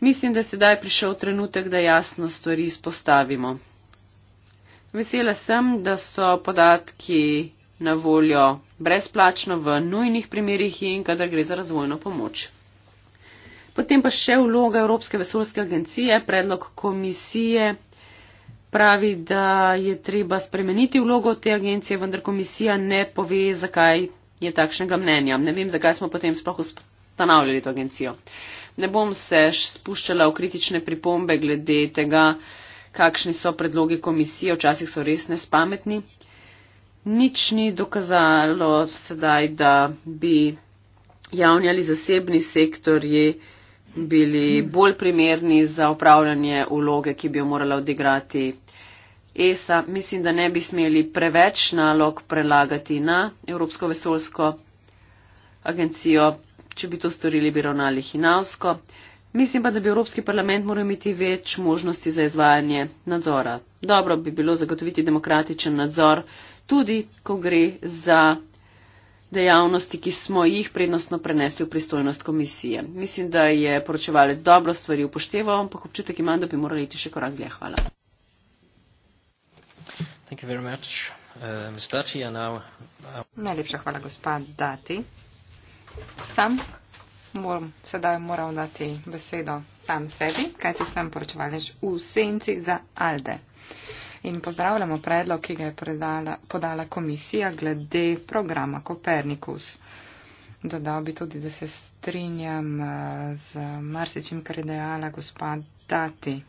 Mislim, da sedaj je prišel trenutek, da jasno stvari izpostavimo. Vesela sem, da so podatki na voljo brezplačno v nujnih primerjih in kadar gre za razvojno pomoč. Potem pa še vloga Evropske vesoljske agencije, predlog komisije pravi, da je treba spremeniti vlogo te agencije, vendar komisija ne pove, zakaj je takšnega mnenja. Ne vem, zakaj smo potem sploh ustanavljali to agencijo. Ne bom se spuščala v kritične pripombe glede tega, kakšni so predlogi komisije, včasih so res nespametni. Nič ni dokazalo sedaj, da bi javni ali zasebni sektorji bili bolj primerni za upravljanje vloge, ki bi jo morala odigrati ESA, mislim, da ne bi smeli preveč nalog prelagati na Evropsko vesolsko agencijo. Če bi to storili, bi ravnali hinavsko. Mislim pa, da bi Evropski parlament moral imeti več možnosti za izvajanje nadzora. Dobro bi bilo zagotoviti demokratičen nadzor, tudi ko gre za dejavnosti, ki smo jih prednostno prenesli v pristojnost komisije. Mislim, da je poročevalec dobro stvari upošteval, ampak občutek imam, da bi morali iti še korak dlje. Hvala. Thank you very much, uh, Ms. Dati. And now, uh, Najlepša hvala, gospa Dati. Sam moram, sedaj moram dati besedo sam sebi, kajti sem poročevalnič v senci za ALDE. In pozdravljamo predlog, ki ga je predala, podala komisija glede programa Kopernikus. Dodal bi tudi, da se strinjam uh, z marsičim, kar je dejala gospa Dati.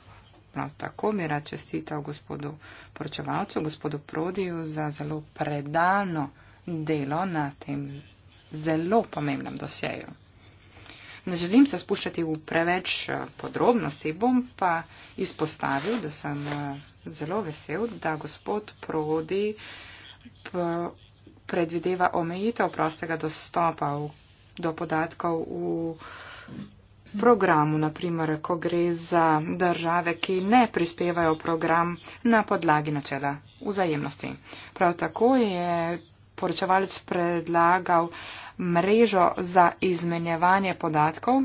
No, tako bi rad čestital gospodu poročevalcu, gospodu Prodiju za zelo predano delo na tem zelo pomembnem dosjeju. Ne želim se spuščati v preveč eh, podrobnosti, bom pa izpostavil, da sem eh, zelo vesel, da gospod Prodi predvideva omejitev prostega dostopa do podatkov v programu, naprimer, ko gre za države, ki ne prispevajo program na podlagi načela vzajemnosti. Prav tako je poročevalec predlagal mrežo za izmenjevanje podatkov.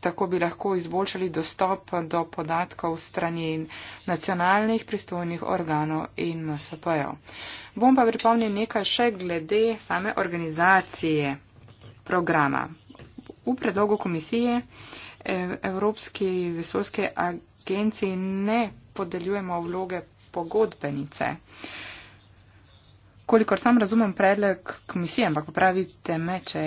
Tako bi lahko izboljšali dostop do podatkov strani nacionalnih pristojnih organov in MSP-jev. Bom pa pripomnil nekaj še glede same organizacije programa. V predlogu komisije Eh, Evropski vesoljski agenciji ne podeljujemo vloge pogodbenice. Kolikor sam razumem predlog komisije, ampak popravite me, če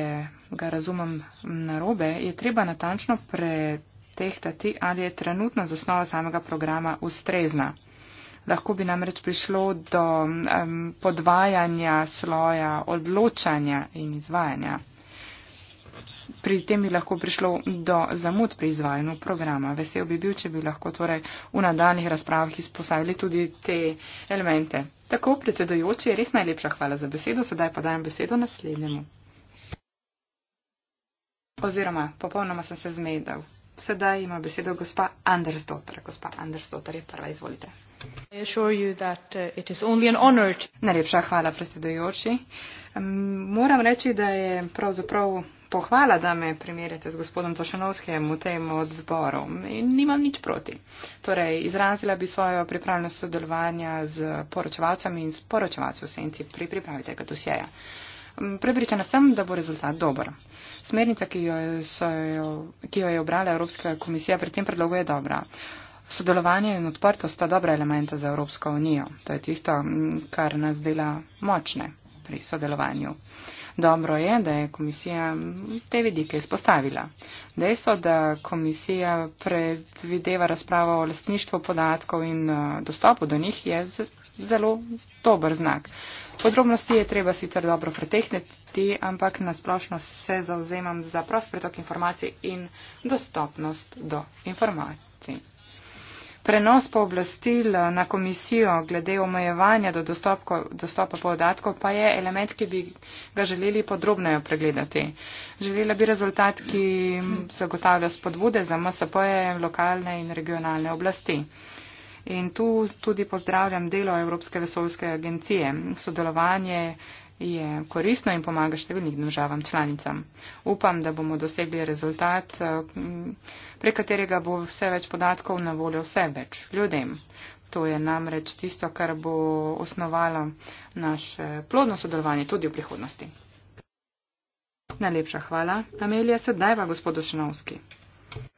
ga razumem narobe, je treba natančno pretehtati, ali je trenutna zasnova samega programa ustrezna. Lahko bi namreč prišlo do um, podvajanja sloja odločanja in izvajanja. Pri tem bi lahko prišlo do zamud pri izvajanju programa. Vesel bi bil, če bi lahko torej v nadaljnih razpravah izpostavili tudi te elemente. Tako, predsedojoči, res najlepša hvala za besedo, sedaj pa dajem besedo naslednjemu. Oziroma, popolnoma sem se zmedel. Sedaj ima besedo gospa Andersdotter. Gospa Andersdotter je prva, izvolite. Uh, najlepša hvala, predsedojoči. Moram reči, da je pravzaprav pohvala, da me primerjate z gospodom Tošanovskem v tem odzboru in nimam nič proti. Torej, izrazila bi svojo pripravljenost sodelovanja z poročevalcem in s poročevalcem v senci pri pripravi tega dosjeja. Mm, Prepričana sem, da bo rezultat dober. Smernica, ki jo, so, ki jo je obrala Evropska komisija pri tem predlogu, je dobra. Sodelovanje in odprtost sta dobra elementa za Evropsko unijo. To je tisto, mm, kar nas dela močne pri sodelovanju. Dobro je, da je komisija te vidike izpostavila. Dejstvo, da komisija predvideva razpravo o lastništvu podatkov in eh, dostopu do njih, je zelo dober znak. Podrobnosti je treba sicer dobro pretehniti, ampak nasplošno se zauzemam za prost pretok informacij in dostopnost do informacij. Prenos pooblastil eh, na komisijo glede omejevanja do dostopko, dostopa podatkov pa je element, ki bi ga želeli podrobneje pregledati. Želela bi rezultat, ki zagotavlja spodbude za MSP-je, lokalne in regionalne oblasti. In tu tudi pozdravljam delo Evropske vesoljske agencije. Sodelovanje je koristno in pomaga številnim državam članicam. Upam, da bomo dosegli rezultat, eh, prek katerega bo vse več podatkov na voljo vse več ljudem. To je namreč tisto, kar bo osnovalo naše plodno sodelovanje tudi v prihodnosti. Najlepša hvala. Amelija, sedaj pa gospod Ošinovski.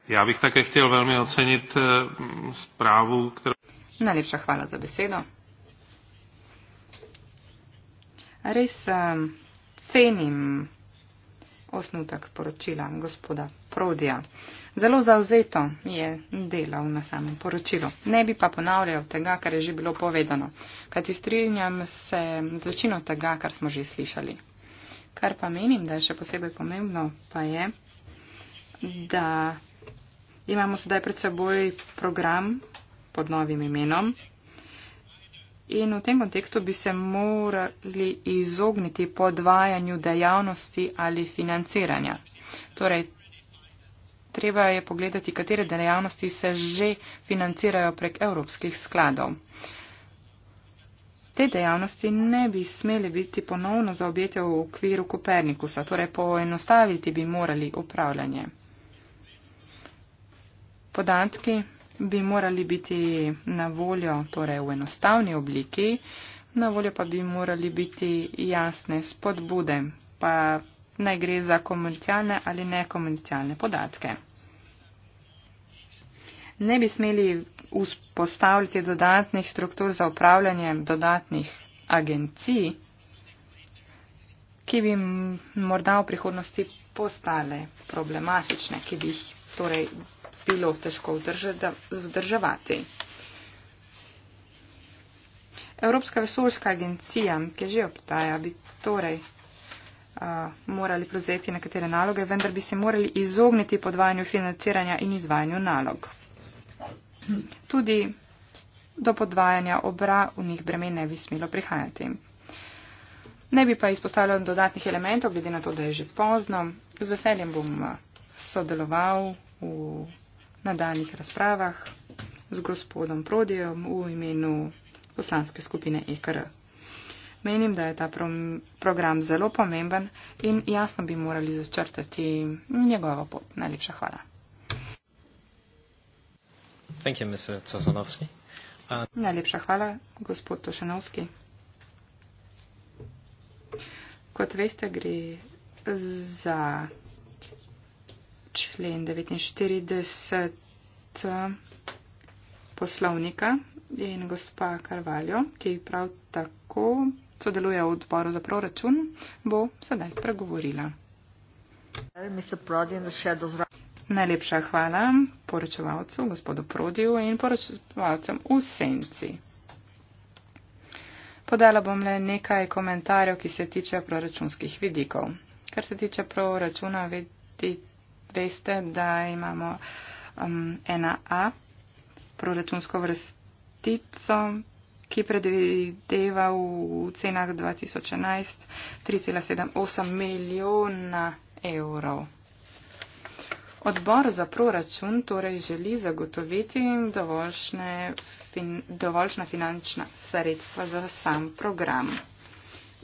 Ja bih tako htjel veľmi oceniti eh, spravu, ktorú. Najlepša hvala za besedo. res um, cenim osnutek poročila gospoda Prodija. Zelo zauzeto je delal na samem poročilu. Ne bi pa ponavljal tega, kar je že bilo povedano, kajti strinjam se z večino tega, kar smo že slišali. Kar pa menim, da je še posebej pomembno, pa je, da imamo sedaj pred seboj program pod novim imenom In v tem kontekstu bi se morali izogniti podvajanju dejavnosti ali financiranja. Torej, treba je pogledati, katere dejavnosti se že financirajo prek evropskih skladov. Te dejavnosti ne bi smeli biti ponovno zaobjete v okviru Kopernikusa, torej poenostaviti bi morali upravljanje. Podatki bi morali biti na voljo, torej v enostavni obliki, na voljo pa bi morali biti jasne spodbude, pa naj gre za komercialne ali nekomercialne podatke. Ne bi smeli vzpostavljati dodatnih struktur za upravljanje dodatnih agencij, ki bi morda v prihodnosti postale problematične, ki bi jih torej bilo težko vzdrževati. Evropska vesoljska agencija, ki že obstaja, bi torej uh, morali prevzeti nekatere naloge, vendar bi se morali izogniti podvajanju financiranja in izvajanju nalog. Tudi do podvajanja obra v njih bremen ne bi smelo prihajati. Ne bi pa izpostavljal dodatnih elementov, glede na to, da je že pozno. Z veseljem bom sodeloval v nadaljnih razpravah z gospodom Prodijem v imenu poslanske skupine EKR. Menim, da je ta pro program zelo pomemben in jasno bi morali začrtati njegovo pot. Najlepša hvala. Thank you, Mr. Tosanovski. Um... Najlepša hvala, gospod Tošanovski. Kot veste, gre za člen 49 poslovnika in gospa Karvaljo, ki prav tako sodeluje v odboru za proračun, bo sedaj spregovorila. Najlepša hvala poročevalcu, gospodu Prodiju in poročevalcem v senci. Podala bom le nekaj komentarjev, ki se tiče proračunskih vidikov. Kar se tiče proračuna, vidite, veste, da imamo um, ena A, proračunsko vrstico, ki predvideva v, v cenah 2011 3,78 milijona evrov. Odbor za proračun torej želi zagotoviti dovoljšne, fin, dovoljšna finančna sredstva za sam program.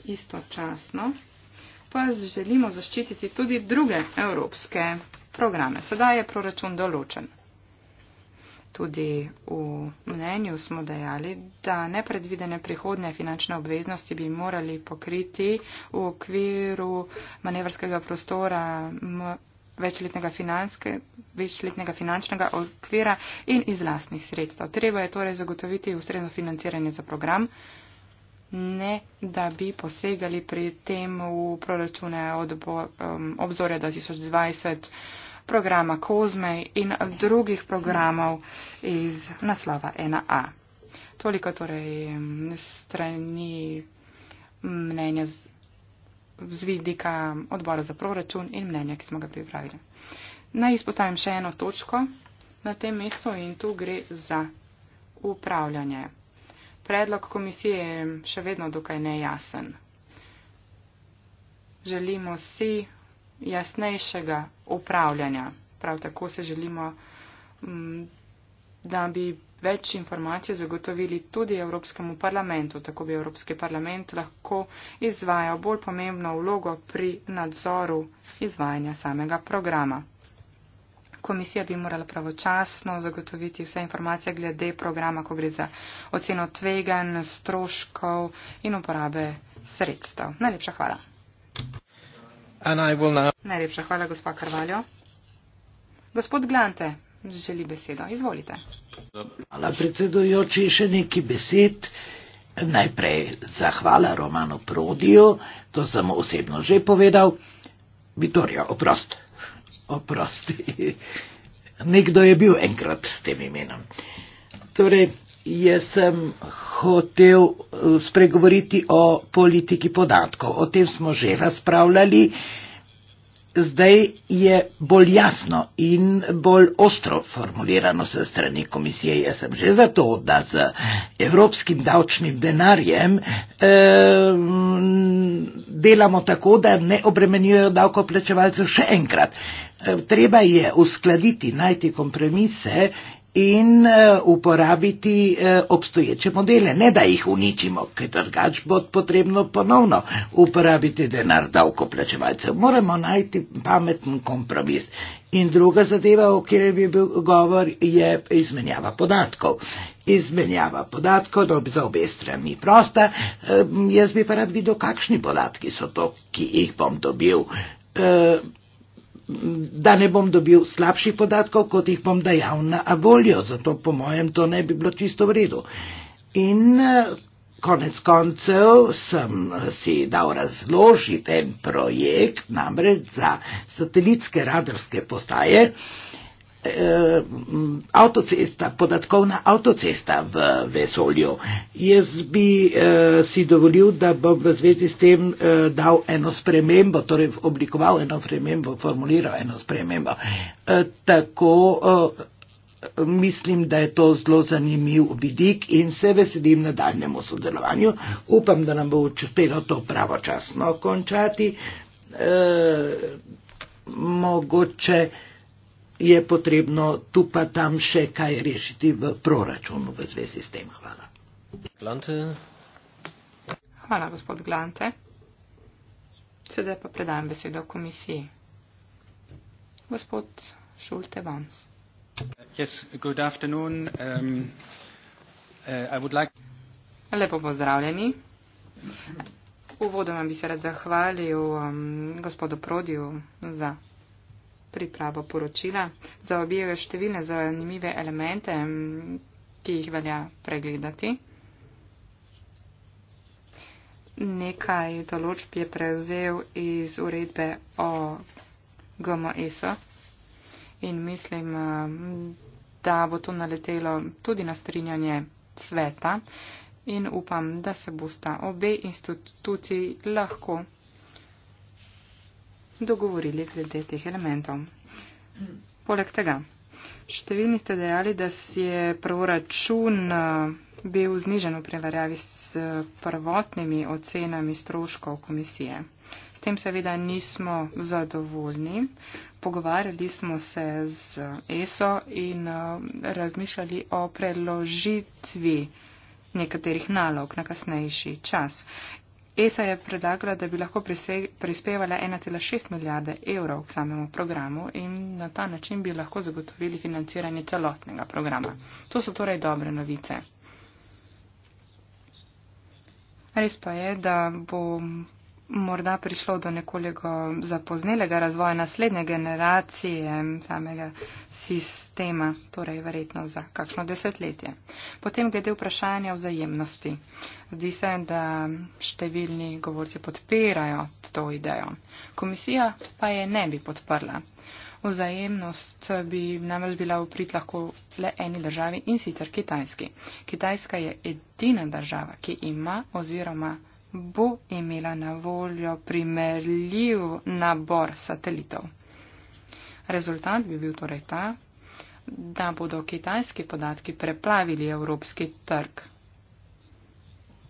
Istočasno pa želimo zaščititi tudi druge evropske programe. Sedaj je proračun določen. Tudi v mnenju smo dejali, da nepredvidene prihodne finančne obveznosti bi morali pokriti v okviru manevrskega prostora večletnega, večletnega finančnega okvira in iz lastnih sredstev. Treba je torej zagotoviti ustrezno financiranje za program ne da bi posegali pri tem v proračune od um, obzorja 2020 programa Kozme in drugih programov iz naslova 1A. Toliko torej um, strani mnenja z vidika odbora za proračun in mnenja, ki smo ga pripravili. Naj izpostavim še eno točko na tem mestu in tu gre za upravljanje predlog komisije je še vedno dokaj nejasen. Želimo si jasnejšega upravljanja. Prav tako se želimo, mm, da bi več informacij zagotovili tudi Evropskemu parlamentu, tako bi Evropski parlament lahko izvajal bolj pomembno vlogo pri nadzoru izvajanja samega programa. Komisija bi morala pravočasno zagotoviti vse informacije glede programa, ko gre za oceno tvegan, stroškov in uporabe sredstev. Najlepša hvala. Najlepša hvala, gospa Karvaljo. Gospod Glante, želi besedo. Izvolite. Hvala, predsedujoči, še neki besed. Najprej zahvala Romano Prodijo, to sem osebno že povedal. Vitorija, oprosti. Oprosti. Nekdo je bil enkrat s tem imenom. Torej, jaz sem hotel eh, spregovoriti o politiki podatkov. O tem smo že razpravljali. Zdaj je bolj jasno in bolj ostro formulirano se strani komisije. Jaz sem že zato, da z evropskim davčnim denarjem eh, delamo tako, da ne obremenjujo davkoplačevalcev še enkrat. Eh, treba je uskladiti, najti kompromise in eh, uporabiti eh, obstoječe modele, ne da jih uničimo, ker drugač bo potrebno ponovno uporabiti denar davkoplačevalcev. Moramo najti pameten kompromis. In druga zadeva, o kjer bi bil govor, je izmenjava podatkov. Izmenjava podatkov za obe strani prosta. Jaz bi pa rad videl, kakšni podatki so to, ki jih bom dobil da ne bom dobil slabših podatkov, kot jih bom dajal na voljo. Zato, po mojem, to ne bi bilo čisto v redu. In eh, konec koncev sem eh, si dal razložiti en projekt, namreč za satelitske radarske postaje. Uh, Eh, avtocesta, podatkovna avtocesta v vesolju. Jaz bi eh, si dovolil, da bom v zvezi s tem eh, dal eno spremembo, torej oblikoval eno spremembo, formuliral eno spremembo. Eh, tako eh, mislim, da je to zelo zanimiv vidik in se veselim nadaljnemu sodelovanju. Upam, da nam bo uspelo to pravočasno končati. Eh, mogoče. Eh, je potrebno tu pa tam še kaj rešiti v proračunu v zvezi s tem. Hvala. Glante. Hvala, gospod Glante. Sedaj pa predajam besedo komisiji. Gospod Šulte Vams. Yes, good afternoon. Um, uh, I would like... Lepo pozdravljeni. Uvodoma bi se rad zahvalil um, gospodu Prodiju za pripravo poročila. Zaobijajo številne zanimive elemente, ki jih velja pregledati. Nekaj določb je prevzel iz uredbe o GMS in mislim, da bo to naletelo tudi na strinjanje sveta in upam, da se bosta obe instituciji lahko dogovorili glede teh elementov. Poleg tega, številni ste dejali, da si je proračun eh, bil znižen v prevarjavi s eh, prvotnimi ocenami stroškov komisije. S tem seveda nismo zadovoljni. Pogovarjali smo se z eh, ESO in razmišljali o preložitvi nekaterih nalog na kasnejši čas. ESA je predlagala, da bi lahko prispevala 1,6 milijarde evrov k samemu programu in na ta način bi lahko zagotovili financiranje celotnega programa. To so torej dobre novice. Res pa je, da bo morda prišlo do nekoliko zapoznelega razvoja naslednje generacije samega sistema, torej verjetno za kakšno desetletje. Potem glede vprašanja o vzajemnosti. Zdi se, da številni govorci podpirajo to idejo. Komisija pa je ne bi podprla. Vzajemnost bi namreč bila uprit lahko le eni državi in sicer Kitajski. Kitajska je edina država, ki ima oziroma bo imela na voljo primerljiv nabor satelitov. Rezultat bi bil torej ta, da bodo kitajski podatki preplavili evropski trg.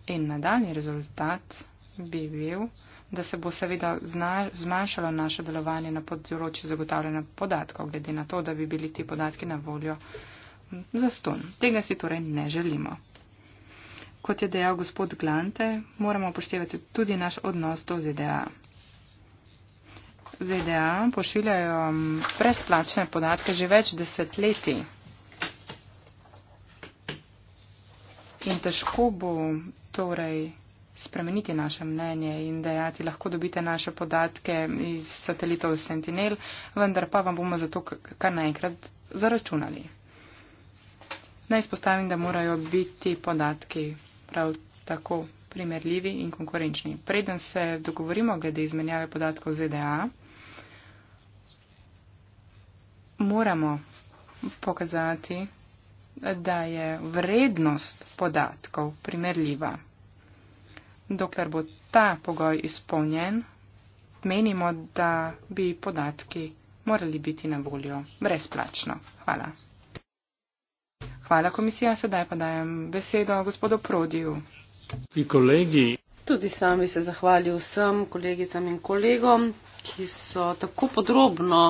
In nadaljni rezultat bi bil, da se bo seveda zmanjšalo naše delovanje na področju zagotavljanja podatkov, glede na to, da bi bili ti podatki na voljo za ston. Tega si torej ne želimo. Kot je dejal gospod Glante, moramo upoštevati tudi naš odnos do ZDA. ZDA pošiljajo brezplačne podatke že več desetletij. In težko bo torej spremeniti naše mnenje in dejati, lahko dobite naše podatke iz satelitov Sentinel, vendar pa vam bomo zato kar naenkrat zaračunali. Naj izpostavim, da morajo biti podatki prav tako primerljivi in konkurenčni. Preden se dogovorimo glede izmenjave podatkov ZDA, moramo pokazati, da je vrednost podatkov primerljiva. Dokler bo ta pogoj izpolnjen, menimo, da bi podatki morali biti na voljo brezplačno. Hvala. Hvala komisija, sedaj pa dajem besedo gospodu Prodiju. Tudi sam bi se zahvalil vsem kolegicam in kolegom, ki so tako podrobno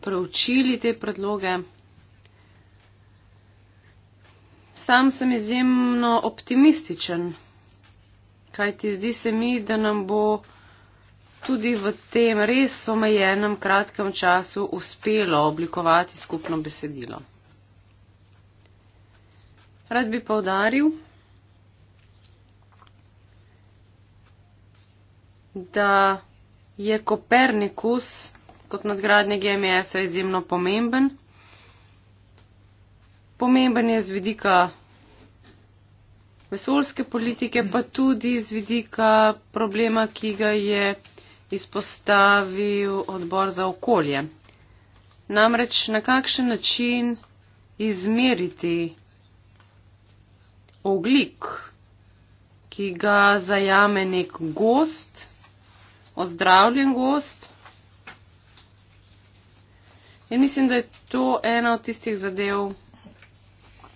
preučili te predloge. Sam sem izjemno optimističen, kajti zdi se mi, da nam bo tudi v tem res omejenem kratkem času uspelo oblikovati skupno besedilo. Rad bi povdaril, da je Kopernikus kot nadgradnje GMS-a izjemno pomemben. Pomemben je z vidika vesolske politike, pa tudi z vidika problema, ki ga je izpostavil odbor za okolje. Namreč na kakšen način izmeriti oglik, ki ga zajame nek gost, ozdravljen gost. In mislim, da je to ena od tistih zadev,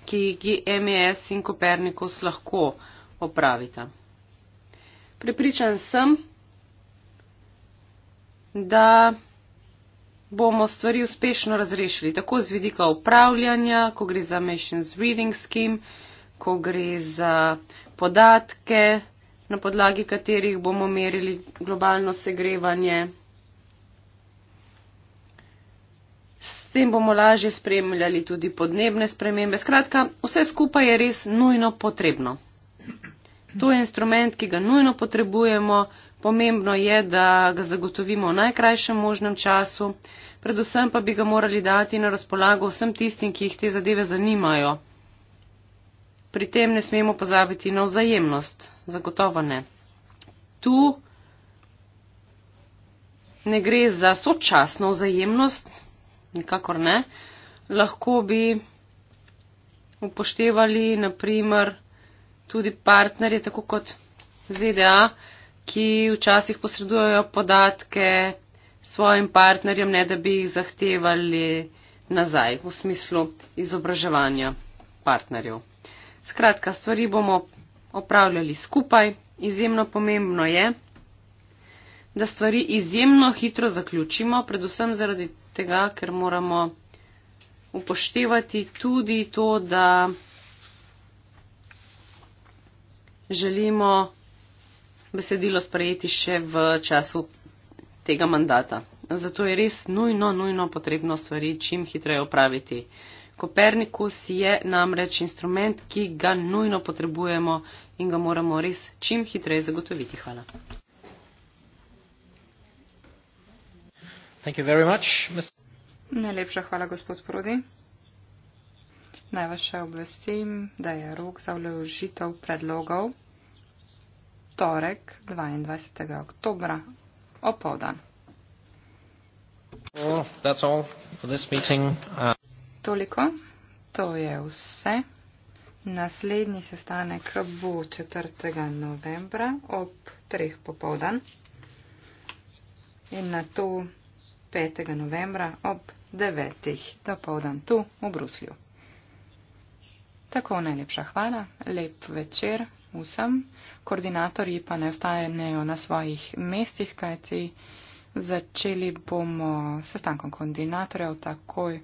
ki jih GMS e in Kopernikus lahko opravita. Pripričan sem, da bomo stvari uspešno razrešili, tako z vidika upravljanja, ko gre za Machines Reading Scheme, ko gre za podatke, na podlagi katerih bomo merili globalno segrevanje. S tem bomo lažje spremljali tudi podnebne spremembe. Skratka, vse skupaj je res nujno potrebno. To je instrument, ki ga nujno potrebujemo. Pomembno je, da ga zagotovimo v najkrajšem možnem času, predvsem pa bi ga morali dati na razpolago vsem tistim, ki jih te zadeve zanimajo. Pri tem ne smemo pozabiti na vzajemnost, zagotovo ne. Tu ne gre za sočasno vzajemnost, nikakor ne. Lahko bi upoštevali naprimer tudi partnerje, tako kot ZDA, ki včasih posredujejo podatke svojim partnerjem, ne da bi jih zahtevali nazaj v smislu izobraževanja partnerjev. Skratka, stvari bomo opravljali skupaj. Izjemno pomembno je, da stvari izjemno hitro zaključimo, predvsem zaradi tega, ker moramo upoštevati tudi to, da želimo besedilo sprejeti še v času tega mandata. Zato je res nujno, nujno potrebno stvari čim hitreje opraviti. Kopernikus je namreč instrument, ki ga nujno potrebujemo in ga moramo res čim hitreje zagotoviti. Hvala. Much, Najlepša hvala, gospod Prodi. Naj vas še obvestim, da je rok za vložitev predlogov torek 22. oktobra opovdan. Well, toliko. To je vse. Naslednji sestanek bo 4. novembra ob 3. popovdan in na to 5. novembra ob 9. dopovdan tu v Bruslju. Tako najlepša hvala, lep večer vsem. Koordinatorji pa ne ostanejo na svojih mestih, kajti začeli bomo sestankom koordinatorjev takoj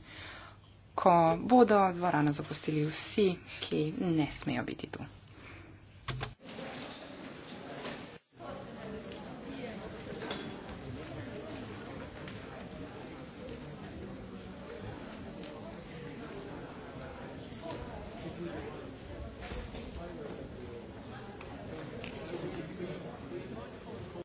ko bodo dvorano zapustili vsi, ki ne smejo biti tu.